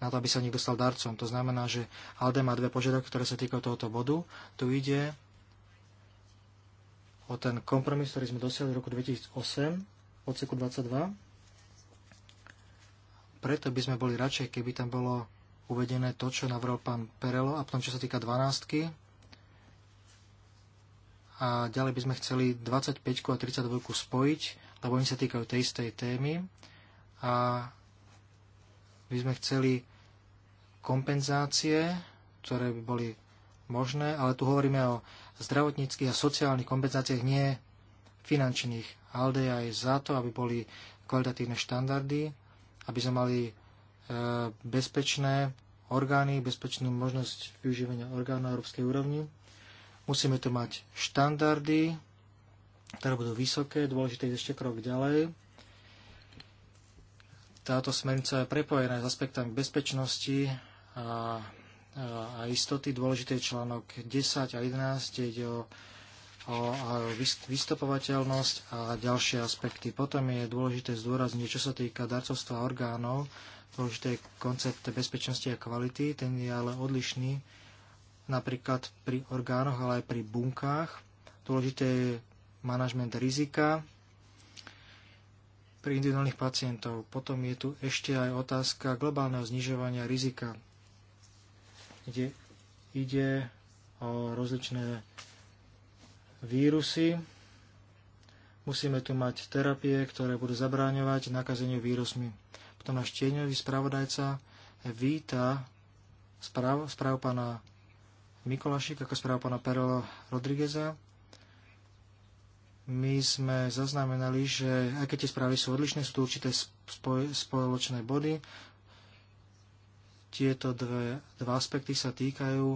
Speaker 1: na to, aby sa niekto stal darcom. To znamená, že Alde má dve požiadavky, ktoré sa týkajú tohoto bodu. Tu ide o ten kompromis, ktorý sme dosiahli v roku 2008, odseku 22, preto by sme boli radšej, keby tam bolo uvedené to, čo navrhol pán Perelo a potom, čo sa týka 12 a ďalej by sme chceli 25 a 32 spojiť, lebo oni sa týkajú tej istej témy a by sme chceli kompenzácie, ktoré by boli možné, ale tu hovoríme o zdravotníckých a sociálnych kompenzáciách, nie finančných. Alde je aj za to, aby boli kvalitatívne štandardy aby sme mali e, bezpečné orgány, bezpečnú možnosť využívania orgánov na európskej úrovni. Musíme tu mať štandardy, ktoré budú vysoké, dôležité je ešte krok ďalej. Táto smernica je prepojená s aspektami bezpečnosti a, a istoty. Dôležité je článok 10 a 11, kde ide o o vystupovateľnosť a ďalšie aspekty. Potom je dôležité zdôrazniť, čo sa týka darcovstva orgánov, dôležité je koncept bezpečnosti a kvality, ten je ale odlišný napríklad pri orgánoch, ale aj pri bunkách. Dôležité je manažment rizika pri individuálnych pacientov. Potom je tu ešte aj otázka globálneho znižovania rizika, kde ide o rozličné vírusy. Musíme tu mať terapie, ktoré budú zabráňovať nakazeniu vírusmi. Potom náš tieňový spravodajca víta správ, správ pána Mikolašik ako správ pána Perola Rodrígueza. My sme zaznamenali, že aj keď tie správy sú odlišné, sú tu určité spoločné body. Tieto dve, dva aspekty sa týkajú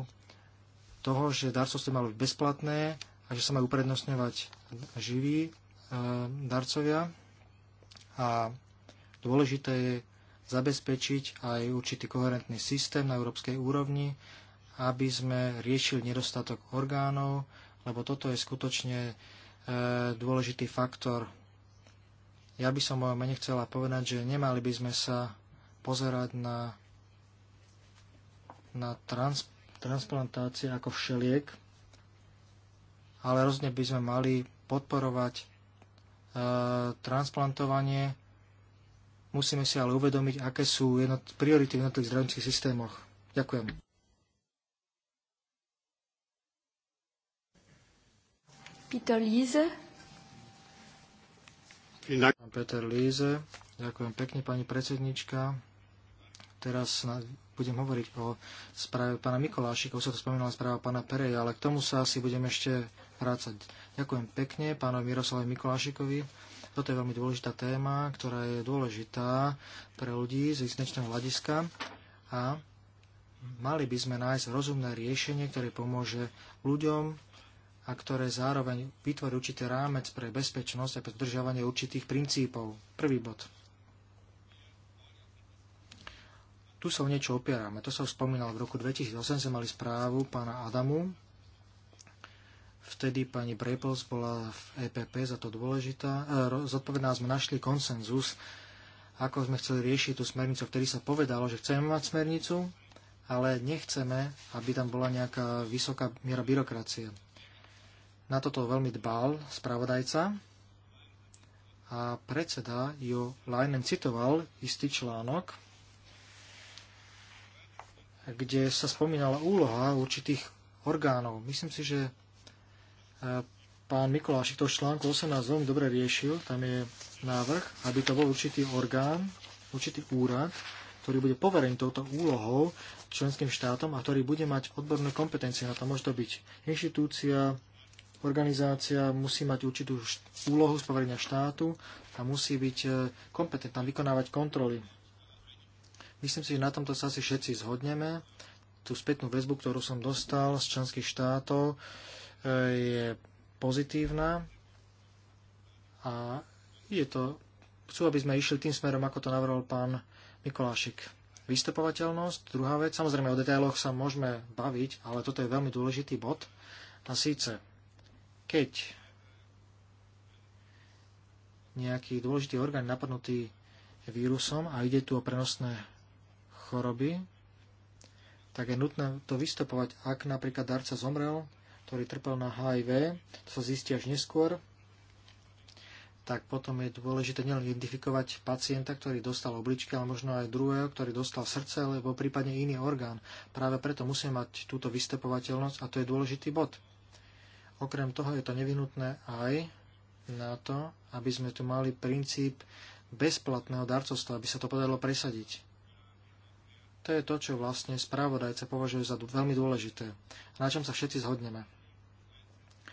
Speaker 1: toho, že darcovstvo malo byť bezplatné a že sa majú uprednostňovať živí e, darcovia. A dôležité je zabezpečiť aj určitý koherentný systém na európskej úrovni, aby sme riešili nedostatok orgánov, lebo toto je skutočne e, dôležitý faktor. Ja by som mojom mene chcela povedať, že nemali by sme sa pozerať na, na trans, transplantácie ako všeliek, ale rozhodne by sme mali podporovať e, transplantovanie. Musíme si ale uvedomiť, aké sú jednot- priority v jednotlivých zdravotníckých systémoch. Ďakujem.
Speaker 3: Peter Líze.
Speaker 1: Peter Líze. Ďakujem pekne, pani predsednička. Teraz na, budem hovoriť o správe pána Mikolášika, už sa to spomínala správa pána Pereja, ale k tomu sa asi budem ešte práca. Ďakujem pekne pánovi Miroslavovi Mikulášikovi. Toto je veľmi dôležitá téma, ktorá je dôležitá pre ľudí z existenčného hľadiska a mali by sme nájsť rozumné riešenie, ktoré pomôže ľuďom a ktoré zároveň vytvorí určitý rámec pre bezpečnosť a pre zdržiavanie určitých princípov. Prvý bod. Tu sa o niečo opierame. To sa už spomínal V roku 2008 sme mali správu pána Adamu Vtedy pani Brepos bola v EPP za to dôležitá. E, zodpovedná sme našli konsenzus, ako sme chceli riešiť tú smernicu. Vtedy sa povedalo, že chceme mať smernicu, ale nechceme, aby tam bola nejaká vysoká miera byrokracie. Na toto veľmi dbal spravodajca a predseda ju Leinen citoval istý článok, kde sa spomínala úloha určitých orgánov. Myslím si, že pán Mikulášik to článku 18 veľmi dobre riešil. Tam je návrh, aby to bol určitý orgán, určitý úrad, ktorý bude poverený touto úlohou členským štátom a ktorý bude mať odborné kompetencie. Na to môže to byť inštitúcia, organizácia, musí mať určitú úlohu z poverenia štátu a musí byť e, kompetentná vykonávať kontroly. Myslím si, že na tomto sa asi všetci zhodneme. Tú spätnú väzbu, ktorú som dostal z členských štátov, je pozitívna a je to, chcú, aby sme išli tým smerom, ako to navrhol pán Mikolášik. Vystupovateľnosť, druhá vec, samozrejme o detailoch sa môžeme baviť, ale toto je veľmi dôležitý bod. A síce, keď nejaký dôležitý orgán napadnutý vírusom a ide tu o prenosné choroby, tak je nutné to vystupovať. Ak napríklad darca zomrel ktorý trpel na HIV, to sa zistí až neskôr, tak potom je dôležité nielen identifikovať pacienta, ktorý dostal obličky, ale možno aj druhého, ktorý dostal srdce alebo prípadne iný orgán. Práve preto musí mať túto vystepovateľnosť a to je dôležitý bod. Okrem toho je to nevyhnutné aj na to, aby sme tu mali princíp bezplatného darcovstva, aby sa to podarilo presadiť. To je to, čo vlastne správodajca považuje za veľmi dôležité. Na čom sa všetci zhodneme.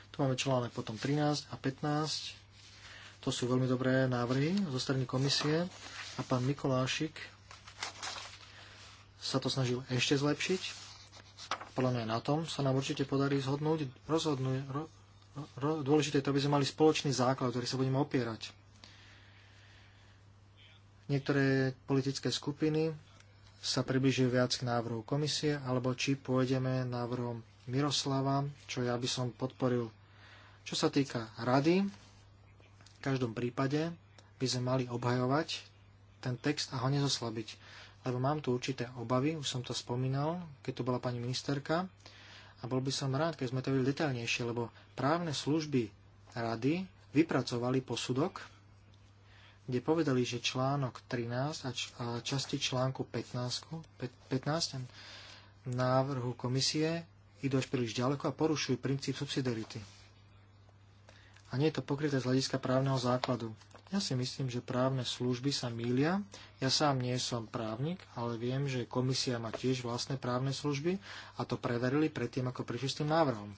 Speaker 1: Tu máme článek potom 13 a 15. To sú veľmi dobré návrhy zo strany komisie. A pán Mikolášik sa to snažil ešte zlepšiť. Podľa mňa na tom sa nám určite podarí zhodnúť. Rozhodnú, ro, ro, dôležité je to, aby sme mali spoločný základ, ktorý sa budeme opierať. Niektoré politické skupiny sa približuje viac k návrhu komisie, alebo či pôjdeme návrhom Miroslava, čo ja by som podporil. Čo sa týka rady, v každom prípade by sme mali obhajovať ten text a ho nezoslabiť. Lebo mám tu určité obavy, už som to spomínal, keď tu bola pani ministerka, a bol by som rád, keď sme to videli detaľnejšie, lebo právne služby rady vypracovali posudok, kde povedali, že článok 13 a, č- a časti článku 15, 15 návrhu komisie idú až príliš ďaleko a porušujú princíp subsidiarity. A nie je to pokryté z hľadiska právneho základu. Ja si myslím, že právne služby sa mília. Ja sám nie som právnik, ale viem, že komisia má tiež vlastné právne služby a to preverili predtým, ako prišli s tým návrhom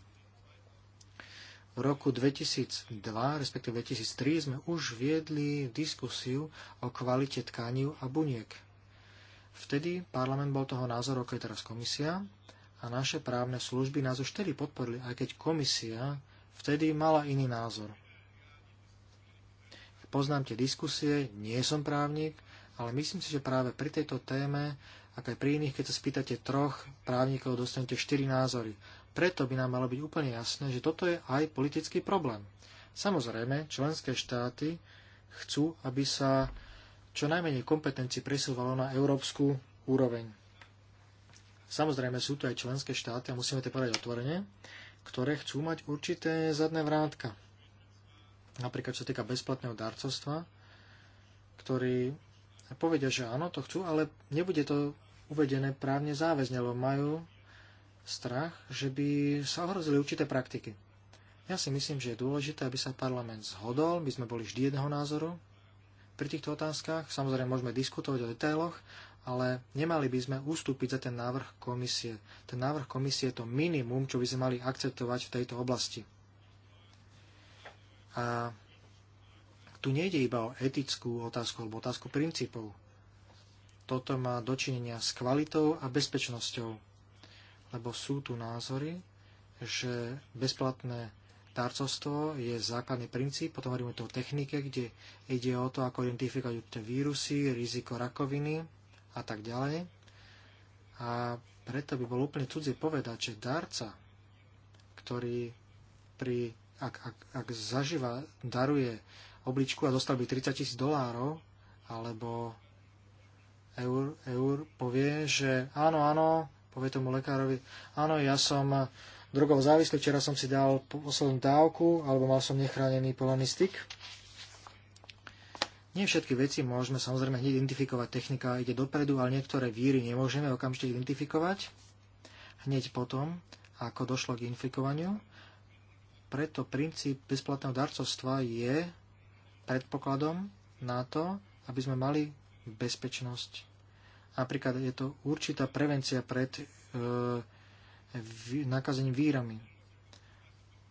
Speaker 1: v roku 2002, respektíve 2003, sme už viedli diskusiu o kvalite tkaní a buniek. Vtedy parlament bol toho názoru, ako je teraz komisia, a naše právne služby nás už vtedy podporili, aj keď komisia vtedy mala iný názor. Poznám tie diskusie, nie som právnik, ale myslím si, že práve pri tejto téme, ako aj pri iných, keď sa spýtate troch právnikov, dostanete štyri názory. Preto by nám malo byť úplne jasné, že toto je aj politický problém. Samozrejme, členské štáty chcú, aby sa čo najmenej kompetencií presúvalo na európsku úroveň. Samozrejme, sú tu aj členské štáty, a musíme to povedať otvorene, ktoré chcú mať určité zadné vrátka. Napríklad, čo sa týka bezplatného darcovstva, ktorí povedia, že áno, to chcú, ale nebude to uvedené právne záväzne, lebo majú strach, že by sa ohrozili určité praktiky. Ja si myslím, že je dôležité, aby sa parlament zhodol, my sme boli vždy jedného názoru pri týchto otázkach. Samozrejme, môžeme diskutovať o detailoch, ale nemali by sme ustúpiť za ten návrh komisie. Ten návrh komisie je to minimum, čo by sme mali akceptovať v tejto oblasti. A tu nejde iba o etickú otázku alebo otázku princípov. Toto má dočinenia s kvalitou a bezpečnosťou lebo sú tu názory, že bezplatné Darcovstvo je základný princíp, potom hovoríme to o technike, kde ide o to, ako identifikovať tie vírusy, riziko rakoviny a tak ďalej. A preto by bolo úplne cudzie povedať, že darca, ktorý pri, ak, ak, ak zažíva, daruje obličku a dostal by 30 tisíc dolárov alebo eur, eur, povie, že áno, áno, povie tomu lekárovi, áno, ja som eh, drogov závislý, včera som si dal poslednú dávku, alebo mal som nechránený polený styk. Nie všetky veci môžeme samozrejme hneď identifikovať. Technika ide dopredu, ale niektoré víry nemôžeme okamžite identifikovať hneď potom, ako došlo k infikovaniu. Preto princíp bezplatného darcovstva je predpokladom na to, aby sme mali bezpečnosť Napríklad je to určitá prevencia pred e, nakazením vírami.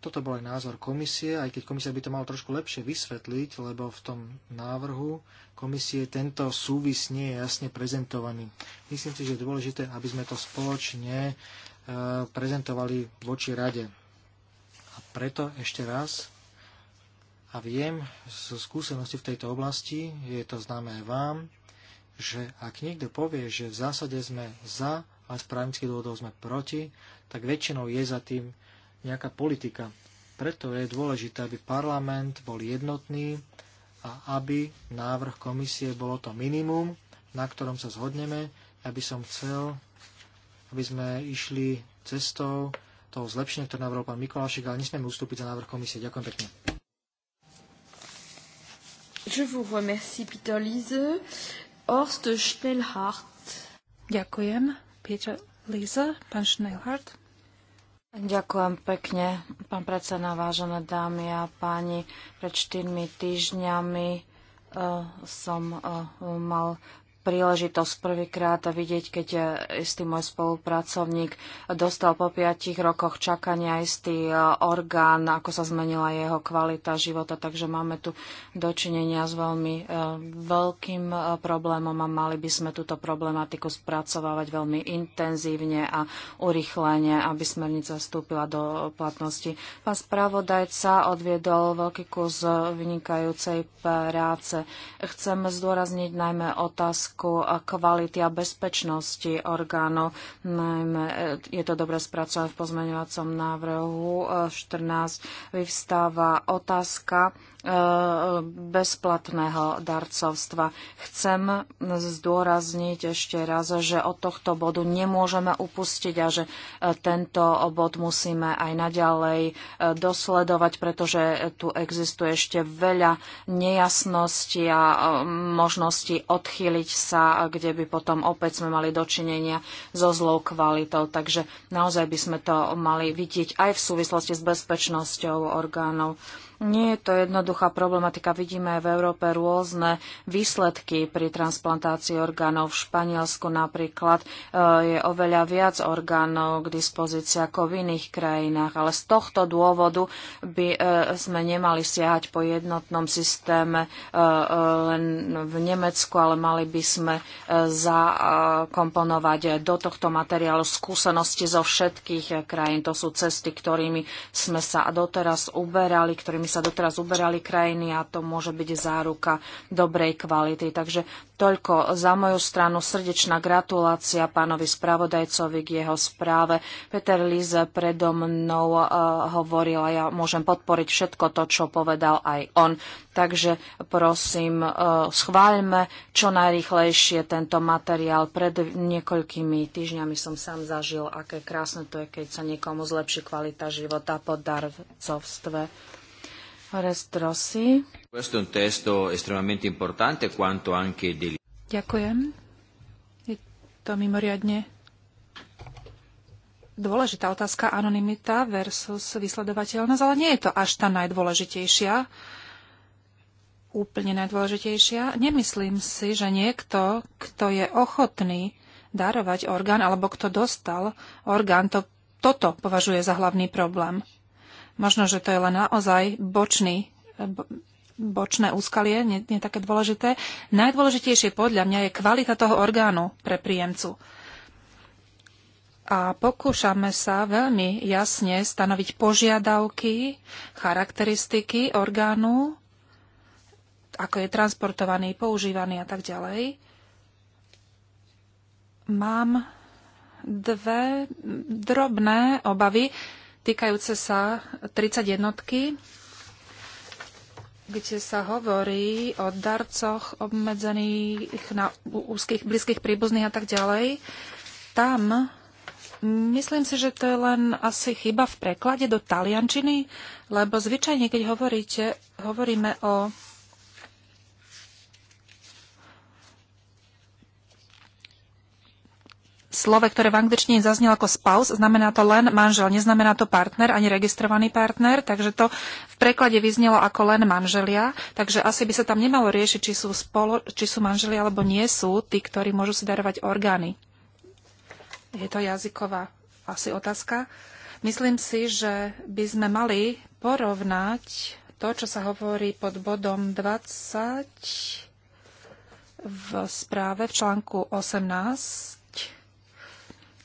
Speaker 1: Toto bol aj názor komisie, aj keď komisia by to mala trošku lepšie vysvetliť, lebo v tom návrhu komisie tento súvis nie je jasne prezentovaný. Myslím si, že je dôležité, aby sme to spoločne e, prezentovali voči rade. A preto ešte raz, a viem zo skúsenosti v tejto oblasti, je to známe aj vám, že ak niekto povie, že v zásade sme za, ale z právnických dôvodov sme proti, tak väčšinou je za tým nejaká politika. Preto je dôležité, aby parlament bol jednotný a aby návrh komisie bolo to minimum, na ktorom sa zhodneme. Ja by som chcel, aby sme išli cestou toho zlepšenia, ktoré navrhol pán Mikolášik, ale nesmieme ustúpiť za návrh komisie. Ďakujem pekne.
Speaker 3: Je vous remercie, Peter
Speaker 2: Lise. Horst Schnellhardt. Ďakujem. Peter Lisa, pán Schnellhardt. Ďakujem pekne, pán predseda, vážené dámy a páni. Pred 4 týždňami uh, som uh, mal príležitosť prvýkrát vidieť, keď e, istý môj spolupracovník dostal po piatich rokoch čakania istý e, orgán, ako sa zmenila jeho kvalita života. Takže máme tu dočinenia s veľmi e, veľkým problémom a mali by sme túto problematiku spracovávať veľmi intenzívne a urychlene, aby smernica vstúpila do platnosti. Pán spravodajca odviedol veľký kus vynikajúcej práce. Chcem zdôrazniť najmä otázku, otázku kvality a bezpečnosti orgánov. Najmä e, je to dobre spracované v pozmeňovacom návrhu 14. E, vyvstáva otázka, E, bezplatného darcovstva. Chcem zdôrazniť ešte raz, že od tohto bodu nemôžeme upustiť a že e, tento bod musíme aj naďalej e, dosledovať, pretože tu existuje ešte veľa nejasností a možností odchýliť sa, kde by potom opäť sme mali dočinenia so zlou kvalitou. Takže naozaj by sme to mali vidieť aj v súvislosti s bezpečnosťou orgánov nie je to jednoduchá problematika. Vidíme v Európe rôzne výsledky pri transplantácii orgánov. V Španielsku napríklad eh, je oveľa viac orgánov k dispozícii ako v iných krajinách, ale z tohto dôvodu by eh, sme nemali siahať po jednotnom systéme eh, len v Nemecku, ale mali by sme zakomponovať do tohto materiálu skúsenosti zo všetkých krajín. To sú cesty, ktorými sme sa doteraz uberali, ktorými sa doteraz uberali krajiny a to môže byť záruka dobrej kvality. Takže toľko za moju stranu srdečná gratulácia pánovi spravodajcovi k jeho správe. Peter Líze predo mnou eh, hovoril a ja môžem podporiť všetko to, čo povedal aj on. Takže prosím, eh, schváľme čo najrychlejšie tento materiál. Pred niekoľkými týždňami som sám zažil, aké krásne to je, keď sa niekomu zlepší kvalita života po darcovstve. Questo
Speaker 1: è un testo estremamente importante quanto anche del...
Speaker 3: Ďakujem. Je to mimoriadne dôležitá otázka anonimita versus vysledovateľnosť, ale nie je to až tá najdôležitejšia, úplne najdôležitejšia. Nemyslím si, že niekto, kto je ochotný darovať orgán, alebo kto dostal orgán, to, toto považuje za hlavný problém. Možno, že to je len naozaj bočný, bočné úskalie, nie, nie také dôležité. Najdôležitejšie podľa mňa je kvalita toho orgánu pre príjemcu. A pokúšame sa veľmi jasne stanoviť požiadavky, charakteristiky orgánu, ako je transportovaný, používaný a tak ďalej. Mám dve drobné obavy týkajúce sa 31, kde sa hovorí o darcoch obmedzených na úzkých, blízkych príbuzných a tak ďalej. Tam Myslím si, že to je len asi chyba v preklade do taliančiny, lebo zvyčajne, keď hovoríte, hovoríme o slove, ktoré v angličtine zaznelo ako spouse, znamená to len manžel, neznamená to partner, ani registrovaný partner, takže to v preklade vyznelo ako len manželia, takže asi by sa tam nemalo riešiť, či sú, spolo, či sú manželia alebo nie sú tí, ktorí môžu si darovať orgány. Je to jazyková asi otázka. Myslím si, že by sme mali porovnať to, čo sa hovorí pod bodom 20 v správe v článku 18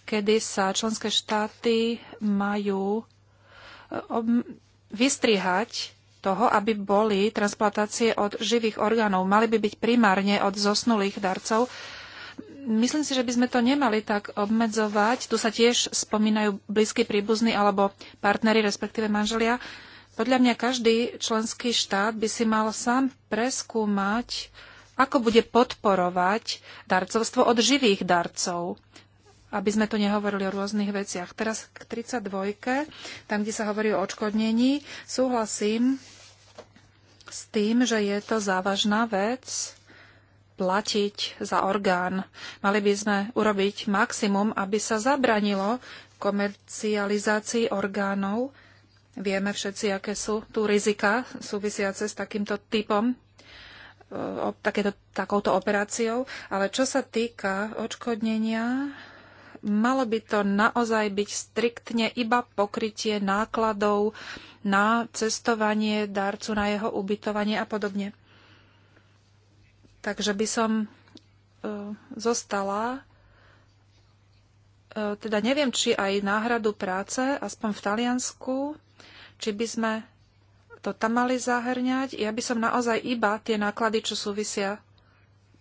Speaker 3: kedy sa členské štáty majú e, vystrihať toho, aby boli transplantácie od živých orgánov. Mali by byť primárne od zosnulých darcov. Myslím si, že by sme to nemali tak obmedzovať. Tu sa tiež spomínajú blízky príbuzní alebo partnery, respektíve manželia. Podľa mňa každý členský štát by si mal sám preskúmať, ako bude podporovať darcovstvo od živých darcov aby sme tu nehovorili o rôznych veciach. Teraz k 32, tam, kde sa hovorí o odškodnení, súhlasím s tým, že je to závažná vec platiť za orgán. Mali by sme urobiť maximum, aby sa zabranilo komercializácii orgánov. Vieme všetci, aké sú tu rizika súvisiace s takýmto typom takéto, takouto operáciou, ale čo sa týka odškodnenia, malo by to naozaj byť striktne iba pokrytie nákladov na cestovanie darcu, na jeho ubytovanie a podobne. Takže by som e, zostala. E, teda neviem, či aj náhradu práce, aspoň v Taliansku, či by sme to tam mali zahrňať. Ja by som naozaj iba tie náklady, čo súvisia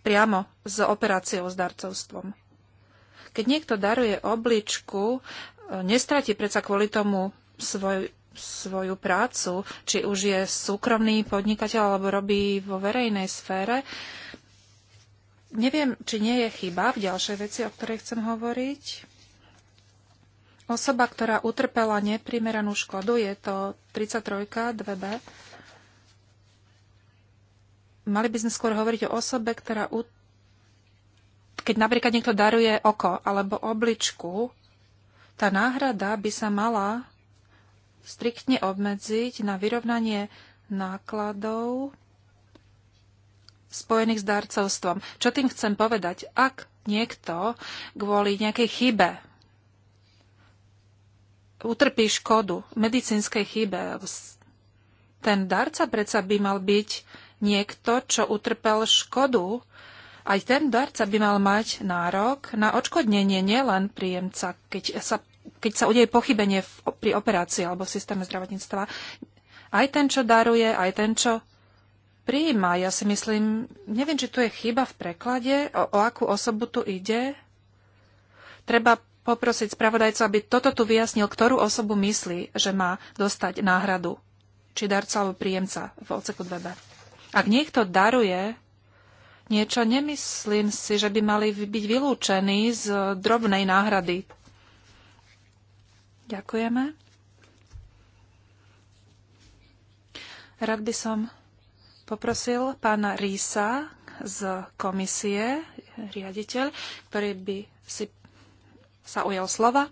Speaker 3: priamo s operáciou s darcovstvom. Keď niekto daruje obličku, e, nestratí predsa kvôli tomu svoj, svoju prácu, či už je súkromný podnikateľ alebo robí vo verejnej sfére. Neviem, či nie je chyba v ďalšej veci, o ktorej chcem hovoriť. Osoba, ktorá utrpela neprimeranú škodu, je to 33 2B. Mali by sme skôr hovoriť o osobe, ktorá utrpela keď napríklad niekto daruje oko alebo obličku, tá náhrada by sa mala striktne obmedziť na vyrovnanie nákladov spojených s darcovstvom. Čo tým chcem povedať? Ak niekto kvôli nejakej chybe utrpí škodu, medicínskej chybe, ten darca predsa by mal byť niekto, čo utrpel škodu aj ten darca by mal mať nárok na odškodnenie nielen príjemca, keď sa, keď sa udeje pochybenie v, pri operácii alebo v systéme zdravotníctva. Aj ten, čo daruje, aj ten, čo príjima. Ja si myslím, neviem, či tu je chyba v preklade, o, o akú osobu tu ide. Treba poprosiť spravodajcu, aby toto tu vyjasnil, ktorú osobu myslí, že má dostať náhradu, či darca alebo príjemca v oceku 2 Ak niekto daruje niečo, nemyslím si, že by mali byť vylúčení z drobnej náhrady. Ďakujeme. Rád by som poprosil pána Rísa z komisie, riaditeľ, ktorý by si sa ujal slova.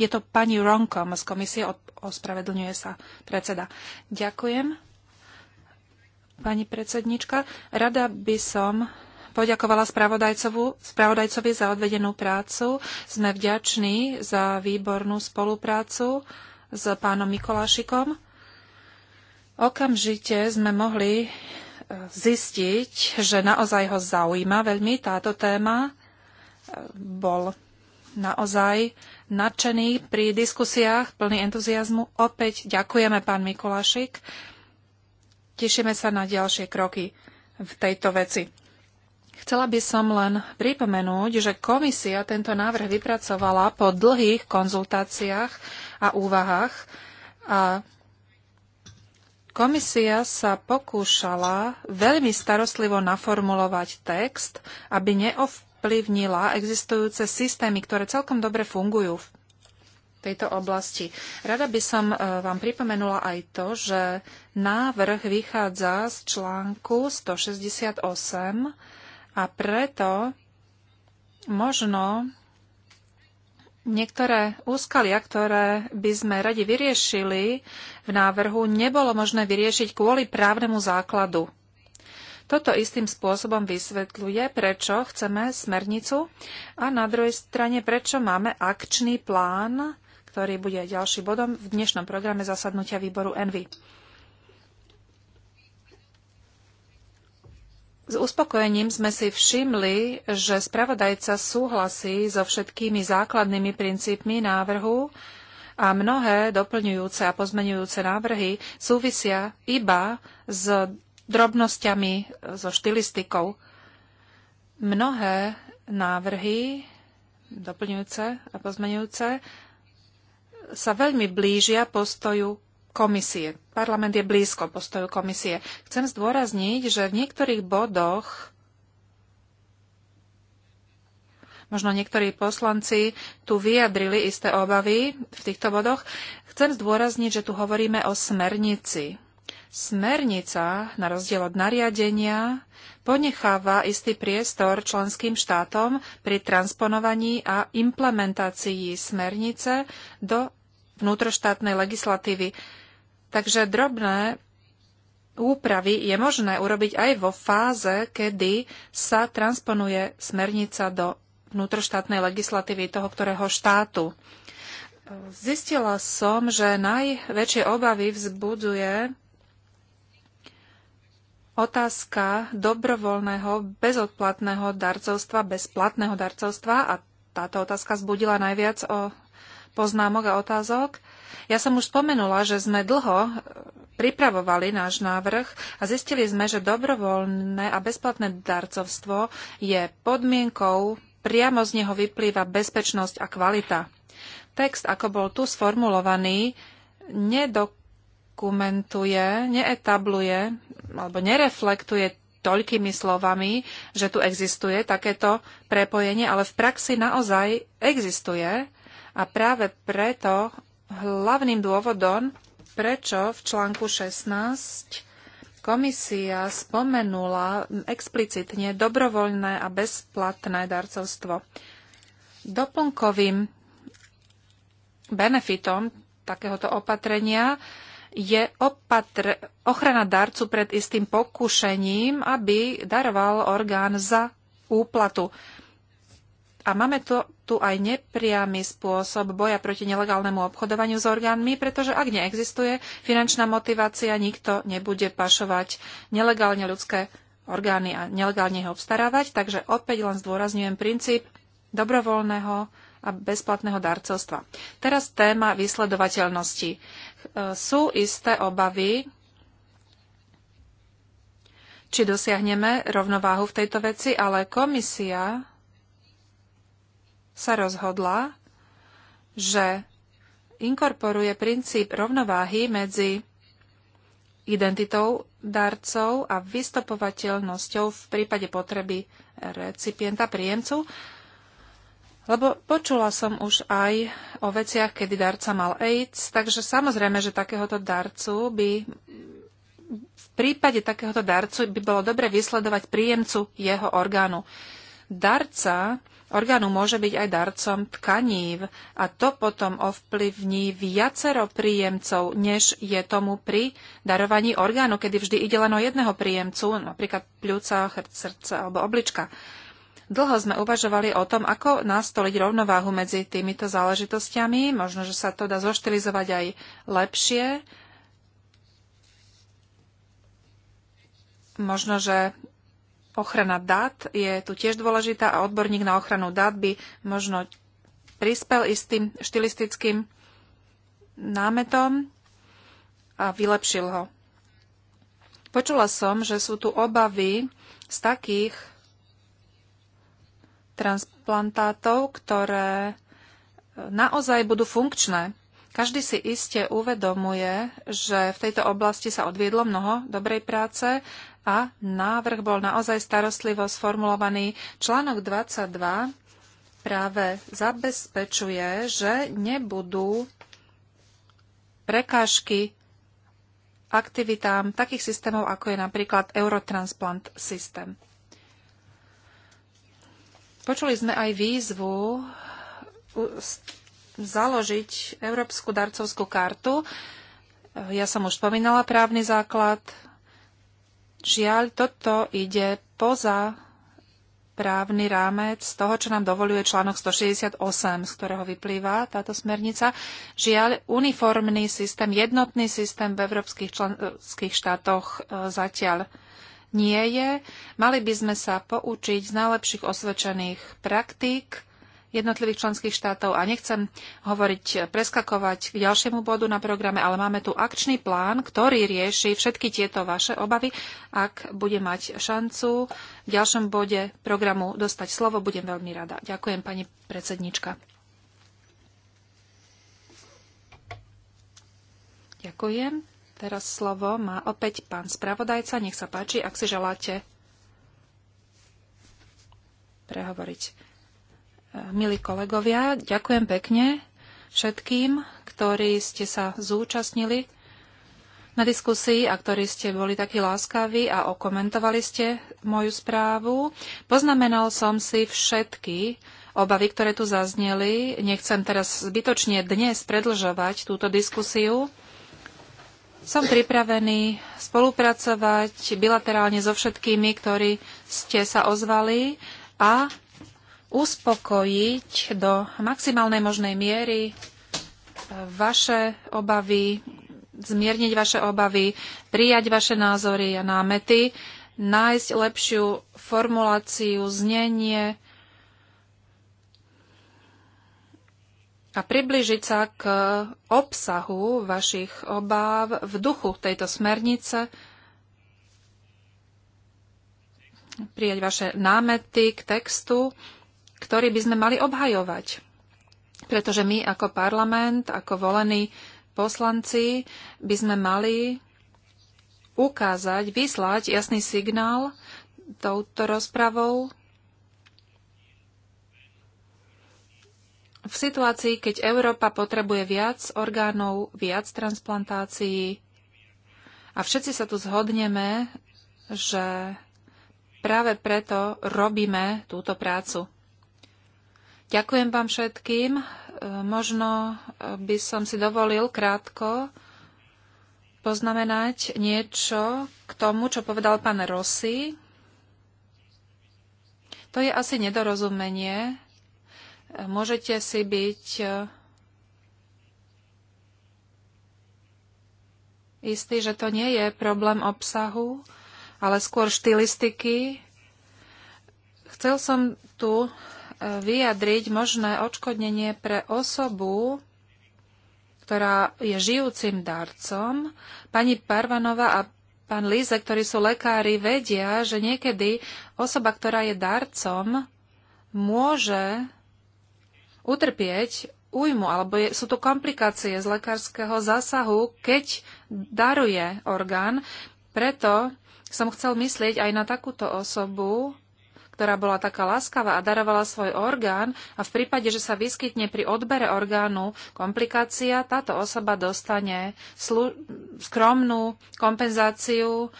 Speaker 3: Je to pani Ronkom z komisie, ospravedlňuje sa predseda. Ďakujem. Pani predsednička, rada by som poďakovala spravodajcovi za odvedenú prácu. Sme vďační za výbornú spoluprácu s pánom Mikolášikom. Okamžite sme mohli e, zistiť, že naozaj ho zaujíma veľmi táto téma. E, bol naozaj nadšený pri diskusiách, plný entuziasmu. Opäť ďakujeme, pán Mikulášik tešíme sa na ďalšie kroky v tejto veci. Chcela by som len pripomenúť, že komisia tento návrh vypracovala po dlhých konzultáciách a úvahách a komisia sa pokúšala veľmi starostlivo naformulovať text, aby neovplyvnila existujúce systémy, ktoré celkom dobre fungujú v tejto oblasti. Rada by som e, vám pripomenula aj to, že návrh vychádza z článku 168 a preto možno niektoré úskalia, ktoré by sme radi vyriešili v návrhu, nebolo možné vyriešiť kvôli právnemu základu. Toto istým spôsobom vysvetľuje, prečo chceme smernicu a na druhej strane, prečo máme akčný plán ktorý bude ďalší bodom v dnešnom programe zasadnutia výboru Envy. S uspokojením sme si všimli, že spravodajca súhlasí so všetkými základnými princípmi návrhu a mnohé doplňujúce a pozmenujúce návrhy súvisia iba s drobnosťami, so štilistikou. Mnohé návrhy doplňujúce a pozmenujúce sa veľmi blížia postoju komisie. Parlament je blízko postoju komisie. Chcem zdôrazniť, že v niektorých bodoch možno niektorí poslanci tu vyjadrili isté obavy v týchto bodoch. Chcem zdôrazniť, že tu hovoríme o smernici. Smernica, na rozdiel od nariadenia, ponecháva istý priestor členským štátom pri transponovaní a implementácii smernice do vnútroštátnej legislatívy. Takže drobné úpravy je možné urobiť aj vo fáze, kedy sa transponuje smernica do vnútroštátnej legislatívy toho ktorého štátu. Zistila som, že najväčšie obavy vzbudzuje otázka dobrovoľného, bezodplatného darcovstva, bezplatného darcovstva a táto otázka zbudila najviac o poznámok a otázok. Ja som už spomenula, že sme dlho e, pripravovali náš návrh a zistili sme, že dobrovoľné a bezplatné darcovstvo je podmienkou, priamo z neho vyplýva bezpečnosť a kvalita. Text, ako bol tu sformulovaný, nedokončil nedokumentuje, neetabluje alebo nereflektuje toľkými slovami, že tu existuje takéto prepojenie, ale v praxi naozaj existuje a práve preto hlavným dôvodom, prečo v článku 16 komisia spomenula explicitne dobrovoľné a bezplatné darcovstvo. Doplnkovým benefitom takéhoto opatrenia je opatr- ochrana darcu pred istým pokušením, aby daroval orgán za úplatu. A máme tu, tu aj nepriamy spôsob boja proti nelegálnemu obchodovaniu s orgánmi, pretože ak neexistuje finančná motivácia, nikto nebude pašovať nelegálne ľudské orgány a nelegálne ich obstarávať. Takže opäť len zdôrazňujem princíp dobrovoľného a bezplatného darcovstva. Teraz téma vysledovateľnosti. Eh, sú isté obavy, či dosiahneme rovnováhu v tejto veci, ale komisia sa rozhodla, že inkorporuje princíp rovnováhy medzi identitou darcov a vystopovateľnosťou v prípade potreby recipienta, príjemcu lebo počula som už aj o veciach, kedy darca mal AIDS, takže samozrejme, že takéhoto darcu by v prípade takéhoto darcu by bolo dobre vysledovať príjemcu jeho orgánu. Darca orgánu môže byť aj darcom tkanív a to potom ovplyvní viacero príjemcov, než je tomu pri darovaní orgánu, kedy vždy ide len o jedného príjemcu, napríklad pľúca, srdce alebo oblička. Dlho sme uvažovali o tom, ako nastoliť rovnováhu medzi týmito záležitostiami. Možno, že sa to dá zoštilizovať aj lepšie. Možno, že ochrana dát je tu tiež dôležitá a odborník na ochranu dát by možno prispel istým štilistickým námetom a vylepšil ho. Počula som, že sú tu obavy z takých transplantátov, ktoré e, naozaj budú funkčné. Každý si iste uvedomuje, že v tejto oblasti sa odviedlo mnoho dobrej práce a návrh bol naozaj starostlivo sformulovaný. Článok 22 práve zabezpečuje, že nebudú prekážky aktivitám takých systémov, ako je napríklad Eurotransplant systém. Počuli sme aj výzvu založiť Európsku darcovskú kartu. Ja som už spomínala právny základ. Žiaľ, toto ide poza právny rámec toho, čo nám dovoluje článok 168, z ktorého vyplýva táto smernica. Žiaľ, uniformný systém, jednotný systém v európskych členských štátoch e, zatiaľ nie je. Mali by sme sa poučiť z najlepších osvedčených praktík jednotlivých členských štátov a nechcem hovoriť, preskakovať k ďalšiemu bodu na programe, ale máme tu akčný plán, ktorý rieši všetky tieto vaše obavy. Ak bude mať šancu v ďalšom bode programu dostať slovo, budem veľmi rada. Ďakujem, pani predsednička. Ďakujem. Teraz slovo má opäť pán spravodajca. Nech sa páči, ak si želáte prehovoriť. E, milí kolegovia, ďakujem pekne všetkým, ktorí ste sa zúčastnili na diskusii a ktorí ste boli takí láskaví a okomentovali ste moju správu. Poznamenal som si všetky obavy, ktoré tu zazneli. Nechcem teraz zbytočne dnes predlžovať túto diskusiu. Som pripravený spolupracovať bilaterálne so všetkými, ktorí ste sa ozvali a uspokojiť do maximálnej možnej miery e, vaše obavy, zmierniť vaše obavy, prijať vaše názory a námety, nájsť lepšiu formuláciu, znenie, a približiť sa k obsahu vašich obáv v duchu tejto smernice, prijať vaše námety k textu, ktorý by sme mali obhajovať. Pretože my ako parlament, ako volení poslanci by sme mali ukázať, vyslať jasný signál touto rozpravou v situácii, keď Európa potrebuje viac orgánov, viac transplantácií a všetci sa tu zhodneme, že práve preto robíme túto prácu. Ďakujem vám všetkým. E, možno e, by som si dovolil krátko poznamenať niečo k tomu, čo povedal pán Rossi. To je asi nedorozumenie, Môžete si byť e, istý, že to nie je problém obsahu, ale skôr štilistiky. Chcel som tu e, vyjadriť možné odškodnenie pre osobu, ktorá je žijúcim darcom. Pani Parvanova a pán Líze, ktorí sú lekári, vedia, že niekedy osoba, ktorá je darcom, môže utrpieť újmu, alebo je, sú to komplikácie z lekárskeho zásahu, keď daruje orgán. Preto som chcel myslieť aj na takúto osobu, ktorá bola taká láskavá a darovala svoj orgán a v prípade, že sa vyskytne pri odbere orgánu komplikácia, táto osoba dostane skromnú kompenzáciu.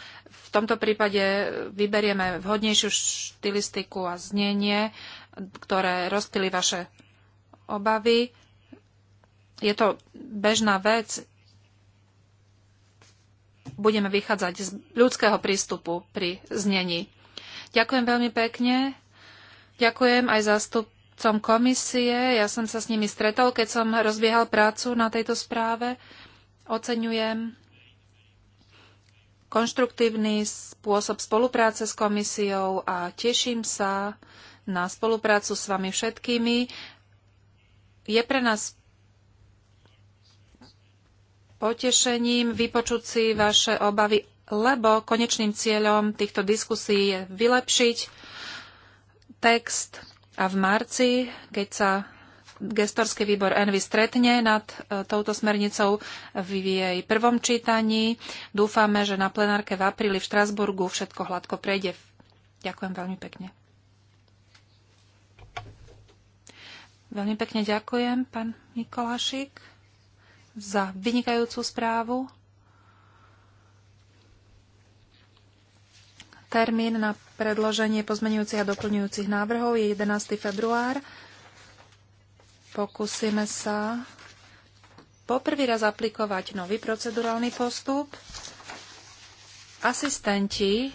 Speaker 3: V tomto prípade vyberieme vhodnejšiu štilistiku a znenie, ktoré rozptýli vaše obavy. Je to bežná vec. Budeme vychádzať z ľudského prístupu pri znení. Ďakujem veľmi pekne. Ďakujem aj zástupcom komisie. Ja som sa s nimi stretol, keď som rozbiehal prácu na tejto správe. Oceňujem konštruktívny spôsob spolupráce s komisiou a teším sa na spoluprácu s vami všetkými. Je pre nás potešením vypočuť si vaše obavy, lebo konečným cieľom týchto diskusí je vylepšiť text a v marci, keď sa gestorský výbor Envy stretne nad e, touto smernicou v jej prvom čítaní. Dúfame, že na plenárke v apríli v Štrasburgu všetko hladko prejde. Ďakujem veľmi pekne. Veľmi pekne ďakujem, pán Mikolášik, za vynikajúcu správu. Termín na predloženie pozmenujúcich a doplňujúcich návrhov je 11. február. Pokúsime sa poprvý raz aplikovať nový procedurálny postup. Asistenti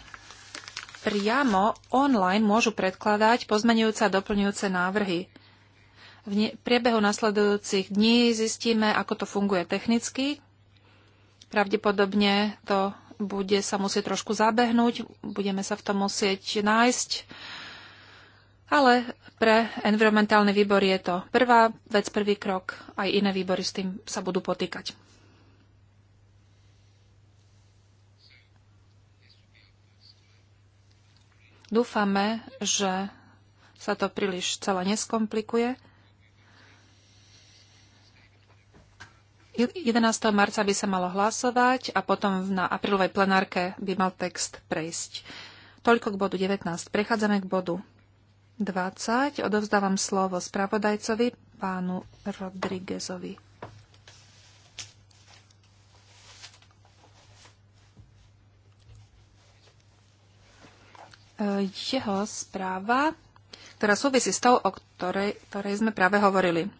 Speaker 3: priamo online môžu predkladať pozmenujúce a doplňujúce návrhy. V priebehu nasledujúcich dní zistíme, ako to funguje technicky. Pravdepodobne to bude sa musieť trošku zabehnúť, budeme sa v tom musieť nájsť. Ale pre environmentálny výbor je to prvá vec, prvý krok. Aj iné výbory s tým sa budú potýkať. Dúfame, že sa to príliš celé neskomplikuje 11. marca by sa malo hlasovať a potom na aprílovej plenárke by mal text prejsť. Toľko k bodu 19. Prechádzame k bodu 20. Odovzdávam slovo spravodajcovi, pánu Rodriguezovi. E, jeho správa, ktorá súvisí s tou, o ktorej, ktorej sme práve hovorili.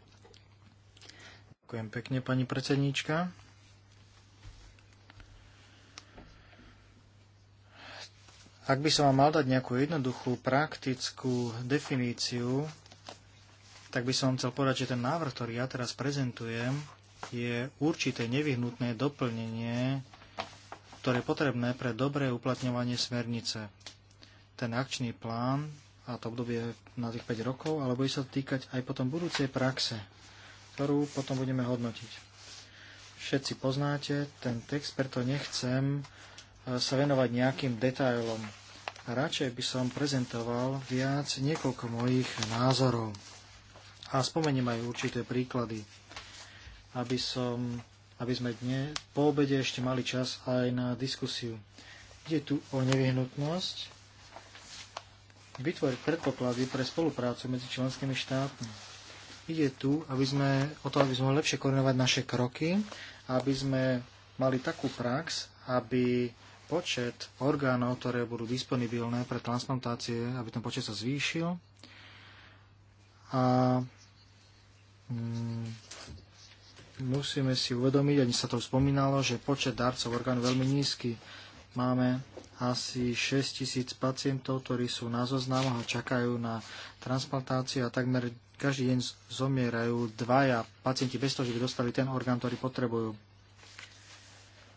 Speaker 1: Ďakujem pekne, pani predsedníčka. Ak by som vám mal dať nejakú jednoduchú, praktickú definíciu, tak by som vám chcel povedať, že ten návrh, ktorý ja teraz prezentujem, je určité nevyhnutné doplnenie, ktoré je potrebné pre dobré uplatňovanie smernice. Ten akčný plán a to obdobie na tých 5 rokov, ale bude sa týkať aj potom budúcej praxe ktorú potom budeme hodnotiť. Všetci poznáte ten text, preto nechcem e, sa venovať nejakým detailom. Radšej by som prezentoval viac niekoľko mojich názorov. A spomeniem aj určité príklady, aby, som, aby sme dne, po obede ešte mali čas aj na diskusiu. Ide tu o nevyhnutnosť vytvoriť predpoklady pre spoluprácu medzi členskými štátmi Ide tu aby sme, o to, aby sme mohli lepšie koordinovať naše kroky, aby sme mali takú prax, aby počet orgánov, ktoré budú disponibilné pre transplantácie, aby ten počet sa zvýšil. A mm, musíme si uvedomiť, ani sa to spomínalo, že počet darcov orgánov veľmi nízky. Máme asi 6000 pacientov, ktorí sú na zoznamoch a čakajú na transplantáciu a takmer každý deň zomierajú dvaja pacienti bez toho, že by dostali ten orgán, ktorý potrebujú.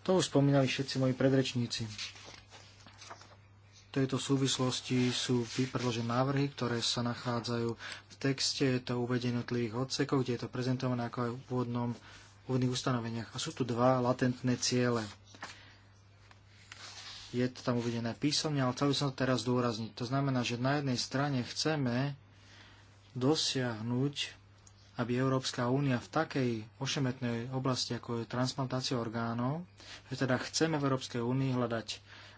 Speaker 1: To už spomínali všetci moji predrečníci. V tejto súvislosti sú predložené návrhy, ktoré sa nachádzajú v texte. Je to uvedené v jednotlivých odsekoch, kde je to prezentované ako aj v úvodnom, úvodných ustanoveniach. A sú tu dva latentné ciele. Je to tam uvedené písomne, ale chcel by som to teraz dôrazniť. To znamená, že na jednej strane chceme dosiahnuť, aby Európska únia v takej ošemetnej oblasti, ako je transplantácia orgánov, že teda chceme v Európskej únii hľadať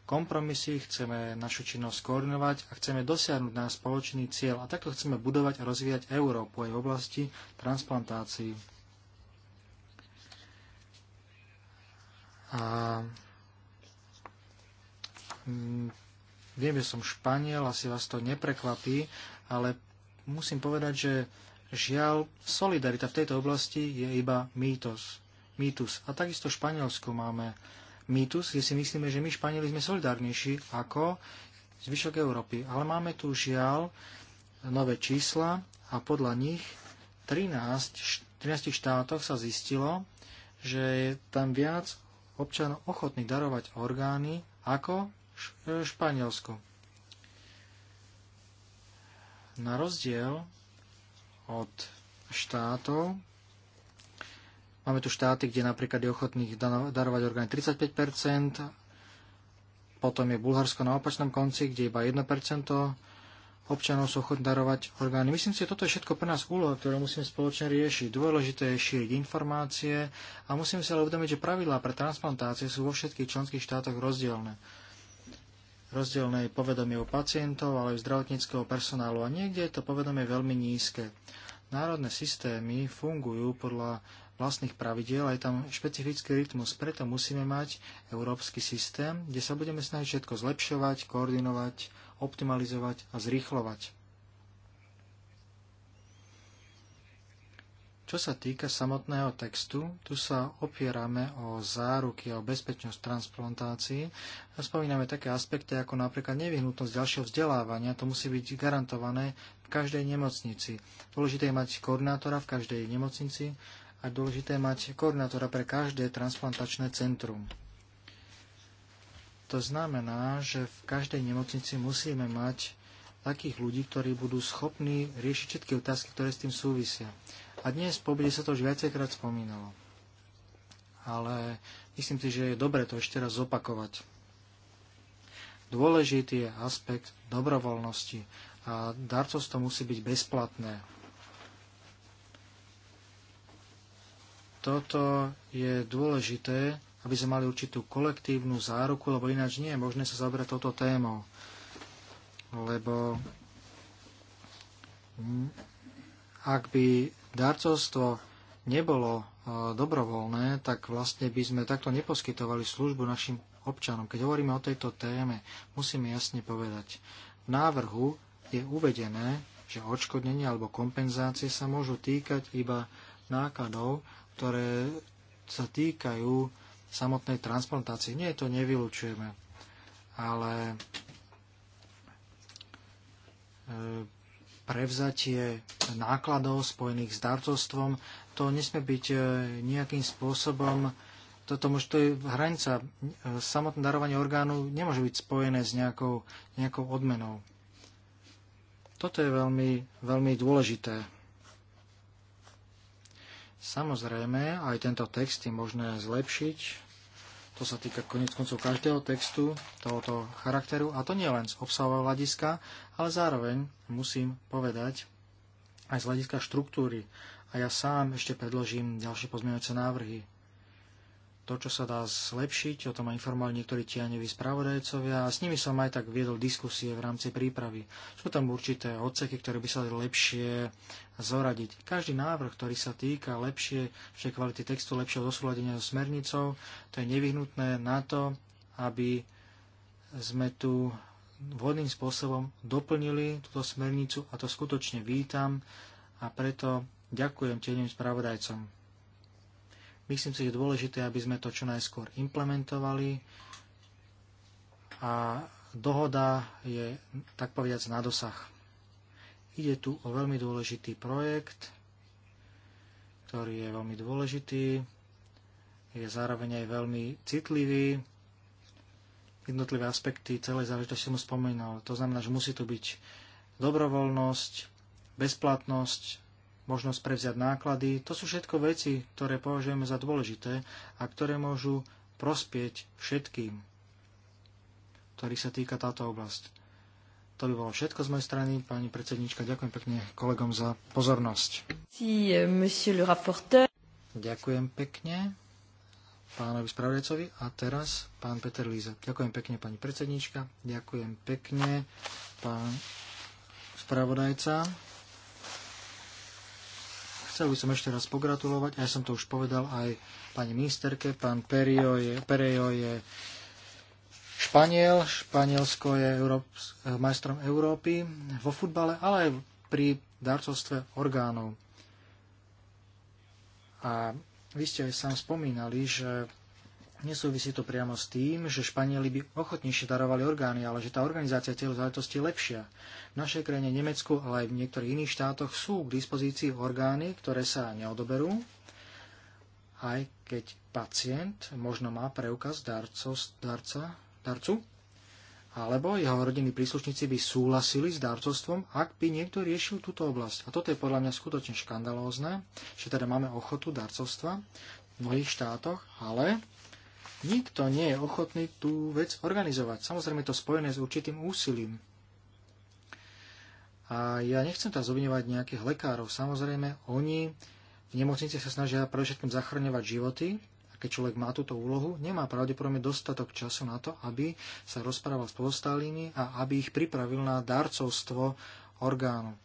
Speaker 1: kompromisy, chceme našu činnosť koordinovať a chceme dosiahnuť náš spoločný cieľ. A takto chceme budovať a rozvíjať Európu aj v oblasti transplantácií. A mm, viem, že som Španiel, asi vás to neprekvapí, ale musím povedať, že žiaľ, solidarita v tejto oblasti je iba mýtos. mýtus. A takisto v Španielsku máme mýtus, kde si myslíme, že my Španieli sme solidárnejší ako zvyšok Európy. Ale máme tu žiaľ nové čísla a podľa nich 13, 13 štátoch sa zistilo, že je tam viac občanov ochotných darovať orgány ako v Španielsku. Na rozdiel od štátov, máme tu štáty, kde napríklad je ochotných darovať orgány 35%, potom je Bulharsko na opačnom konci, kde iba 1% občanov sú ochotní darovať orgány. Myslím si, že toto je všetko pre nás úloha, ktorú musíme spoločne riešiť. Dôležité je šíriť informácie a musíme si ale uvedomiť, že pravidlá pre transplantácie sú vo všetkých členských štátoch rozdielne rozdielne je povedomie u pacientov, ale aj u zdravotníckého personálu a niekde je to povedomie veľmi nízke. Národné systémy fungujú podľa vlastných pravidiel, aj tam špecifický rytmus, preto musíme mať európsky systém, kde sa budeme snažiť všetko zlepšovať, koordinovať, optimalizovať a zrýchlovať. Čo sa týka samotného textu, tu sa opierame o záruky a o bezpečnosť transplantácií a spomíname také aspekty ako napríklad nevyhnutnosť ďalšieho vzdelávania, to musí byť garantované v každej nemocnici. Dôležité je mať koordinátora v každej nemocnici a dôležité je mať koordinátora pre každé transplantačné centrum. To znamená, že v každej nemocnici musíme mať takých ľudí, ktorí budú schopní riešiť všetky otázky, ktoré s tým súvisia. A dnes po sa to už viacejkrát spomínalo. Ale myslím si, že je dobre to ešte raz zopakovať. Dôležitý je aspekt dobrovoľnosti a darcovstvo musí byť bezplatné. Toto je dôležité, aby sme mali určitú kolektívnu záruku, lebo ináč nie je možné sa zabrať touto témou. Lebo ak by darcovstvo nebolo e, dobrovoľné, tak vlastne by sme takto neposkytovali službu našim občanom. Keď hovoríme o tejto téme, musíme jasne povedať. V návrhu je uvedené, že odškodnenie alebo kompenzácie sa môžu týkať iba nákladov, ktoré sa týkajú samotnej transplantácie. Nie, to nevylučujeme. Ale e, prevzatie nákladov spojených s darcovstvom. To nesmie byť e, nejakým spôsobom, toto môže, to je hranica. E, samotné darovanie orgánu nemôže byť spojené s nejakou, nejakou odmenou. Toto je veľmi, veľmi dôležité. Samozrejme, aj tento text je možné zlepšiť, to sa týka konec koncov každého textu tohoto charakteru a to nie len z obsahového hľadiska, ale zároveň musím povedať aj z hľadiska štruktúry. A ja sám ešte predložím ďalšie pozmeňujúce návrhy to, čo sa dá zlepšiť, o tom ma informovali niektorí tiaňoví spravodajcovia a s nimi som aj tak viedol diskusie v rámci prípravy. Sú tam určité odseky, ktoré by sa dali lepšie zoradiť. Každý návrh, ktorý sa týka lepšie, všej kvality textu, lepšieho zosúladenia so smernicou, to je nevyhnutné na to, aby sme tu vhodným spôsobom doplnili túto smernicu a to skutočne vítam a preto ďakujem tieňovým spravodajcom. Myslím si, že je dôležité, aby sme to čo najskôr implementovali a dohoda je, tak povediac, na dosah. Ide tu o veľmi dôležitý projekt, ktorý je veľmi dôležitý, je zároveň aj veľmi citlivý. Jednotlivé aspekty celej záležitosti som spomínal. To znamená, že musí tu byť dobrovoľnosť, bezplatnosť, možnosť prevziať náklady. To sú všetko veci, ktoré považujeme za dôležité a ktoré môžu prospieť všetkým, ktorých sa týka táto oblasť. To by bolo všetko z mojej strany. Pani predsednička, ďakujem pekne kolegom za pozornosť. Eh, ďakujem pekne pánovi spravodajcovi a teraz pán Peter Líza. Ďakujem pekne pani predsednička, ďakujem pekne pán spravodajca. Chcel by som ešte raz pogratulovať, ja som to už povedal aj pani ministerke, pán Perio je, Perio je Španiel, Španielsko je Európs- eh, majstrom Európy vo futbale, ale aj pri darcovstve orgánov. A vy ste aj sám spomínali, že Nesúvisí to priamo s tým, že Španieli by ochotnejšie darovali orgány, ale že tá organizácia tieho záležitosti je lepšia. V našej krajine Nemecku, ale aj v niektorých iných štátoch sú k dispozícii orgány, ktoré sa neodoberú, aj keď pacient možno má preukaz darco, darca, darcu, alebo jeho rodinní príslušníci by súhlasili s darcovstvom, ak by niekto riešil túto oblasť. A toto je podľa mňa skutočne škandalózne, že teda máme ochotu darcovstva v mnohých štátoch, ale nikto nie je ochotný tú vec organizovať. Samozrejme je to spojené s určitým úsilím. A ja nechcem tam zobňovať nejakých lekárov. Samozrejme, oni v nemocnici sa snažia predovšetkým zachraňovať životy, a keď človek má túto úlohu, nemá pravdepodobne dostatok času na to, aby sa rozprával s pozostalými a aby ich pripravil na darcovstvo orgánu.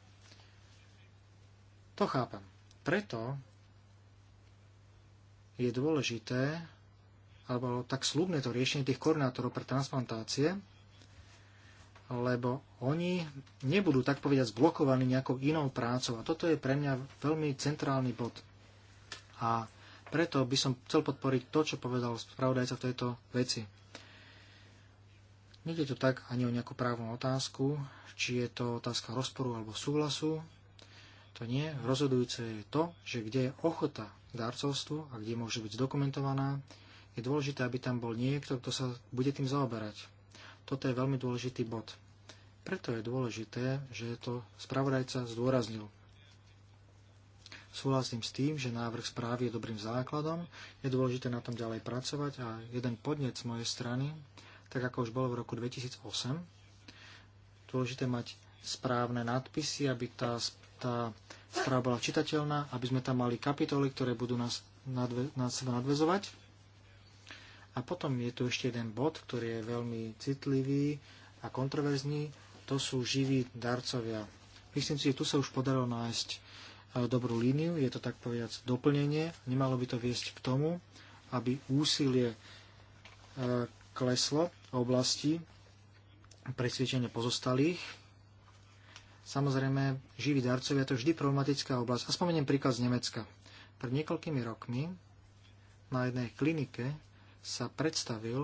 Speaker 1: To chápem. Preto je dôležité alebo tak slúbne to riešenie tých koordinátorov pre transplantácie, lebo oni nebudú tak povedať zblokovaní nejakou inou prácou. A toto je pre mňa veľmi centrálny bod. A preto by som chcel podporiť to, čo povedal spravodajca v tejto veci. Nie je to tak ani o nejakú právnu otázku, či je to otázka rozporu alebo súhlasu. To nie. Rozhodujúce je to, že kde je ochota k darcovstvu a kde môže byť zdokumentovaná, je dôležité, aby tam bol niekto, kto sa bude tým zaoberať. Toto je veľmi dôležitý bod. Preto je dôležité, že to spravodajca zdôraznil. Súhlasím s tým, že návrh správy je dobrým základom, je dôležité na tom ďalej pracovať a jeden podnec z mojej strany, tak ako už bolo v roku 2008, dôležité mať správne nadpisy, aby tá, tá správa bola čitateľná, aby sme tam mali kapitoly, ktoré budú nás nadve, na seba nadvezovať. A potom je tu ešte jeden bod, ktorý je veľmi citlivý a kontroverzný. To sú živí darcovia. Myslím si, že tu sa už podarilo nájsť e, dobrú líniu, je to tak povedať doplnenie. Nemalo by to viesť k tomu, aby úsilie e, kleslo v oblasti presvedčenia pozostalých. Samozrejme, živí darcovia to je vždy problematická oblasť. A spomeniem príklad z Nemecka. Pred niekoľkými rokmi na jednej klinike sa predstavil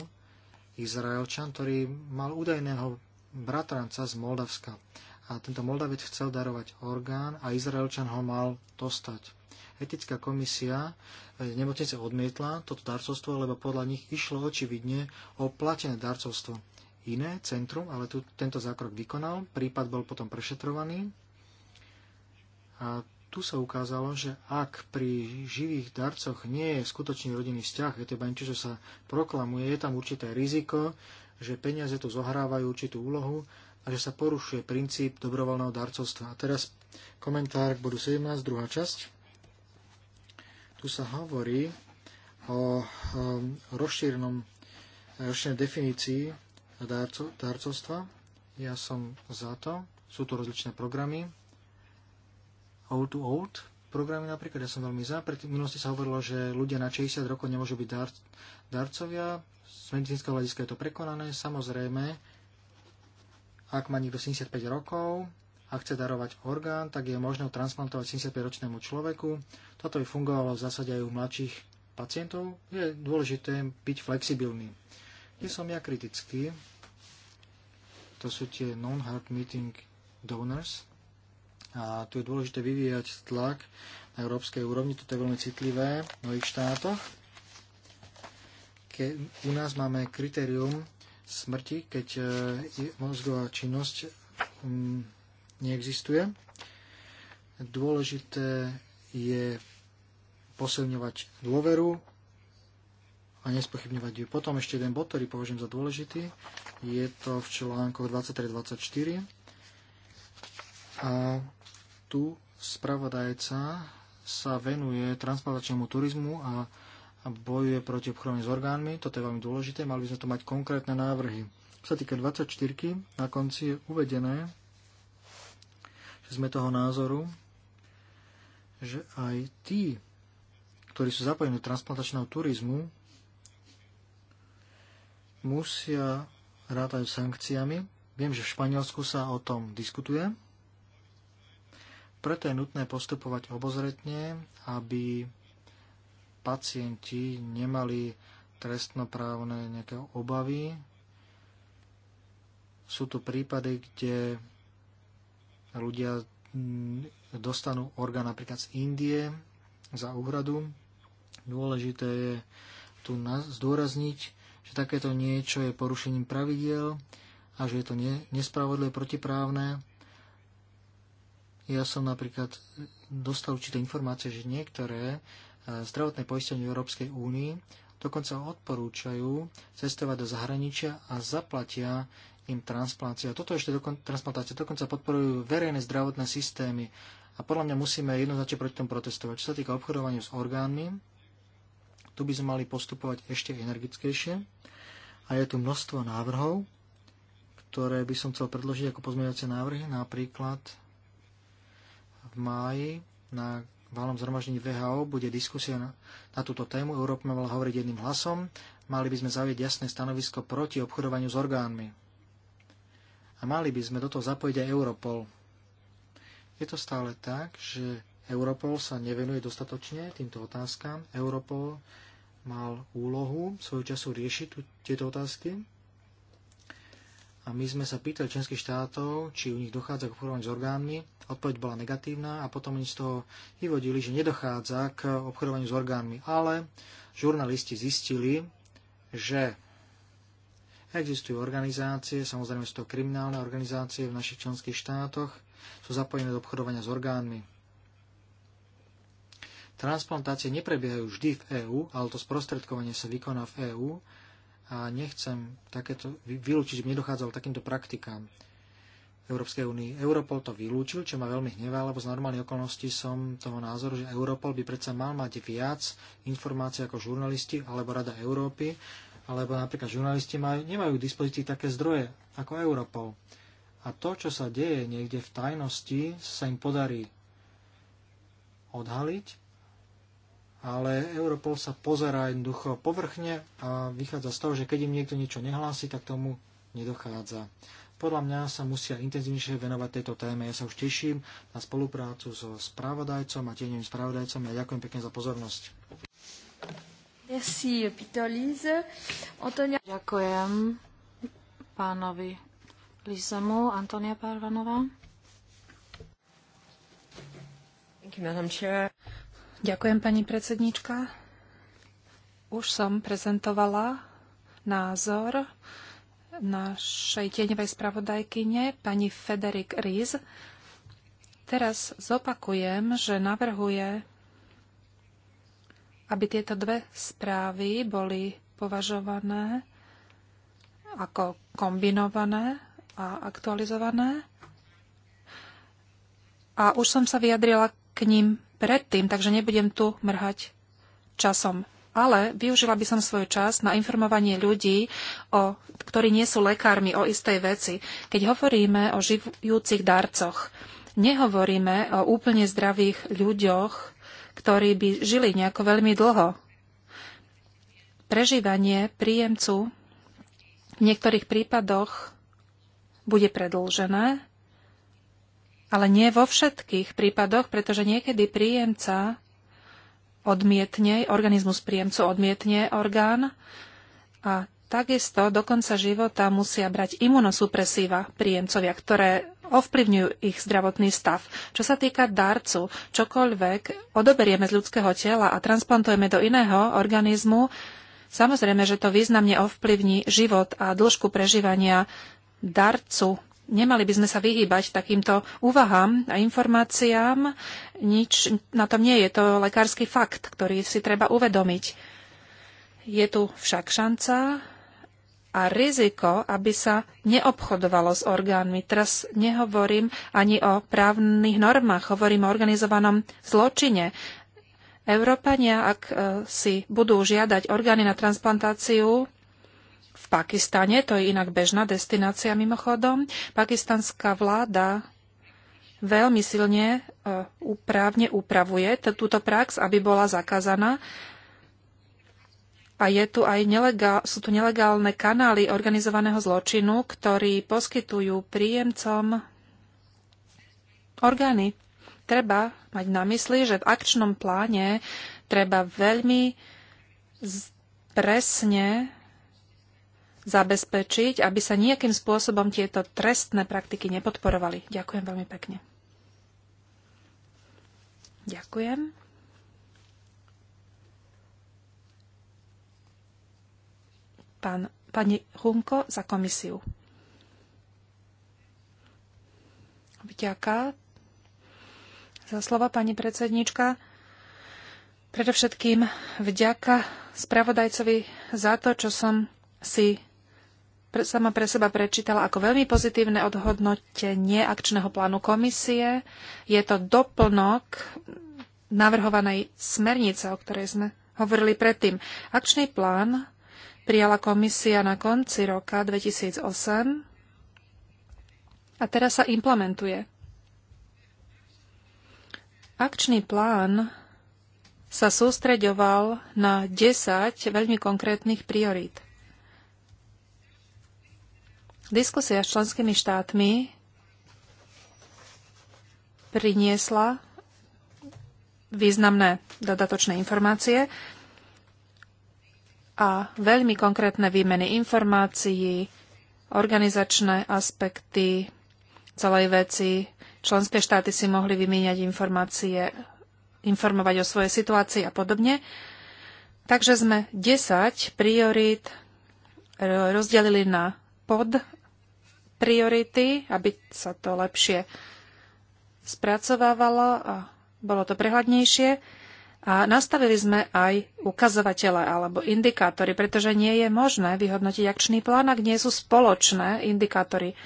Speaker 1: Izraelčan, ktorý mal údajného bratranca z Moldavska. A tento Moldavec chcel darovať orgán a Izraelčan ho mal dostať. Etická komisia eh, nemocnice odmietla toto darcovstvo, lebo podľa nich išlo očividne o platené darcovstvo. Iné centrum ale tu, tento zákrok vykonal, prípad bol potom prešetrovaný a tu sa ukázalo, že ak pri živých darcoch nie je skutočný rodinný vzťah, je to iba niečo, čo sa proklamuje, je tam určité riziko, že peniaze tu zohrávajú určitú úlohu a že sa porušuje princíp dobrovoľného darcovstva. A teraz komentár k bodu 17, druhá časť. Tu sa hovorí o um, rozšírenom, rozšírenej definícii darco, darcovstva. Ja som za to. Sú tu rozličné programy, O2Old programy napríklad, ja som veľmi za. Pred minulosti sa hovorilo, že ľudia na 60 rokov nemôžu byť dar, darcovia. Z medicínskeho hľadiska je to prekonané. Samozrejme, ak má niekto 75 rokov a chce darovať orgán, tak je možné transplantovať 75-ročnému človeku. Toto by fungovalo v zásade aj u mladších pacientov. Je dôležité byť flexibilný. Kde som ja kritický, to sú tie non-heart meeting donors, a tu je dôležité vyvíjať tlak na európskej úrovni, toto je veľmi citlivé v mnohých štátoch. Ke, u nás máme kritérium smrti, keď e, mozgová činnosť m, mm, neexistuje. Dôležité je posilňovať dôveru a nespochybňovať ju. Potom ešte jeden bod, ktorý považujem za dôležitý. Je to v článkoch 23-24. A tu spravodajca sa venuje transplantačnému turizmu a bojuje proti obchodovaniu s orgánmi. Toto je veľmi dôležité. Mali by sme tu mať konkrétne návrhy. Čo sa týka 24 na konci je uvedené, že sme toho názoru, že aj tí, ktorí sú zapojení do transplantačného turizmu, musia rátať sankciami. Viem, že v Španielsku sa o tom diskutuje. Preto je nutné postupovať obozretne, aby pacienti nemali trestnoprávne nejaké obavy. Sú tu prípady, kde ľudia mm, dostanú orgán napríklad z Indie za úhradu. Dôležité je tu zdôrazniť, že takéto niečo je porušením pravidiel a že je to nespravodlivé protiprávne ja som napríklad dostal určité informácie, že niektoré e, zdravotné poistenie Európskej únii dokonca odporúčajú cestovať do zahraničia a zaplatia im transplantácie. Toto ešte dokon, dokonca podporujú verejné zdravotné systémy a podľa mňa musíme jednoznačne proti tomu protestovať. Čo sa týka obchodovania s orgánmi, tu by sme mali postupovať ešte energickejšie a je tu množstvo návrhov, ktoré by som chcel predložiť ako pozmeňovacie návrhy, napríklad v máji na valnom zhromaždení VHO bude diskusia na, na túto tému. Európa mala hovoriť jedným hlasom. Mali by sme zavieť jasné stanovisko proti obchodovaniu s orgánmi. A mali by sme do toho zapojiť aj Europol. Je to stále tak, že Europol sa nevenuje dostatočne týmto otázkam. Europol mal úlohu svojho času riešiť tieto otázky a my sme sa pýtali členských štátov, či u nich dochádza k obchodovaniu s orgánmi. Odpoveď bola negatívna a potom oni z toho vyvodili, že nedochádza k obchodovaniu s orgánmi. Ale žurnalisti zistili, že existujú organizácie, samozrejme sú to kriminálne organizácie v našich členských štátoch, sú zapojené do obchodovania s orgánmi. Transplantácie neprebiehajú vždy v EÚ, ale to sprostredkovanie sa vykoná v EÚ a nechcem takéto vylúčiť, že by nedochádzalo takýmto praktikám v Európskej únii. Europol to vylúčil, čo ma veľmi hnevá, lebo z normálnej okolnosti som toho názoru, že Europol by predsa mal mať viac informácií ako žurnalisti alebo Rada Európy, alebo napríklad žurnalisti majú, nemajú k dispozícii také zdroje ako Europol. A to, čo sa deje niekde v tajnosti, sa im podarí odhaliť ale Europol sa pozerá jednoducho povrchne a vychádza z toho, že keď im niekto niečo nehlási, tak tomu nedochádza. Podľa mňa sa musia intenzívnejšie venovať tejto téme. Ja sa už teším na spoluprácu so spravodajcom a tieňovým spravodajcom a ja ďakujem pekne za pozornosť.
Speaker 2: Merci, Peter Lise. Antonia... Ďakujem pánovi Lisemu, Antonia Parvanová. Thank you, Madam Chair. Ďakujem, pani predsedníčka.
Speaker 3: Už som prezentovala názor našej tieňovej spravodajkyne, pani Federik Riz. Teraz zopakujem, že navrhuje, aby tieto dve správy boli považované ako kombinované a aktualizované. A už som sa vyjadrila k ním predtým, takže nebudem tu mrhať časom. Ale využila by som svoj čas na informovanie ľudí, o, ktorí nie sú lekármi, o istej veci. Keď hovoríme o živujúcich darcoch, nehovoríme o úplne zdravých ľuďoch, ktorí by žili nejako veľmi dlho. Prežívanie príjemcu v niektorých prípadoch bude predlžené, ale nie vo všetkých prípadoch, pretože niekedy príjemca odmietne, organizmus príjemcu odmietne orgán a takisto do konca života musia brať imunosupresíva príjemcovia, ktoré ovplyvňujú ich zdravotný stav. Čo sa týka darcu, čokoľvek odoberieme z ľudského tela a transplantujeme do iného organizmu, samozrejme, že to významne ovplyvní život a dĺžku prežívania darcu Nemali by sme sa vyhýbať takýmto úvahám a informáciám. Nič na tom nie je. To lekársky fakt, ktorý si treba uvedomiť. Je tu však šanca a riziko, aby sa neobchodovalo s orgánmi. Teraz nehovorím ani o právnych normách, hovorím o organizovanom zločine. Európania, ak e, si budú žiadať orgány na transplantáciu, v Pakistane, to je inak bežná destinácia mimochodom. Pakistanská vláda veľmi silne e, právne upravuje túto prax, aby bola zakázaná. A je tu aj nelegál, sú tu nelegálne kanály organizovaného zločinu, ktorí poskytujú príjemcom orgány. Treba mať na mysli, že v akčnom pláne treba veľmi presne zabezpečiť, aby sa nejakým spôsobom tieto trestné praktiky nepodporovali. Ďakujem veľmi pekne. Ďakujem. Pán, pani Hunko za komisiu. Vďaka za slova, pani predsednička. Predovšetkým vďaka spravodajcovi za to, čo som si pre, sama pre seba prečítala ako veľmi pozitívne odhodnotenie akčného plánu komisie. Je to doplnok navrhovanej smernice, o ktorej sme hovorili predtým. Akčný plán prijala komisia na konci roka 2008 a teraz sa implementuje. Akčný plán sa sústreďoval na 10 veľmi konkrétnych priorít. Diskusia s členskými štátmi priniesla významné dodatočné informácie a veľmi konkrétne výmeny informácií, organizačné aspekty celej veci. Členské štáty si mohli vymieňať informácie, informovať o svojej situácii a podobne. Takže sme 10 priorít rozdelili na pod priority, aby sa to lepšie spracovávalo a bolo to prehľadnejšie. A nastavili sme aj ukazovatele alebo indikátory, pretože nie je možné vyhodnotiť akčný plán, ak nie sú spoločné indikátory.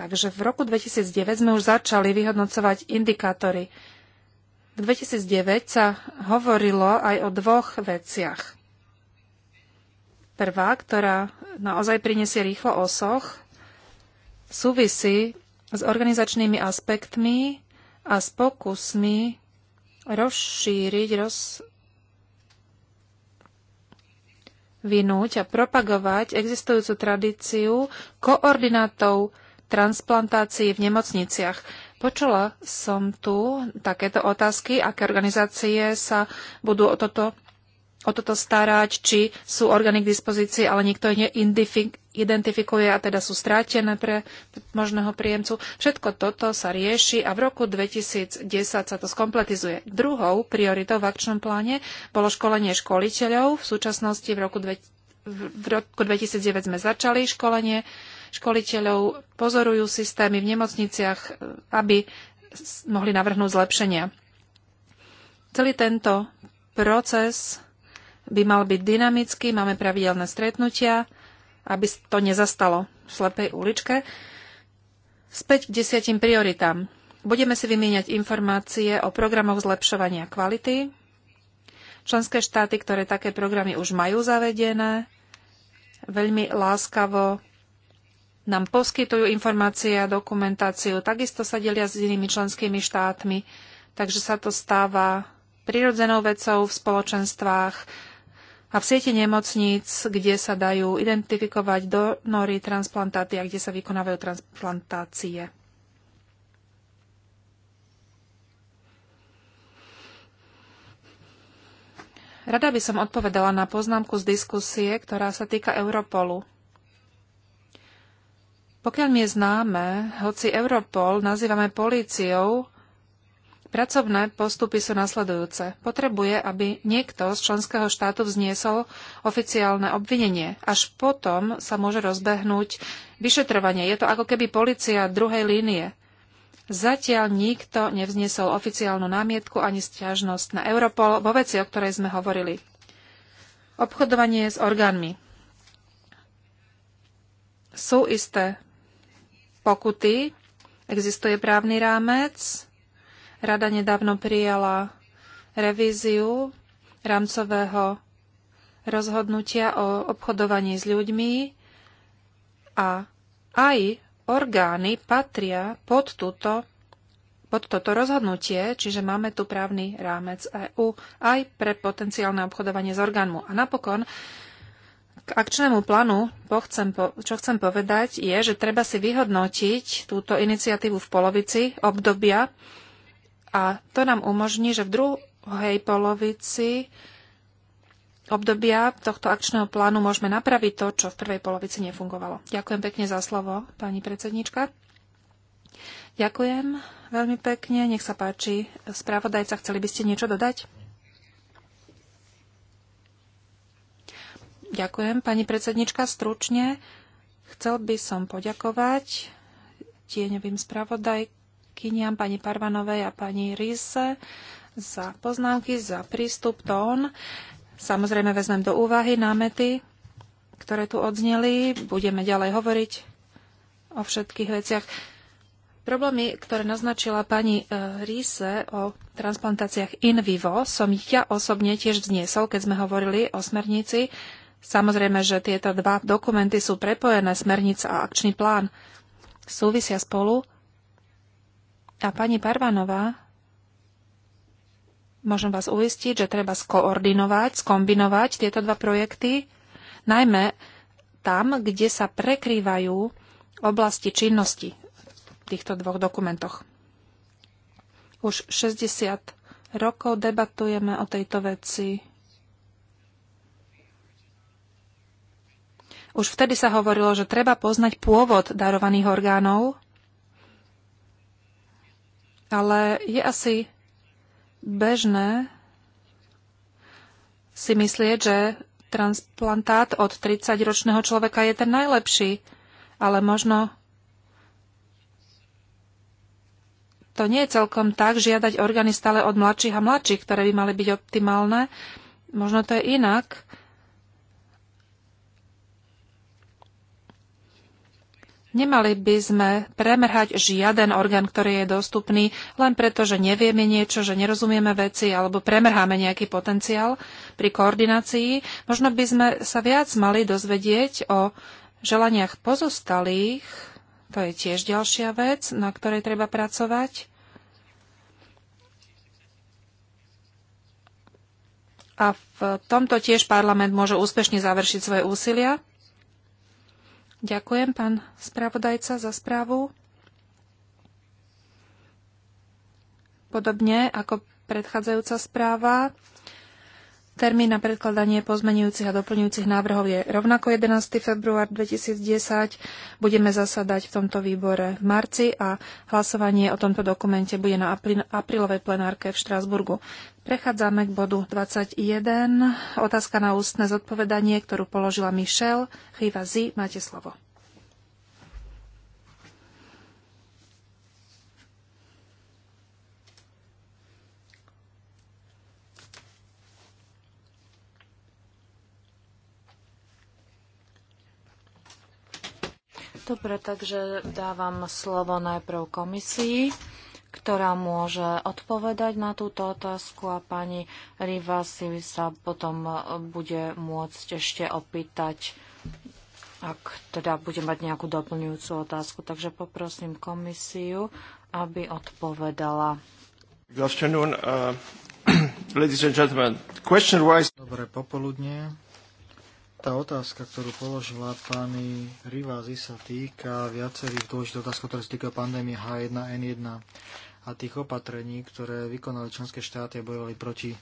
Speaker 3: Takže v roku 2009 sme už začali vyhodnocovať indikátory. V 2009 sa hovorilo aj o dvoch veciach. Prvá, ktorá naozaj prinesie rýchlo osoch, súvisí s organizačnými aspektmi a s pokusmi rozšíriť, roz... a propagovať existujúcu tradíciu koordinátov transplantácií v nemocniciach. Počula som tu takéto otázky, aké organizácie sa budú o toto o toto starať, či sú orgány k dispozícii, ale nikto ich neidentifikuje a teda sú strátené pre možného príjemcu. Všetko toto sa rieši a v roku 2010 sa to skompletizuje. Druhou prioritou v akčnom pláne bolo školenie školiteľov. V súčasnosti v roku, dve, v roku 2009 sme začali školenie školiteľov, pozorujú systémy v nemocniciach, eh, aby mohli navrhnúť zlepšenia. Celý tento proces by mal byť dynamický, máme pravidelné stretnutia, aby to nezastalo v slepej uličke. Späť k desiatim prioritám. Budeme si vymieňať informácie o programoch zlepšovania kvality. Členské štáty, ktoré také programy už majú zavedené, veľmi láskavo nám poskytujú informácie a dokumentáciu. Takisto sa delia s inými členskými štátmi, takže sa to stáva prirodzenou vecou v spoločenstvách, a v sieti nemocníc, kde sa dajú identifikovať donory, transplantáty a kde sa vykonávajú transplantácie. Rada by som odpovedala na poznámku z diskusie, ktorá sa týka Europolu. Pokiaľ mi je známe, hoci Europol nazývame políciou, Pracovné postupy sú nasledujúce. Potrebuje, aby niekto z členského štátu vzniesol oficiálne obvinenie. Až potom sa môže rozbehnúť vyšetrovanie. Je to ako keby policia druhej línie. Zatiaľ nikto nevzniesol oficiálnu námietku ani stiažnosť na Europol vo veci, o ktorej sme hovorili. Obchodovanie s orgánmi. Sú isté pokuty, existuje právny rámec, Rada nedávno prijala revíziu rámcového rozhodnutia o obchodovaní s ľuďmi a aj orgány patria pod, túto, pod toto rozhodnutie, čiže máme tu právny rámec EÚ aj pre potenciálne obchodovanie s orgánmu. A napokon k akčnému plánu, čo chcem povedať, je, že treba si vyhodnotiť túto iniciatívu v polovici obdobia a to nám umožní, že v druhej polovici obdobia tohto akčného plánu môžeme napraviť to, čo v prvej polovici nefungovalo. Ďakujem pekne za slovo, pani predsednička. Ďakujem veľmi pekne. Nech sa páči. Správodajca, chceli by ste niečo dodať? Ďakujem, pani predsednička. Stručne chcel by som poďakovať tieňovým spravodajkom kyniam pani Parvanovej a pani Rise za poznámky, za prístup, tón. Samozrejme vezmem do úvahy námety, ktoré tu odzneli. Budeme ďalej hovoriť o všetkých veciach. Problémy, ktoré naznačila pani e, Ríse o transplantáciách in vivo, som ich ja osobne tiež vzniesol, keď sme hovorili o smernici. Samozrejme, že tieto dva dokumenty sú prepojené, smernica a akčný plán. Súvisia spolu a pani Parvanová, môžem vás uistiť, že treba skoordinovať, skombinovať tieto dva projekty, najmä tam, kde sa prekrývajú oblasti činnosti v týchto dvoch dokumentoch. Už 60 rokov debatujeme o tejto veci. Už vtedy sa hovorilo, že treba poznať pôvod darovaných orgánov ale je asi bežné si myslieť, že transplantát od 30-ročného človeka je ten najlepší, ale možno to nie je celkom tak žiadať orgány stále od mladších a mladších, ktoré by mali byť optimálne. Možno to je inak. Nemali by sme premrhať žiaden orgán, ktorý je dostupný, len preto, že nevieme niečo, že nerozumieme veci alebo premrháme nejaký potenciál pri koordinácii. Možno by sme sa viac mali dozvedieť o želaniach pozostalých. To je tiež ďalšia vec, na ktorej treba pracovať. A v tomto tiež parlament môže úspešne završiť svoje úsilia. Ďakujem, pán spravodajca, za správu. Podobne ako predchádzajúca správa, Termín na predkladanie pozmenujúcich a doplňujúcich návrhov je rovnako 11. február 2010. Budeme zasadať v tomto výbore v marci a hlasovanie o tomto dokumente bude na aprílovej plenárke v Štrásburgu. Prechádzame k bodu 21. Otázka na ústne zodpovedanie, ktorú položila Michelle. Chýva Zi, máte slovo.
Speaker 2: Dobre, takže dávam slovo najprv komisii, ktorá môže odpovedať na túto otázku a pani Rivasi sa potom e, bude môcť ešte opýtať, ak teda bude mať nejakú doplňujúcu otázku. Takže poprosím komisiu, aby odpovedala.
Speaker 3: Good afternoon, uh, *clears throat* ladies and gentlemen.
Speaker 1: Question wise... popoludne. Tá otázka, ktorú položila pani Rivázy, sa týka viacerých dôležitých otázok, ktoré sa týka pandémie H1N1 a tých opatrení, ktoré vykonali členské štáty a bojovali proti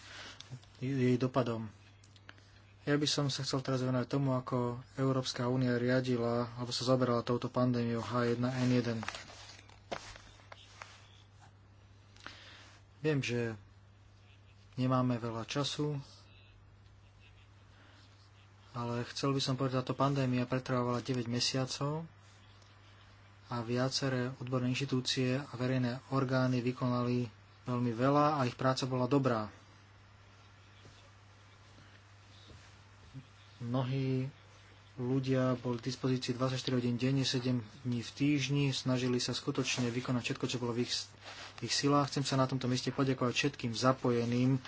Speaker 1: jej dopadom. Ja by som sa chcel teraz venovať tomu, ako Európska únia riadila alebo sa zaberala touto pandémiou H1N1. Viem, že nemáme veľa času, ale chcel by som povedať, táto pandémia pretrvávala 9 mesiacov a viaceré odborné inštitúcie a verejné orgány vykonali veľmi veľa a ich práca bola dobrá. Mnohí ľudia boli k dispozícii 24 hodín denne, 7 dní v týždni, snažili sa skutočne vykonať všetko, čo bolo v ich, v ich silách. Chcem sa na tomto mieste poďakovať všetkým zapojeným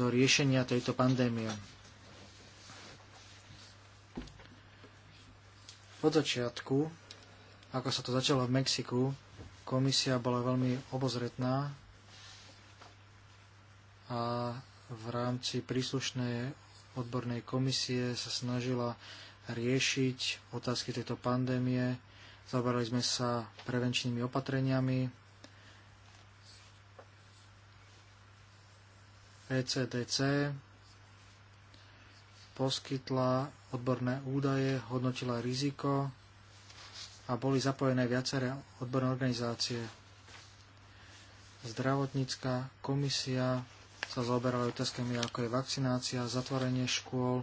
Speaker 1: do riešenia tejto pandémie. Od začiatku, ako sa to začalo v Mexiku, komisia bola veľmi obozretná a v rámci príslušnej odbornej komisie sa snažila riešiť otázky tejto pandémie. Zabrali sme sa prevenčnými opatreniami. ECDC poskytla odborné údaje, hodnotila riziko a boli zapojené viaceré odborné organizácie. Zdravotnícka komisia sa zaoberala otázkami ako je vakcinácia, zatvorenie škôl,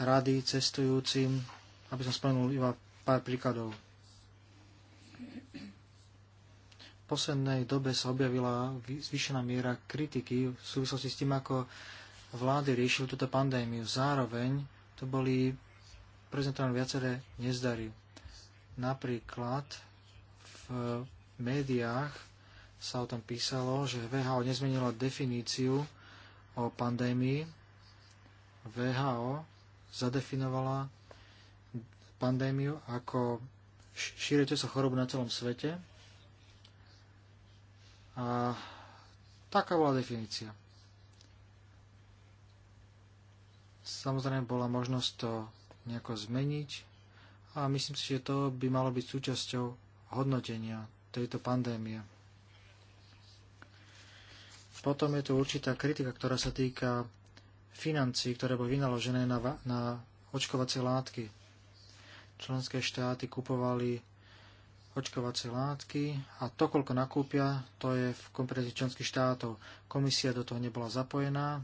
Speaker 1: rady cestujúcim, aby som spomenul iba pár príkladov. V poslednej dobe sa objavila zvýšená miera kritiky v súvislosti s tým, ako vlády riešili túto pandémiu. Zároveň to boli prezentované viaceré nezdary. Napríklad v médiách sa o tom písalo, že VHO nezmenila definíciu o pandémii. VHO zadefinovala pandémiu ako šírite sa chorobu na celom svete. A taká bola definícia. Samozrejme bola možnosť to nejako zmeniť a myslím si, že to by malo byť súčasťou hodnotenia tejto pandémie. Potom je tu určitá kritika, ktorá sa týka financií, ktoré boli vynaložené na, na očkovacie látky. Členské štáty kupovali očkovacie látky a to, koľko nakúpia, to je v kompetencii členských štátov. Komisia do toho nebola zapojená,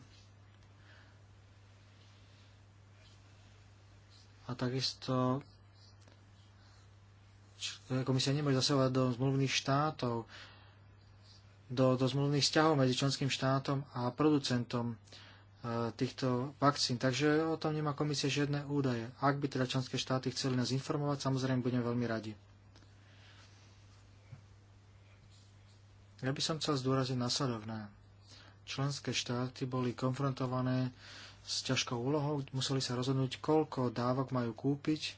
Speaker 1: a takisto teda komisia nemôže zasahovať do zmluvných štátov, do, do zmluvných vzťahov medzi členským štátom a producentom e, týchto vakcín. Takže o tom nemá komisia žiadne údaje. Ak by teda členské štáty chceli nás informovať, samozrejme budeme veľmi radi. Ja by som chcel zdôraziť nasledovné. Členské štáty boli konfrontované s ťažkou úlohou, museli sa rozhodnúť, koľko dávok majú kúpiť,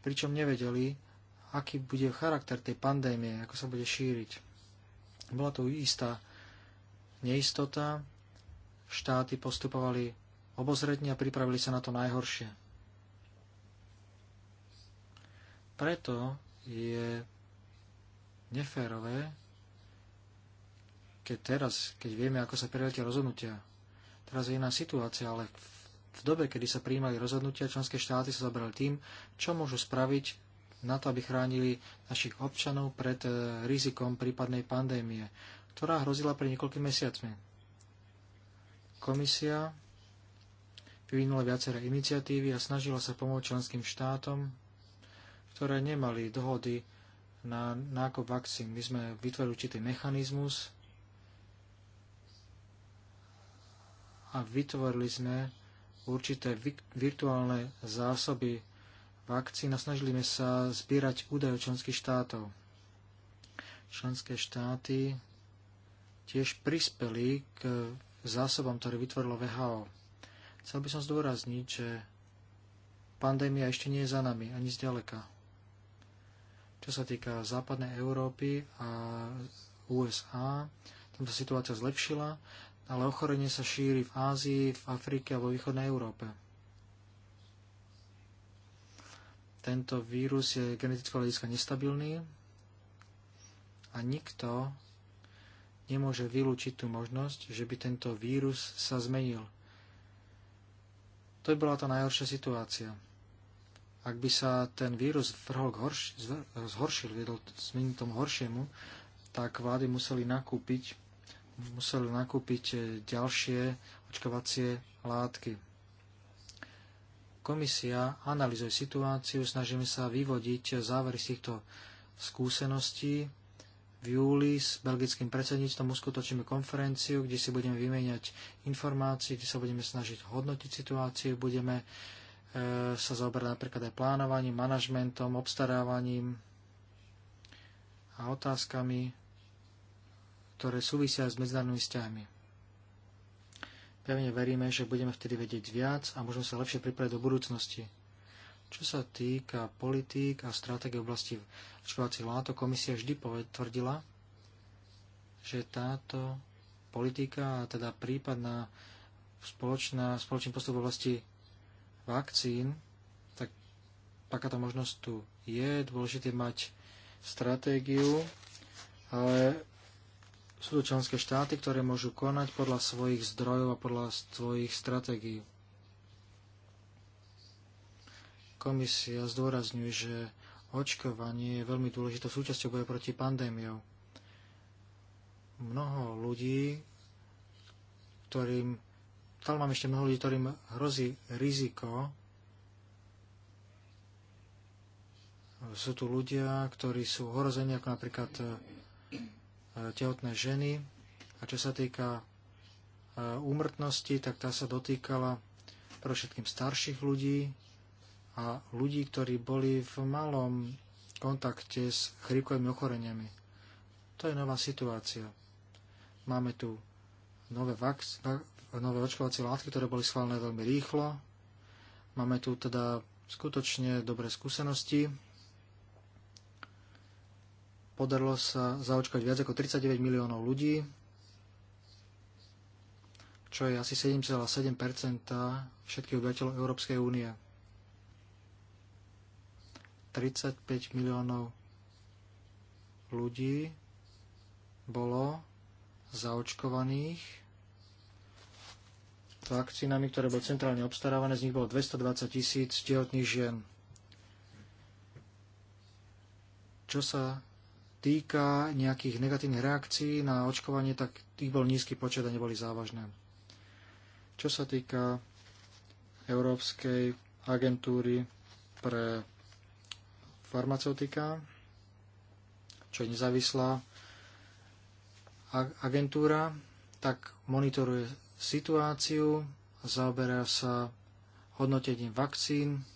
Speaker 1: pričom nevedeli, aký bude charakter tej pandémie, ako sa bude šíriť. Bola tu istá neistota, štáty postupovali obozredne a pripravili sa na to najhoršie. Preto je neférové, keď teraz, keď vieme, ako sa prijatia rozhodnutia Teraz je iná situácia, ale v dobe, kedy sa prijímali rozhodnutia, členské štáty sa zabrali tým, čo môžu spraviť na to, aby chránili našich občanov pred e, rizikom prípadnej pandémie, ktorá hrozila pre niekoľkými mesiacmi. Komisia vyvinula viaceré iniciatívy a snažila sa pomôcť členským štátom, ktoré nemali dohody na nákup vakcín. My sme vytvorili určitý mechanizmus, a vytvorili sme určité virtuálne zásoby vakcín a snažili sme sa zbierať údaje členských štátov. Členské štáty tiež prispeli k zásobom, ktoré vytvorilo VHO. Chcel by som zdôrazniť, že pandémia ešte nie je za nami, ani zďaleka. Čo sa týka západnej Európy a USA, tam sa situácia zlepšila ale ochorenie sa šíri v Ázii, v Afrike a vo východnej Európe. Tento vírus je genetického hľadiska nestabilný a nikto nemôže vylúčiť tú možnosť, že by tento vírus sa zmenil. To by bola tá najhoršia situácia. Ak by sa ten vírus vrhol k horš- zhoršil, viedol zmeniť tomu horšiemu, tak vlády museli nakúpiť museli nakúpiť ďalšie očkovacie látky. Komisia analizuje situáciu, snažíme sa vyvodiť závery z týchto skúseností. V júli s belgickým predsedníctvom uskutočíme konferenciu, kde si budeme vymeniať informácie, kde sa budeme snažiť hodnotiť situáciu, budeme e, sa zaoberať napríklad aj plánovaním, manažmentom, obstarávaním a otázkami, ktoré súvisia s medzinárodnými vzťahmi. Pevne veríme, že budeme vtedy vedieť viac a môžeme sa lepšie pripraviť do budúcnosti. Čo sa týka politík a stratégie oblasti očkovacích látok, komisia vždy tvrdila, že táto politika, a teda prípadná spoločná, spoločný postup v oblasti vakcín, tak takáto možnosť tu je. Dôležité mať stratégiu, ale sú to členské štáty, ktoré môžu konať podľa svojich zdrojov a podľa svojich stratégií. Komisia zdôrazňuje, že očkovanie je veľmi dôležitou súčasťou boja proti pandémiou. Mnoho ľudí, ktorým, tam mám ešte mnoho ľudí, ktorým hrozí riziko, sú tu ľudia, ktorí sú horození, ako napríklad E, tehotné ženy. A čo sa týka e, úmrtnosti, tak tá sa dotýkala pre všetkým starších ľudí a ľudí, ktorí boli v malom kontakte s chrípkovými ochoreniami. To je nová situácia. Máme tu nové, vak- nové očkovacie látky, ktoré boli schválené veľmi rýchlo. Máme tu teda skutočne dobré skúsenosti Podarilo sa zaočkať viac ako 39 miliónov ľudí, čo je asi 7,7 všetkých obyvateľov Európskej únie. 35 miliónov ľudí bolo zaočkovaných vakcínami, ktoré boli centrálne obstarávané. Z nich bolo 220 tisíc tehotných žien. Čo sa týka nejakých negatívnych reakcií na očkovanie, tak ich bol nízky počet a neboli závažné. Čo sa týka Európskej agentúry pre farmaceutika, čo je nezávislá agentúra, tak monitoruje situáciu, zaoberá sa hodnotením vakcín,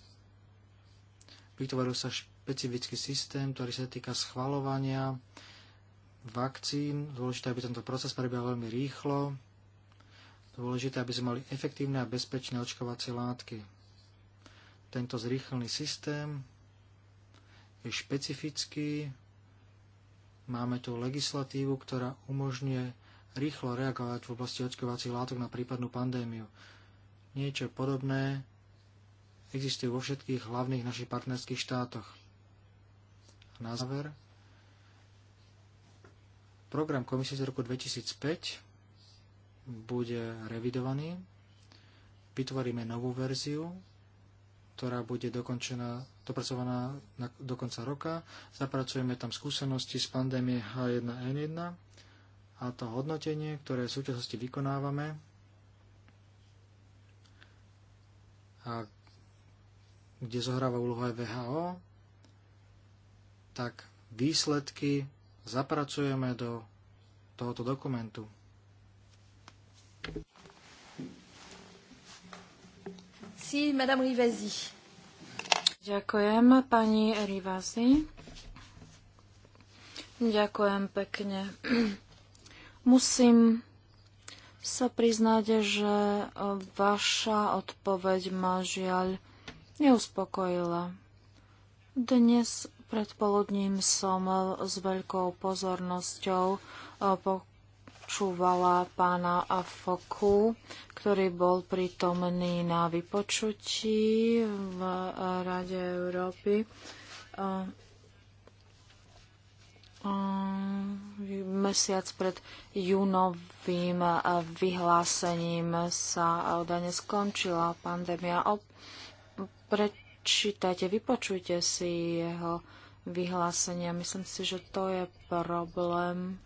Speaker 1: vytvoril sa špe špecifický systém, ktorý sa týka schvalovania vakcín. Dôležité, aby tento proces prebiehal veľmi rýchlo. Dôležité, aby sme mali efektívne a bezpečné očkovacie látky. Tento zrýchlený systém je špecifický. Máme tu legislatívu, ktorá umožňuje rýchlo reagovať v oblasti očkovacích látok na prípadnú pandémiu. Niečo podobné existujú vo všetkých hlavných našich partnerských štátoch na záver. Program komisie z roku 2005 bude revidovaný. Vytvoríme novú verziu, ktorá bude dokončená, dopracovaná na, do konca roka. Zapracujeme tam skúsenosti z pandémie H1N1 a to hodnotenie, ktoré v súčasnosti vykonávame a kde zohráva úlohu aj VHO, tak výsledky zapracujeme do tohoto dokumentu.
Speaker 2: Si, Madame Rivasi. Ďakujem, pani Rivasi. Ďakujem pekne. Musím sa priznať, že vaša odpoveď ma žiaľ neuspokojila. Dnes Predpoludním som s veľkou pozornosťou e, počúvala pána Afoku, ktorý bol prítomný na vypočutí v Rade Európy. E, e, mesiac pred júnovým vyhlásením sa dane skončila pandémia. Prečítajte, vypočujte si jeho vyhlásenia. Myslím si, že to je problém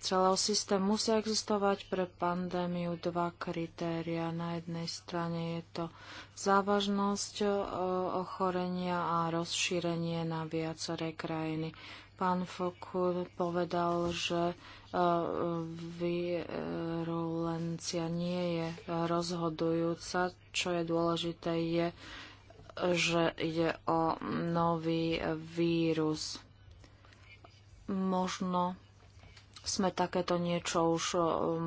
Speaker 2: celého systému. Musia existovať pre pandémiu dva kritéria. Na jednej strane je to závažnosť e, ochorenia a rozšírenie na viaceré krajiny. Pán Fokur povedal, že e, virulencia nie je rozhodujúca. Čo je dôležité, je že ide o nový vírus. Možno sme takéto niečo už e,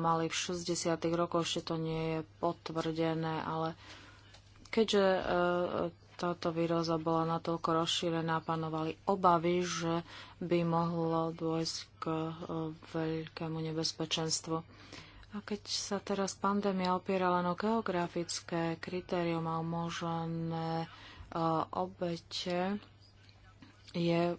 Speaker 2: mali v 60. rokoch, ešte to nie je potvrdené, ale keďže e, táto výroza bola natoľko rozšírená, panovali obavy, že by mohlo dôjsť k e, veľkému nebezpečenstvu. A keď sa teraz pandémia opiera len o geografické kritérium a možné e, obete, je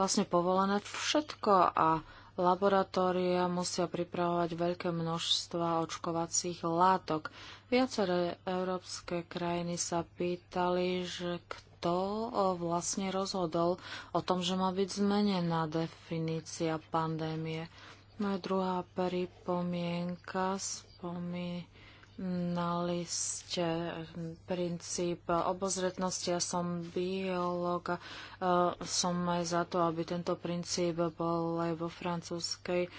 Speaker 2: vlastne povolené všetko a laboratória musia pripravovať veľké množstva očkovacích látok. Viaceré európske krajiny sa pýtali, že kto e, vlastne rozhodol o tom, že má byť zmenená definícia pandémie. Moja druhá pripomienka spomína na liste hm, princíp obozretnosti. Ja som biológ a e, som aj za to, aby tento princíp bol aj vo francúzskej e,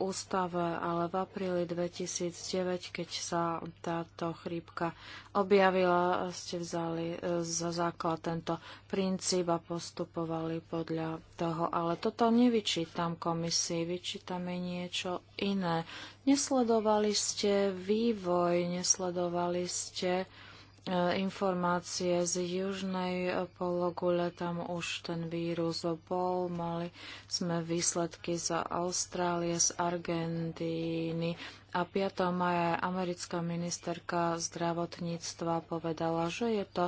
Speaker 2: ústave, ale v apríli 2009, keď sa táto chrípka objavila, ste vzali e, za základ tento princíp a postupovali podľa toho. Ale toto nevyčítam komisii, vyčítam niečo iné. Nesledovali ste vývoj, nesledovali ste e, informácie z južnej pologule, tam už ten vírus bol, mali sme výsledky z Austrálie, z Argentíny a 5. maja americká ministerka zdravotníctva povedala, že je to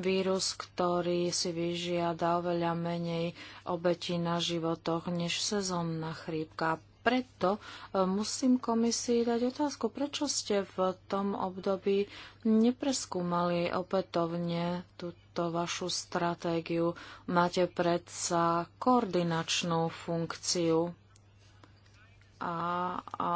Speaker 2: vírus, ktorý si vyžiada oveľa menej obetí na životoch než sezónna chrípka preto e, musím komisii dať otázku, prečo ste v tom období nepreskúmali opätovne túto vašu stratégiu. Máte predsa koordinačnú funkciu. A, a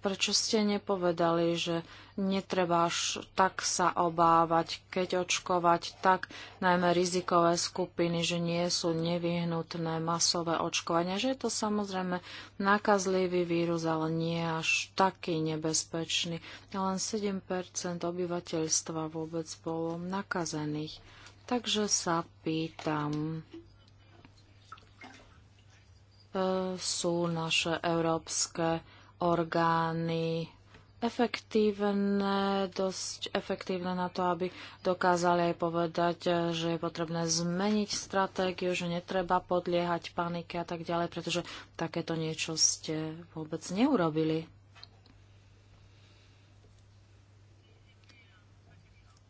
Speaker 2: prečo ste nepovedali, že netreba až tak sa obávať, keď očkovať, tak najmä rizikové skupiny, že nie sú nevyhnutné masové očkovania, že je to samozrejme nakazlivý vírus, ale nie až taký nebezpečný. Len 7% obyvateľstva vôbec bolo nakazených. Takže sa pýtam, E, sú naše európske orgány efektívne, dosť efektívne na to, aby dokázali aj povedať, e, že je potrebné zmeniť stratégiu, že netreba podliehať panike a tak ďalej, pretože takéto niečo ste vôbec neurobili.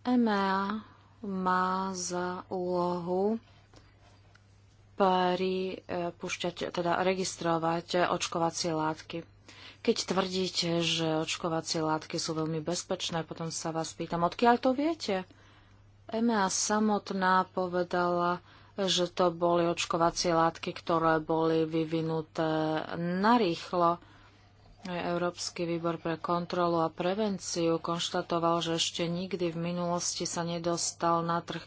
Speaker 2: EMEA má za úlohu E, púšťať, teda registrovať e, očkovacie látky. Keď tvrdíte, že očkovacie látky sú veľmi bezpečné, potom sa vás pýtam, odkiaľ to viete? EMEA samotná povedala, že to boli očkovacie látky, ktoré boli vyvinuté narýchlo. Európsky výbor pre kontrolu a prevenciu konštatoval, že ešte nikdy v minulosti sa nedostal na trh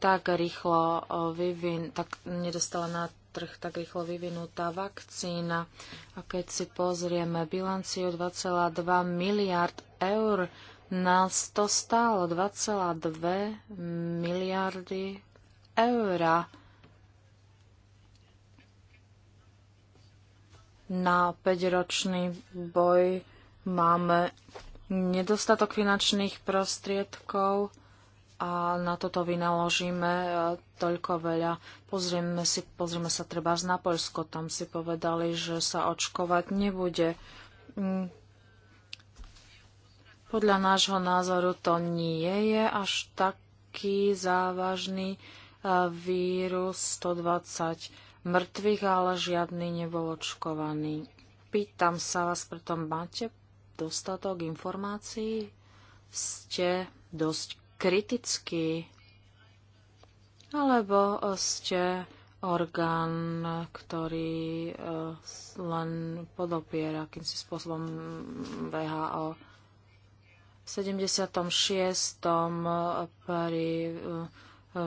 Speaker 2: tak rýchlo e, vyvin, tak nedostala na trh tak rýchlo vyvinutá vakcína. A keď si pozrieme bilanciu 2,2 miliard eur, nás to stálo 2,2 miliardy eur. Na 5-ročný boj máme nedostatok finančných prostriedkov a na toto vynaložíme e, toľko veľa. Pozrieme, si, pozrieme sa treba na Polsko, tam si povedali, že sa očkovať nebude. Mm. Podľa nášho názoru to nie je až taký závažný e, vírus 120 mŕtvych, ale žiadny nebol očkovaný. Pýtam sa vás, preto máte dostatok informácií? Ste dosť kritický, alebo ste orgán, ktorý e, len podopiera akýmsi spôsobom VHO. V 76. pri e,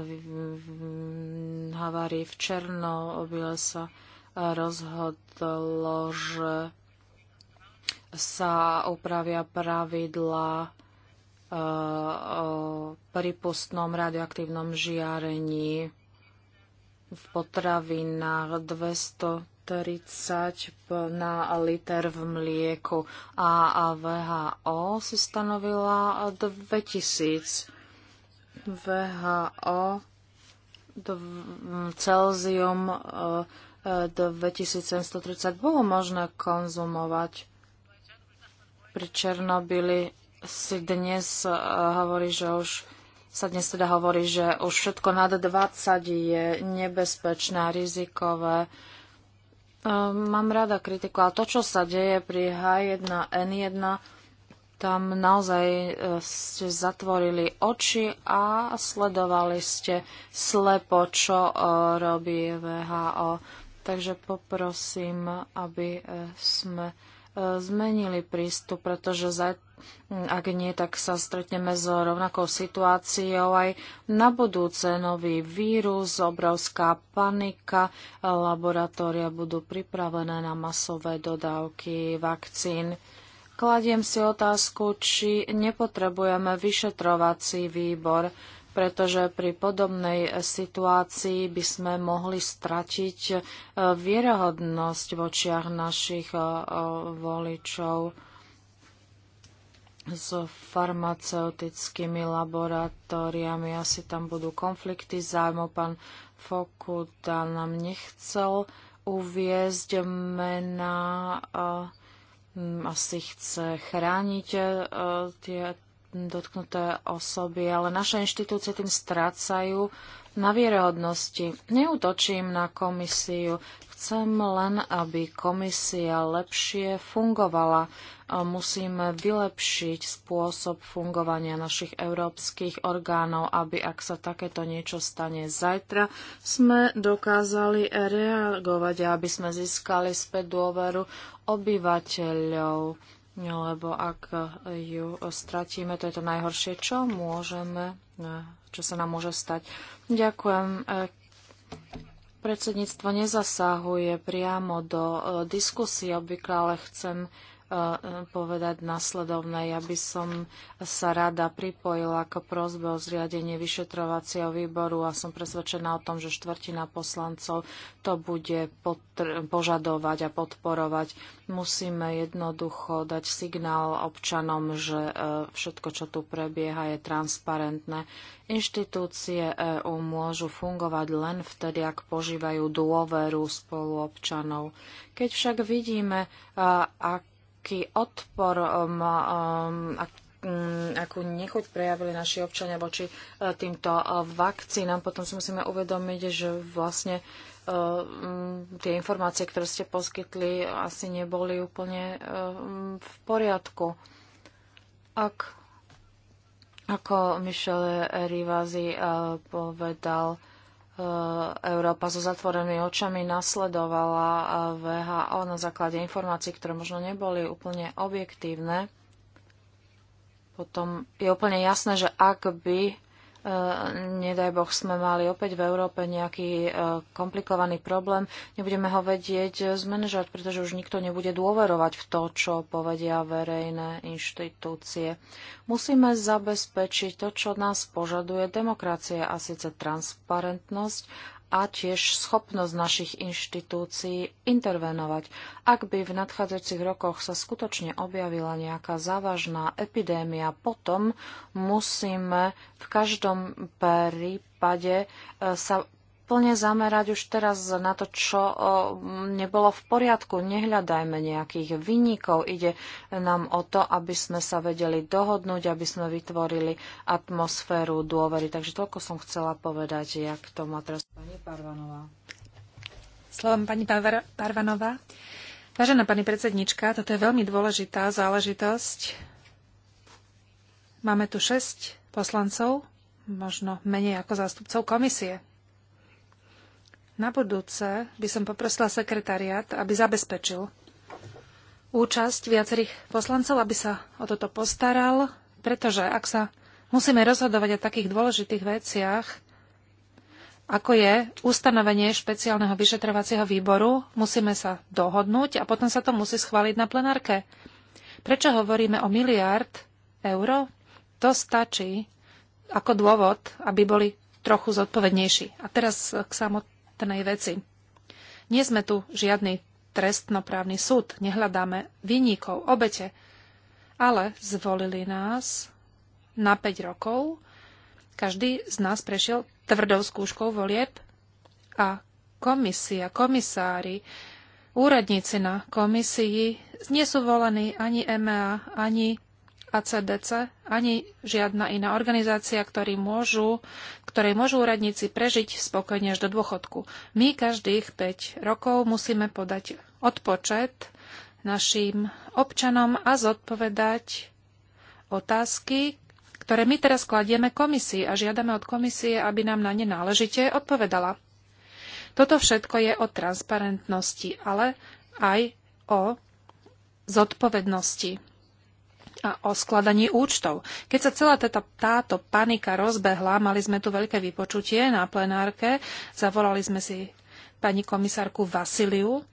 Speaker 2: havárii v Černobyle sa rozhodlo, že sa upravia pravidla E, e, prípustnom radioaktívnom žiarení v potravinách 230 na liter v mlieku a VHO si stanovila 2000. VHO Celzium 2730 e, bolo možné konzumovať. Pri Černobyli si dnes eh, hovorí, že už sa dnes teda hovorí, že už všetko nad 20 je nebezpečné a rizikové. Eh, mám rada kritiku, ale to, čo sa deje pri H1N1, tam naozaj eh, ste zatvorili oči a sledovali ste slepo, čo robí VHO. Takže poprosím, aby sme zmenili prístup, pretože zajtra ak nie, tak sa stretneme s rovnakou situáciou aj na budúce. Nový vírus, obrovská panika, laboratória budú pripravené na masové dodávky vakcín. Kladiem si otázku, či nepotrebujeme vyšetrovací výbor, pretože pri podobnej situácii by sme mohli stratiť eh, vierohodnosť v očiach našich eh, voličov s farmaceutickými laboratóriami. Asi tam budú konflikty zájmu. Pán Fokuta nám nechcel uviezť mena. Mm, asi chce chrániť e, tie dotknuté osoby, ale naše inštitúcie tým strácajú na vierohodnosti. Neutočím na komisiu. Chcem len, aby komisia lepšie fungovala. Musíme vylepšiť spôsob fungovania našich európskych orgánov, aby ak sa takéto niečo stane zajtra, sme dokázali reagovať a aby sme získali späť dôveru obyvateľov lebo ak ju stratíme, to je to najhoršie, čo môžeme, čo sa nám môže stať. Ďakujem. Predsedníctvo nezasahuje priamo do eh, diskusie obvykle, ale chcem povedať nasledovné. Ja by som sa rada pripojila ako prozbe o zriadenie vyšetrovacieho výboru a som presvedčená o tom, že štvrtina poslancov to bude požadovať a podporovať. Musíme jednoducho dať signál občanom, že e, všetko, čo tu prebieha, je transparentné. Inštitúcie EU môžu fungovať len vtedy, ak požívajú dôveru spoluobčanov. Keď však vidíme, ak aký odpor, um, um, mm, akú nechuť prejavili naši občania voči eh, týmto eh, vakcínam. Potom si musíme uvedomiť, že vlastne eh, mm, tie informácie, ktoré ste poskytli, asi neboli úplne v poriadku. Ak, ako Michel Rivazi povedal, Eh, Európa so zatvorenými očami nasledovala eh, VHO na základe informácií, ktoré možno neboli úplne objektívne, potom je úplne jasné, že ak by Eh, nedaj Boh sme mali opäť v Európe nejaký eh, komplikovaný problém, nebudeme ho vedieť eh, zmanéžovať, pretože už nikto nebude dôverovať v to, čo povedia verejné inštitúcie. Musíme zabezpečiť to, čo nás požaduje demokracia, a síce transparentnosť a tiež schopnosť našich inštitúcií intervenovať. Ak by v nadchádzajúcich rokoch sa skutočne objavila nejaká závažná epidémia, potom musíme v každom prípade e, sa plne zamerať už teraz na to, čo nebolo v poriadku. Nehľadajme nejakých vynikov. Ide nám o to, aby sme sa vedeli dohodnúť, aby sme vytvorili atmosféru dôvery. Takže toľko som chcela povedať, jak to má teraz pani Parvanová. Slovom pani Parvanová. Vážená pani predsednička, toto
Speaker 3: je veľmi dôležitá záležitosť. Máme tu šesť poslancov, možno menej ako zástupcov komisie. Na budúce by som poprosila sekretariat, aby zabezpečil účasť viacerých poslancov, aby sa o toto postaral, pretože ak sa musíme rozhodovať o takých dôležitých veciach, ako je ustanovenie špeciálneho vyšetrovacieho výboru, musíme sa dohodnúť a potom sa to musí schváliť na plenárke. Prečo hovoríme o miliard eur? To stačí ako dôvod, aby boli trochu zodpovednejší. A teraz k samotnému trestnej veci. Nie sme tu žiadny trestnoprávny súd, nehľadáme vyníkov, obete, ale zvolili nás na 5 rokov. Každý z nás prešiel tvrdou skúškou volieb a komisia, komisári, úradníci na komisii nie sú volení ani EMEA, ani ACDC ani žiadna iná organizácia, ktorý môžu, ktorej môžu úradníci prežiť spokojne až do dôchodku. My každých 5 rokov musíme podať odpočet našim občanom a zodpovedať otázky, ktoré my teraz kladieme komisii a žiadame od komisie, aby nám na ne náležite odpovedala. Toto všetko je o transparentnosti, ale aj o zodpovednosti a o skladaní účtov. Keď sa celá táto, táto panika rozbehla, mali sme tu veľké vypočutie na plenárke, zavolali sme si pani komisárku Vasiliu,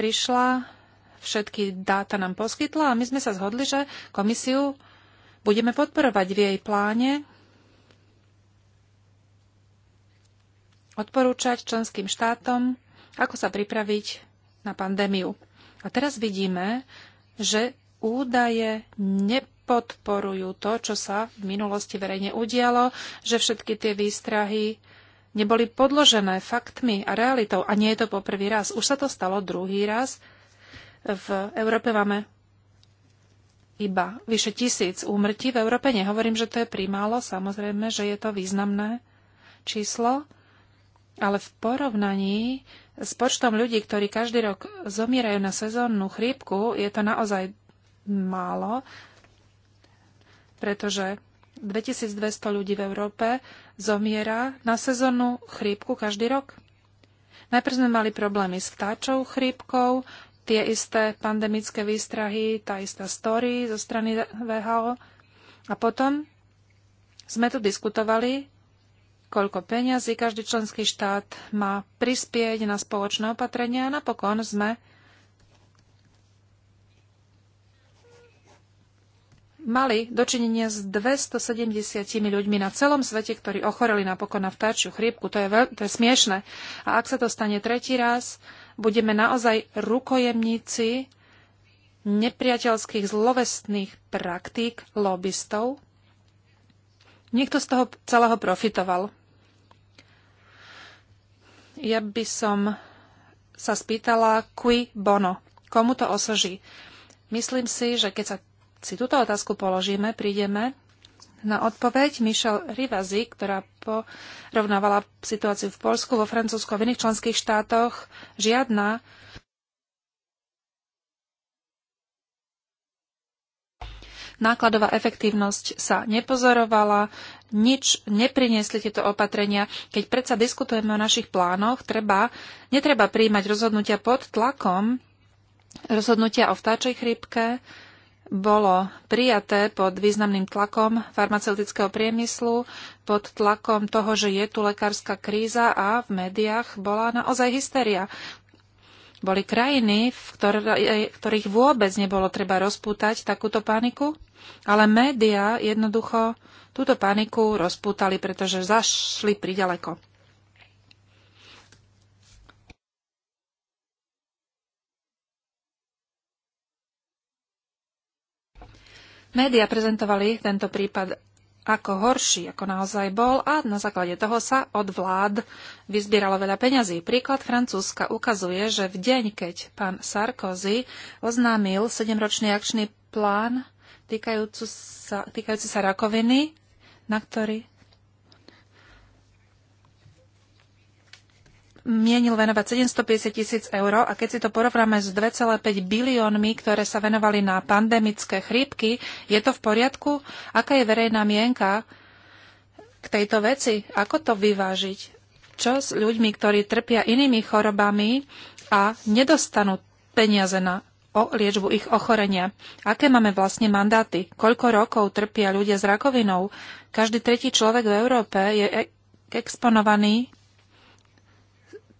Speaker 3: prišla, všetky dáta nám poskytla a my sme sa zhodli, že komisiu budeme podporovať v jej pláne odporúčať členským štátom, ako sa pripraviť na pandémiu. A teraz vidíme, že údaje nepodporujú to, čo sa v minulosti verejne udialo, že všetky tie výstrahy neboli podložené faktmi a realitou. A nie je to poprvý raz. Už sa to stalo druhý raz. V Európe máme iba vyše tisíc úmrtí v Európe. Nehovorím, že to je primálo, samozrejme, že je to významné číslo, ale v porovnaní s počtom ľudí, ktorí každý rok zomierajú na sezónnu chrípku, je to naozaj málo, pretože 2200 ľudí v Európe zomiera na sezónnu chrípku každý rok. Najprv sme mali problémy s vtáčou chrípkou, tie isté pandemické výstrahy, tá istá story zo strany VHO. A potom sme tu diskutovali, koľko peňazí každý členský štát má prispieť na spoločné opatrenia a napokon sme mali dočinenia s 270 ľuďmi na celom svete, ktorí ochoreli napokon na vtáčiu chrípku. To je, veľ, to je smiešne. A ak sa to stane tretí raz, budeme naozaj rukojemníci nepriateľských zlovestných praktík lobbystov. Niekto z toho celého profitoval. Ja by som sa spýtala, qui bono, komu to osoží. Myslím si, že keď sa si túto otázku položíme, prídeme na odpoveď Michelle Rivazi, ktorá porovnávala situáciu v Polsku, vo Francúzsku a v iných členských štátoch. Žiadna nákladová efektívnosť sa nepozorovala, nič nepriniesli tieto opatrenia. Keď predsa diskutujeme o našich plánoch, treba, netreba príjmať rozhodnutia pod tlakom, rozhodnutia o vtáčej chrypke, bolo prijaté pod významným tlakom farmaceutického priemyslu, pod tlakom toho, že je tu lekárska kríza a v médiách bola naozaj hysteria. Boli krajiny, v eh, ktorých vôbec nebolo treba rozpútať takúto paniku, ale médiá jednoducho túto paniku rozpútali, pretože zašli priďaleko. Média prezentovali tento prípad ako horší, ako naozaj bol a na základe toho sa od vlád vyzbieralo veľa peňazí. Príklad Francúzska ukazuje, že v deň, keď pán Sarkozy oznámil 7-ročný akčný plán týkajúci sa, týkajúci sa rakoviny, na ktorý mienil venovať 750 tisíc eur a keď si to porovnáme s 2,5 biliónmi, ktoré sa venovali na pandemické chrípky, je to v poriadku? Aká je verejná mienka k tejto veci? Ako to vyvážiť? Čo s ľuďmi, ktorí trpia inými chorobami a nedostanú peniaze na o liečbu ich ochorenia. Aké máme vlastne mandáty? Koľko rokov trpia ľudia s rakovinou? Každý tretí človek v Európe je e- exponovaný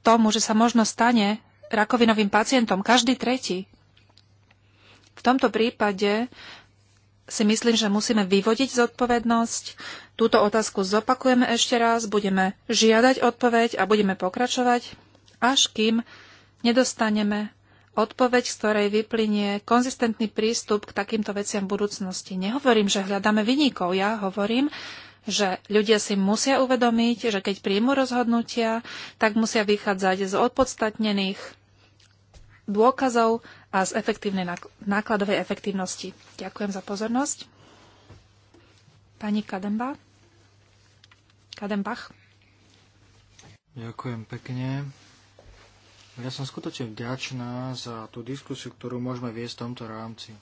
Speaker 3: tomu, že sa možno stane rakovinovým pacientom každý tretí. V tomto prípade si myslím, že musíme vyvodiť zodpovednosť. Túto otázku zopakujeme ešte raz, budeme žiadať odpoveď a budeme pokračovať, až kým nedostaneme odpoveď, z ktorej vyplynie konzistentný prístup k takýmto veciam v budúcnosti. Nehovorím, že hľadáme vyníkov, ja hovorím, že ľudia si musia uvedomiť, že keď príjmu rozhodnutia, tak musia vychádzať z odpodstatnených dôkazov a z efektívnej nákladovej efektívnosti. Ďakujem za pozornosť. Pani Kademba? Kadembach?
Speaker 1: Ďakujem pekne. Ja som skutočne vďačná za tú diskusiu, ktorú môžeme viesť v tomto rámci.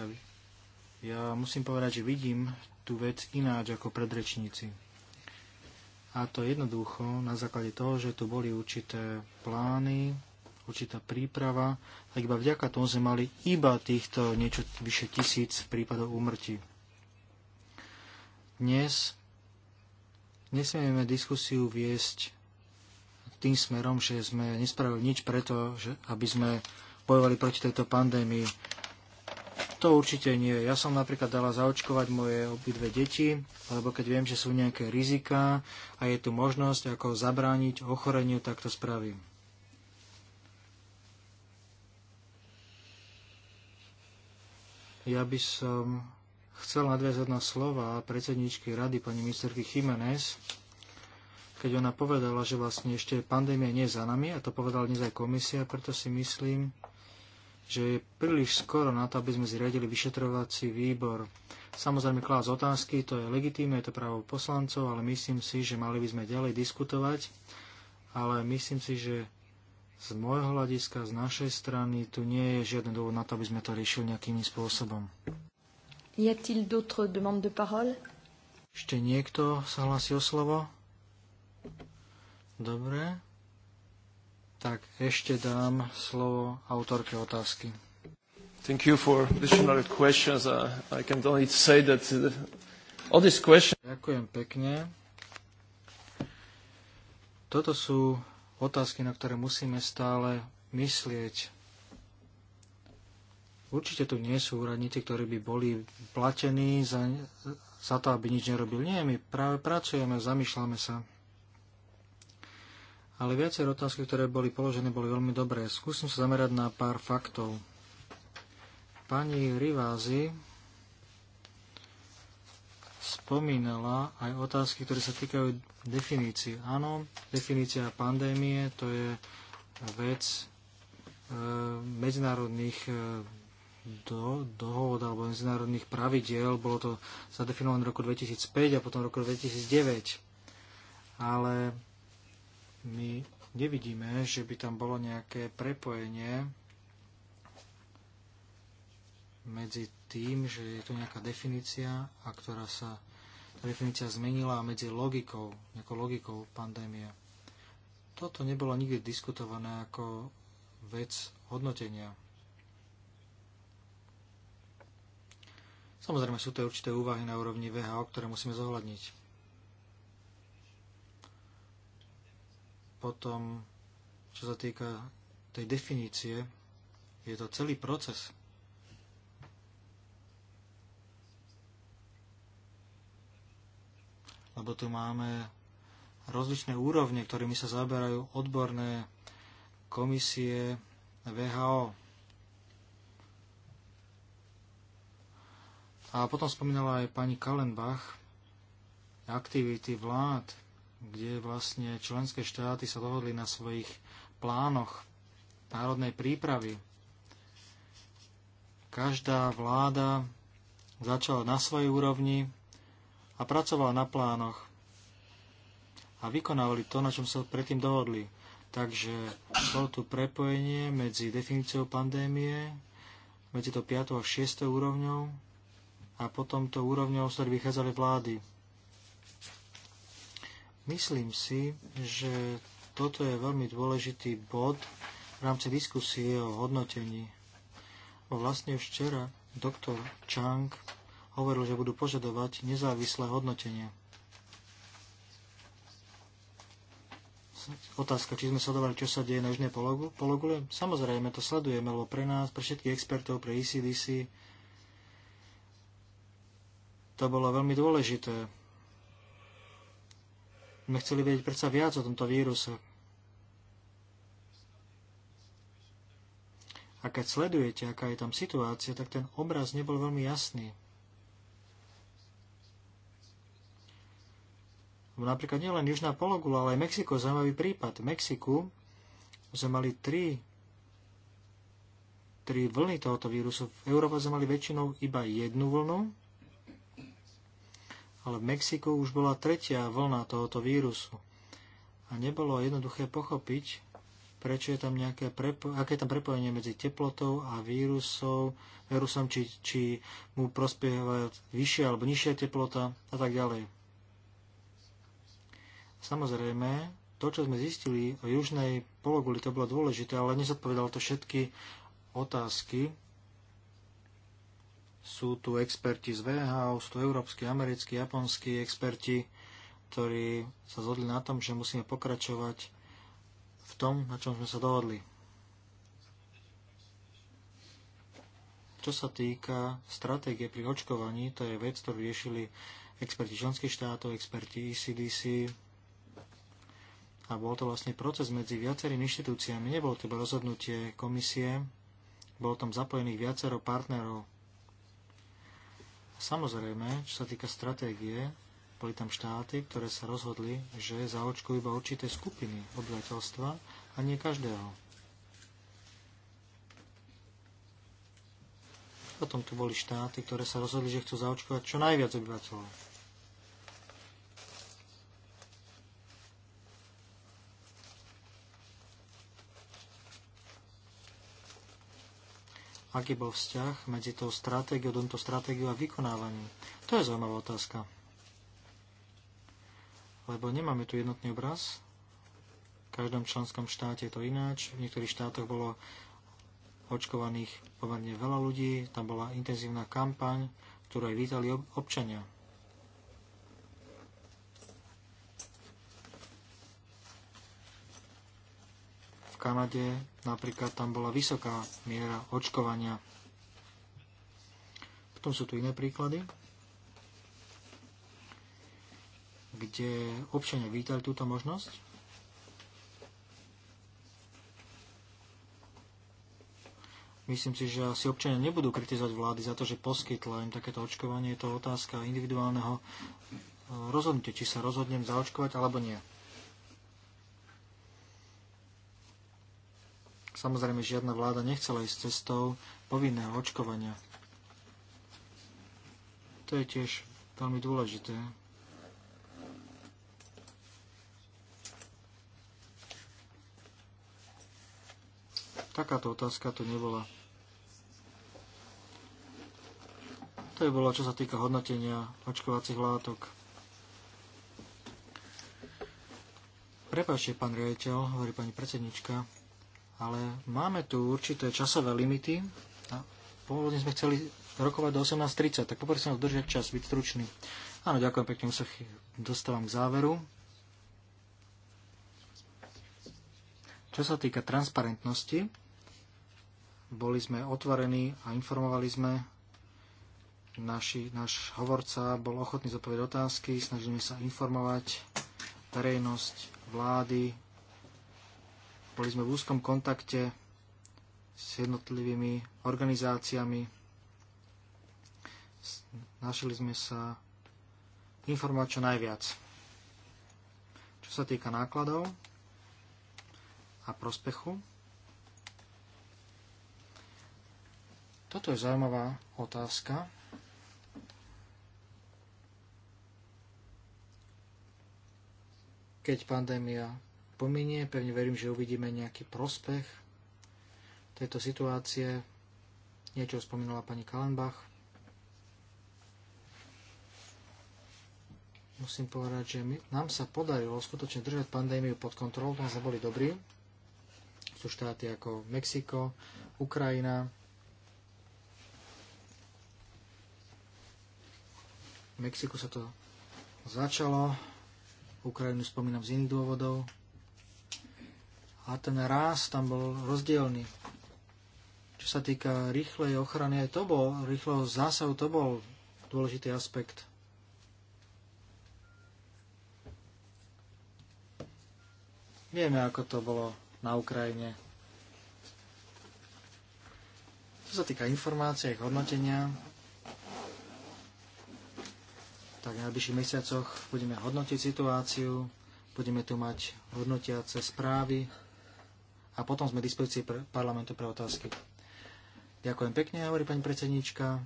Speaker 1: Ja, ja musím povedať, že vidím tú vec ináč ako predrečníci. A to jednoducho na základe toho, že tu boli určité plány, určitá príprava a iba vďaka tomu sme mali iba týchto niečo vyše tisíc prípadov úmrtí. Dnes nesmieme diskusiu viesť tým smerom, že sme nespravili nič preto, že aby sme bojovali proti tejto pandémii. To určite nie. Ja som napríklad dala zaočkovať moje obidve deti, lebo keď viem, že sú nejaké rizika a je tu možnosť, ako zabrániť ochoreniu, tak to spravím. Ja by som chcel nadviazať na slova predsedničky rady pani ministerky Jiménez, keď ona povedala, že vlastne ešte pandémia nie je za nami, a to povedala dnes aj komisia, preto si myslím, že je príliš skoro na to, aby sme zriadili vyšetrovací výbor. Samozrejme klás otázky, to je legitímne, je to právo poslancov, ale myslím si, že mali by sme ďalej diskutovať, ale myslím si, že z môjho hľadiska, z našej strany, tu nie je žiadny dôvod na to, aby sme to riešili nejakým spôsobom.
Speaker 2: Y a-t-il d'autres demandes de parole?
Speaker 1: Ešte niekto sa hlási o slovo? Dobre, tak ešte dám slovo autorke otázky.
Speaker 3: Thank you for additional questions. Uh, I can only say that uh, all these
Speaker 1: questions... Ďakujem pekne. Toto sú otázky, na ktoré musíme stále myslieť. Určite tu nie sú úradníci, ktorí by boli platení za, za to, aby nič nerobil. Nie, my práve pracujeme, zamýšľame sa ale viaceré otázky, ktoré boli položené, boli veľmi dobré. Skúsim sa zamerať na pár faktov. Pani Rivázy spomínala aj otázky, ktoré sa týkajú definícií. Áno, definícia pandémie to je vec e, medzinárodných e, do, dohod alebo medzinárodných pravidiel. Bolo to zadefinované v roku 2005 a potom v roku 2009. Ale my nevidíme, že by tam bolo nejaké prepojenie medzi tým, že je tu nejaká definícia, a ktorá sa tá definícia zmenila medzi logikou, nejakou logikou pandémie. Toto nebolo nikdy diskutované ako vec hodnotenia. Samozrejme sú to určité úvahy na úrovni VHO, ktoré musíme zohľadniť. Potom, čo sa týka tej definície, je to celý proces. Lebo tu máme rozličné úrovne, ktorými sa zaberajú odborné komisie VHO. A potom spomínala aj pani Kalenbach aktivity vlád kde vlastne členské štáty sa dohodli na svojich plánoch národnej prípravy. Každá vláda začala na svojej úrovni a pracovala na plánoch a vykonávali to, na čom sa predtým dohodli. Takže bolo tu prepojenie medzi definíciou pandémie, medzi to 5. a 6. úrovňou a potom to úrovňou, z ktorej vychádzali vlády. Myslím si, že toto je veľmi dôležitý bod v rámci diskusie o hodnotení. O vlastne včera doktor Chang hovoril, že budú požadovať nezávislé hodnotenie. Otázka, či sme sledovali, čo sa deje na južnej pologule? Samozrejme, to sledujeme, lebo pre nás, pre všetkých expertov, pre ECDC, to bolo veľmi dôležité sme chceli vedieť predsa viac o tomto víruse. A keď sledujete, aká je tam situácia, tak ten obraz nebol veľmi jasný. Napríklad nielen Južná pologula, ale aj Mexiko, zaujímavý prípad. V Mexiku sme mali tri, tri vlny tohoto vírusu. V Európe sme mali väčšinou iba jednu vlnu, ale v Mexiku už bola tretia vlna tohoto vírusu. A nebolo jednoduché pochopiť, prečo je tam nejaké prepo- aké je tam prepojenie medzi teplotou a vírusom, vírusom, či, či mu prospieva vyššia alebo nižšia teplota a tak ďalej. Samozrejme, to, čo sme zistili o južnej pologuli, to bolo dôležité, ale nezodpovedalo to všetky otázky, sú tu experti z VHO, sú tu európsky, americkí, japonskí experti, ktorí sa zhodli na tom, že musíme pokračovať v tom, na čom sme sa dohodli. Čo sa týka stratégie pri očkovaní, to je vec, ktorú riešili experti členských štátov, experti ECDC a bol to vlastne proces medzi viacerými inštitúciami. Nebolo to iba rozhodnutie komisie, bolo tam zapojených viacero partnerov. Samozrejme, čo sa týka stratégie, boli tam štáty, ktoré sa rozhodli, že zaočkujú iba určité skupiny obyvateľstva a nie každého. Potom tu boli štáty, ktoré sa rozhodli, že chcú zaočkovať čo najviac obyvateľov. aký bol vzťah medzi tou stratégiou, tomto stratégiou a vykonávaním. To je zaujímavá otázka. Lebo nemáme tu jednotný obraz. V každom členskom štáte je to ináč. V niektorých štátoch bolo očkovaných pomerne veľa ľudí, tam bola intenzívna kampaň, ktorú aj vítali občania. Kanade napríklad tam bola vysoká miera očkovania. Potom sú tu iné príklady, kde občania vítali túto možnosť. Myslím si, že asi občania nebudú kritizovať vlády za to, že poskytla im takéto očkovanie. Je to otázka individuálneho eh, rozhodnutia, či sa rozhodnem zaočkovať alebo nie. Samozrejme, žiadna vláda nechcela ísť cestou povinného očkovania. To je tiež veľmi dôležité. Takáto otázka tu nebola. To je bolo, čo sa týka hodnotenia očkovacích látok. Prepačte, pán riaditeľ, hovorí pani predsednička ale máme tu určité časové limity a pôvodne sme chceli rokovať do 18.30, tak poprosím vás držať čas, byť stručný. Áno, ďakujem pekne, už sa dostávam k záveru. Čo sa týka transparentnosti, boli sme otvorení a informovali sme. Naši, náš hovorca bol ochotný zodpovedať otázky, snažíme sa informovať verejnosť, vlády, boli sme v úzkom kontakte s jednotlivými organizáciami. Našli sme sa informovať čo najviac. Čo sa týka nákladov a prospechu, toto je zaujímavá otázka. Keď pandémia pominie. Pevne verím, že uvidíme nejaký prospech tejto situácie. Niečo spomínala pani Kalenbach. Musím povedať, že my, nám sa podarilo skutočne držať pandémiu pod kontrolou, tam sme boli dobrí. Sú štáty ako Mexiko, Ukrajina, v Mexiku sa to začalo, Ukrajinu spomínam z iných dôvodov, a ten ráz tam bol rozdielný. Čo sa týka rýchlej ochrany, aj to bol, rýchleho zásahu, to bol dôležitý aspekt. Vieme, ako to bolo na Ukrajine. Čo sa týka informácie, ich hodnotenia, tak v najbližších mesiacoch budeme hodnotiť situáciu, budeme tu mať hodnotiace správy, a potom sme dispozícii pre parlamentu pre otázky. Ďakujem pekne, hovorí pani predsednička,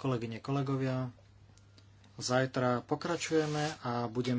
Speaker 1: kolegyne, kolegovia. Zajtra pokračujeme a budeme